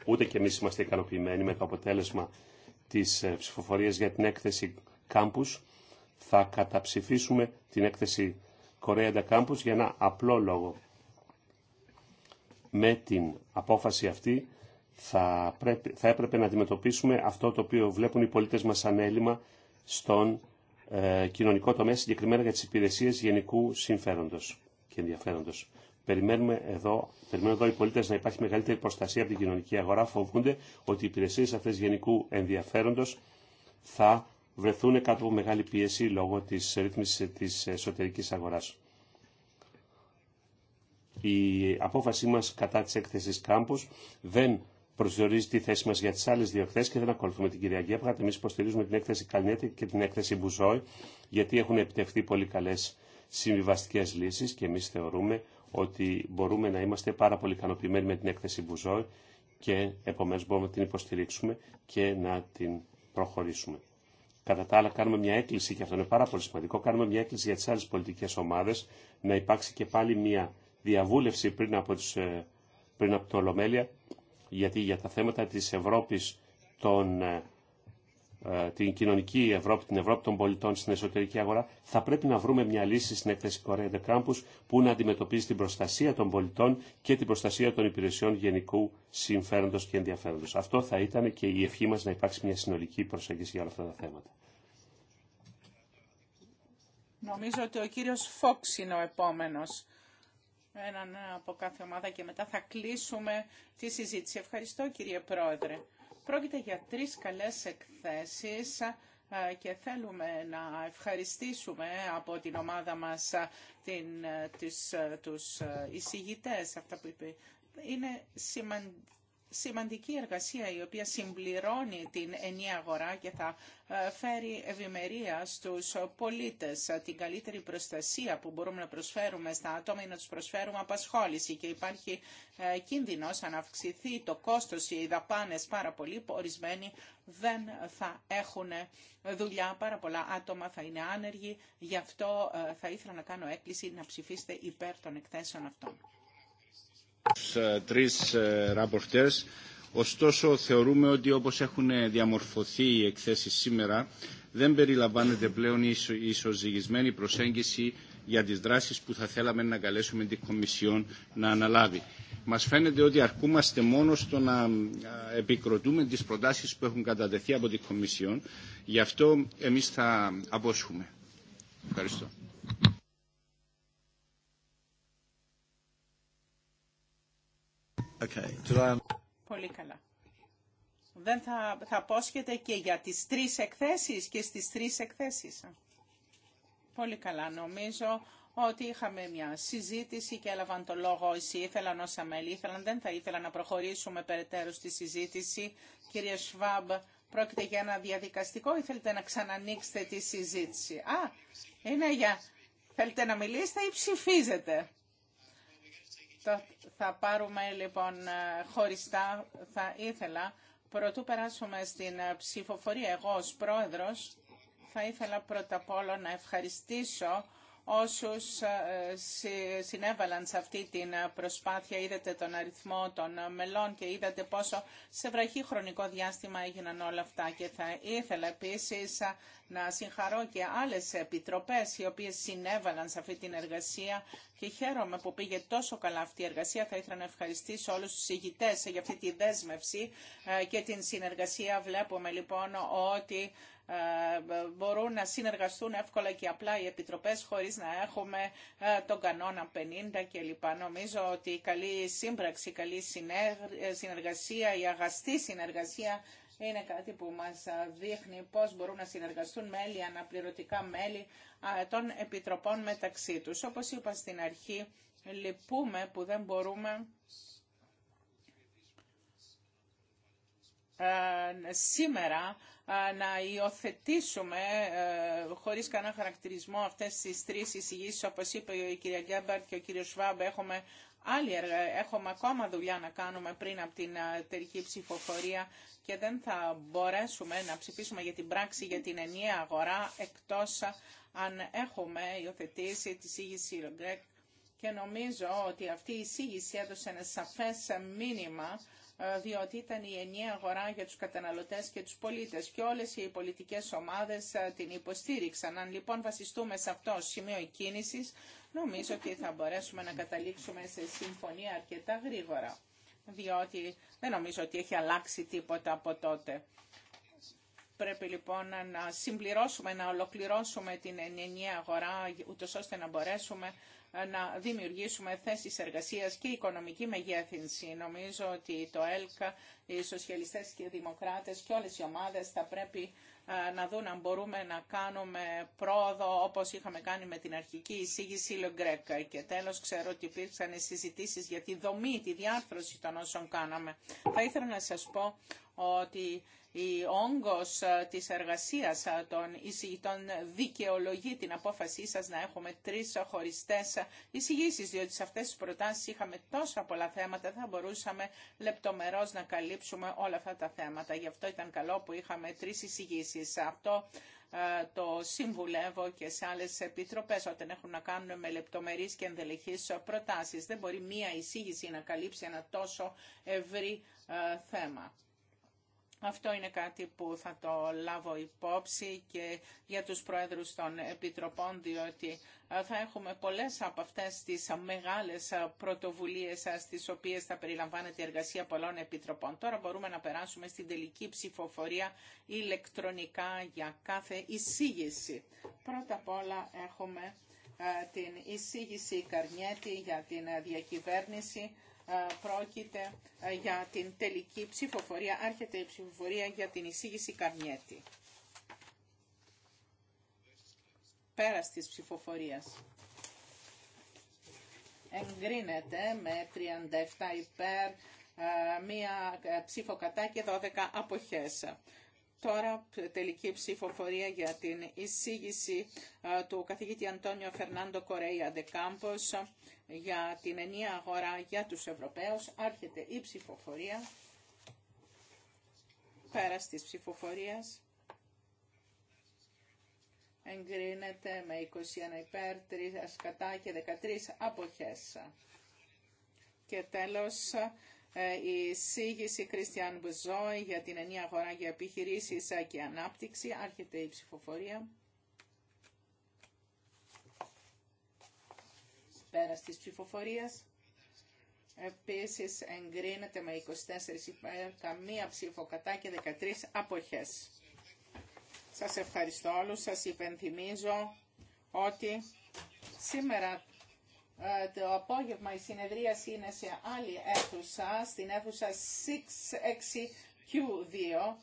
Speaker 2: Ούτε και εμείς είμαστε ικανοποιημένοι με το αποτέλεσμα της ε, ψηφοφορίας για την έκθεση Κάμπους. Θα καταψηφίσουμε την έκθεση Κορέαντα Κάμπους για ένα απλό λόγο. Με την απόφαση αυτή θα, πρέπει, θα έπρεπε να αντιμετωπίσουμε αυτό το οποίο βλέπουν οι πολίτες μας σαν έλλειμμα στον ε, κοινωνικό τομέα, συγκεκριμένα για τις υπηρεσίες γενικού συμφέροντος και ενδιαφέροντος. Περιμένουμε εδώ, εδώ οι πολίτε να υπάρχει μεγαλύτερη προστασία από την κοινωνική αγορά. Φοβούνται ότι οι υπηρεσίε αυτέ γενικού ενδιαφέροντο θα βρεθούν κάτω από μεγάλη πίεση λόγω τη ρύθμιση τη εσωτερική αγορά. Η απόφασή μα κατά τη έκθεση κάμπου δεν προσδιορίζει τη θέση μα για τι άλλε δύο εκθέσει και δεν ακολουθούμε την κυρία Γκέπχαρτ. Εμεί υποστηρίζουμε την έκθεση Καλνιέτη και την έκθεση Μπουζόη, γιατί έχουν επιτευχθεί πολύ καλέ συμβιβαστικέ λύσει και εμεί θεωρούμε ότι μπορούμε να είμαστε πάρα πολύ ικανοποιημένοι με την έκθεση Μπουζόη και επομένως μπορούμε να την υποστηρίξουμε και να την προχωρήσουμε. Κατά τα άλλα, κάνουμε μια έκκληση, και αυτό είναι πάρα πολύ σημαντικό, κάνουμε μια έκκληση για τις άλλες πολιτικές ομάδες να υπάρξει και πάλι μια διαβούλευση πριν από, τις, ε, πριν από την Ολομέλεια, γιατί για τα θέματα της Ευρώπης των ε, ε, την κοινωνική Ευρώπη, την Ευρώπη των πολιτών στην εσωτερική αγορά, θα πρέπει να βρούμε μια λύση στην έκθεση Κορέα Campus που να αντιμετωπίζει την προστασία των πολιτών και την προστασία των υπηρεσιών γενικού συμφέροντο και ενδιαφέροντο. Αυτό θα ήταν και η ευχή μα να υπάρξει μια συνολική προσέγγιση για όλα αυτά τα θέματα.
Speaker 3: Νομίζω ότι ο κύριος Φόξ είναι ο επόμενος. Έναν από κάθε ομάδα και μετά θα κλείσουμε τη συζήτηση. Ευχαριστώ κύριε Πρόεδρε. Πρόκειται για τρεις καλές εκθέσεις και θέλουμε να ευχαριστήσουμε από την ομάδα μας την, ε, τις, ε, τους ε, εισηγητές αυτά που είπε. Είναι σημαντικό σημαντική εργασία η οποία συμπληρώνει την ενιαία αγορά και θα ε, φέρει ευημερία στους πολίτες, ε, την καλύτερη προστασία που μπορούμε να προσφέρουμε στα άτομα ή να τους προσφέρουμε απασχόληση και υπάρχει ε, κίνδυνος αν αυξηθεί το κόστος ή οι δαπάνες πάρα πολύ, που ορισμένοι δεν θα έχουν δουλειά, πάρα πολλά άτομα θα είναι άνεργοι, γι' αυτό θα ήθελα να κάνω έκκληση να ψηφίσετε υπέρ των εκθέσεων αυτών.
Speaker 2: Τους ε, τρεις ε, ραπορτές, Ωστόσο, θεωρούμε ότι όπως έχουν διαμορφωθεί οι εκθέσεις σήμερα, δεν περιλαμβάνεται πλέον η ισοζυγισμένη προσέγγιση για τις δράσεις που θα θέλαμε να καλέσουμε την Κομισιόν να αναλάβει. Μας φαίνεται ότι αρκούμαστε μόνο στο να επικροτούμε τις προτάσεις που έχουν κατατεθεί από την Κομισιόν. Γι' αυτό εμείς θα
Speaker 3: απόσχουμε. Ευχαριστώ. Okay. Πολύ καλά. Δεν θα, θα πόσχεται και για τις τρεις εκθέσεις και στις τρεις εκθέσεις. Πολύ καλά. Νομίζω ότι είχαμε μια συζήτηση και έλαβαν το λόγο όσοι ήθελαν, όσα μέλη ήθελαν. Δεν θα ήθελα να προχωρήσουμε περαιτέρω στη συζήτηση. Κύριε Σβάμπ, πρόκειται για ένα διαδικαστικό ή θέλετε να ξανανοίξετε τη συζήτηση. Α, είναι για... Θέλετε να μιλήσετε ή ψηφίζετε θα πάρουμε λοιπόν ε, χωριστά, θα ήθελα, πρωτού περάσουμε στην ε, ψηφοφορία, εγώ ως πρόεδρος, θα ήθελα πρώτα απ' όλο να ευχαριστήσω όσους ε, συνέβαλαν σε αυτή την προσπάθεια. Είδατε τον αριθμό των μελών και είδατε πόσο σε βραχή χρονικό διάστημα έγιναν όλα αυτά. Και θα ήθελα επίσης να συγχαρώ και άλλες επιτροπές οι οποίες συνέβαλαν σε αυτή την εργασία και χαίρομαι που πήγε τόσο καλά αυτή η εργασία. Θα ήθελα να ευχαριστήσω όλους τους ηγητές για αυτή τη δέσμευση ε, και την συνεργασία. Βλέπουμε λοιπόν ότι ε, μπορούν να συνεργαστούν εύκολα και απλά οι επιτροπές χωρίς να έχουμε ε, τον κανόνα 50 κλπ. Νομίζω ότι η καλή σύμπραξη, η καλή ε, συνεργασία, η αγαστή συνεργασία είναι κάτι που μας δείχνει πώς μπορούν να συνεργαστούν μέλη, αναπληρωτικά μέλη των επιτροπών μεταξύ τους. Όπως είπα στην αρχή, λυπούμε που δεν μπορούμε Ε, σήμερα ε, να υιοθετήσουμε ε, χωρίς κανένα χαρακτηρισμό αυτές τις τρεις εισηγήσεις όπως είπε η κυρία Γκέμπαρτ και ο κύριος Σβάμπ έχουμε άλλη έχουμε ακόμα δουλειά να κάνουμε πριν από την τελική ψηφοφορία και δεν θα μπορέσουμε να ψηφίσουμε για την πράξη για την ενιαία αγορά εκτός αν έχουμε υιοθετήσει τη εισήγηση και νομίζω ότι αυτή η εισήγηση έδωσε ένα σαφές μήνυμα ε, διότι ήταν η ενιαία αγορά για τους καταναλωτές και τους πολίτες και όλες οι πολιτικές ομάδες ε, την υποστήριξαν. Αν λοιπόν βασιστούμε σε αυτό σημείο κίνησης, νομίζω ότι θα μπορέσουμε να καταλήξουμε σε συμφωνία αρκετά γρήγορα, διότι δεν νομίζω ότι έχει αλλάξει τίποτα από τότε. Πρέπει λοιπόν να συμπληρώσουμε, να ολοκληρώσουμε την ενιαία αγορά, ούτως ώστε να μπορέσουμε να δημιουργήσουμε θέσεις εργασίας και οικονομική μεγέθυνση. Νομίζω ότι το ΕΛΚΑ, οι σοσιαλιστές και οι δημοκράτες και όλες οι ομάδες θα πρέπει να δουν αν μπορούμε να κάνουμε πρόοδο όπως είχαμε κάνει με την αρχική εισήγηση Λεγκρέκα. Και τέλος ξέρω ότι υπήρξαν συζητήσεις για τη δομή, τη διάρθρωση των όσων κάναμε. Θα ήθελα να σας πω ότι η όγκος ε, της εργασίας ε, των εισηγητών δικαιολογεί την απόφασή σας να έχουμε τρεις χωριστές εισηγήσεις, διότι σε αυτές τις προτάσεις είχαμε τόσα πολλά θέματα, θα μπορούσαμε λεπτομερώς να καλύψουμε όλα αυτά τα θέματα. Γι' αυτό ήταν καλό που είχαμε τρεις εισηγήσεις. Αυτό ε, το συμβουλεύω και σε άλλες επιτροπές όταν έχουν να κάνουν με λεπτομερείς και ενδελεχείς προτάσεις. Δεν μπορεί μία εισήγηση να καλύψει ένα τόσο ευρύ θέμα. Αυτό είναι κάτι που θα το λάβω υπόψη και για τους Πρόεδρους των Επιτροπών, διότι ε, θα έχουμε πολλές από αυτές τις μεγάλες ε, πρωτοβουλίες ε, στις οποίες θα περιλαμβάνεται η εργασία πολλών επιτροπών. Τώρα μπορούμε να περάσουμε στην τελική ψηφοφορία ηλεκτρονικά για κάθε εισήγηση. Πρώτα απ' όλα έχουμε την εισήγηση Καρνιέτη για την διακυβέρνηση ε, πρόκειται ε, για την τελική ψηφοφορία. Άρχεται η ψηφοφορία για την εισήγηση Καρνιέτη. Πέρας της ψηφοφορίας. Εγκρίνεται με 37 υπέρ, ε, μία ψήφο κατά και 12 αποχές. Τώρα τελική ψηφοφορία για την εισήγηση ε, του καθηγητή Αντώνιο Φερνάντο Κορέια Ντεκάμπος ε, για την ενία αγορά για τους Ευρωπαίους. Άρχεται η ψηφοφορία. Πέρας της ψηφοφορίας εγκρίνεται με 21 υπέρ, 3 κατά και 13 αποχές. Και τέλος ε, η εισήγηση Κριστιαν Μπουζόη για την ενή αγορά για επιχειρήσεις και ανάπτυξη. Άρχεται η ψηφοφορία. Πέρα της ψηφοφορίας. Επίσης εγκρίνεται με 24 υπέρ, καμία ψήφο και 13 αποχές. Σας ευχαριστώ όλους, σας υπενθυμίζω ότι σήμερα ε, το απόγευμα η συνεδρίαση είναι σε άλλη αίθουσα, στην αιθουσα 66 6Q2.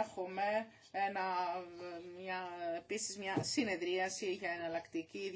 Speaker 3: Έχουμε ένα, μια, επίσης μια συνεδρίαση για εναλλακτική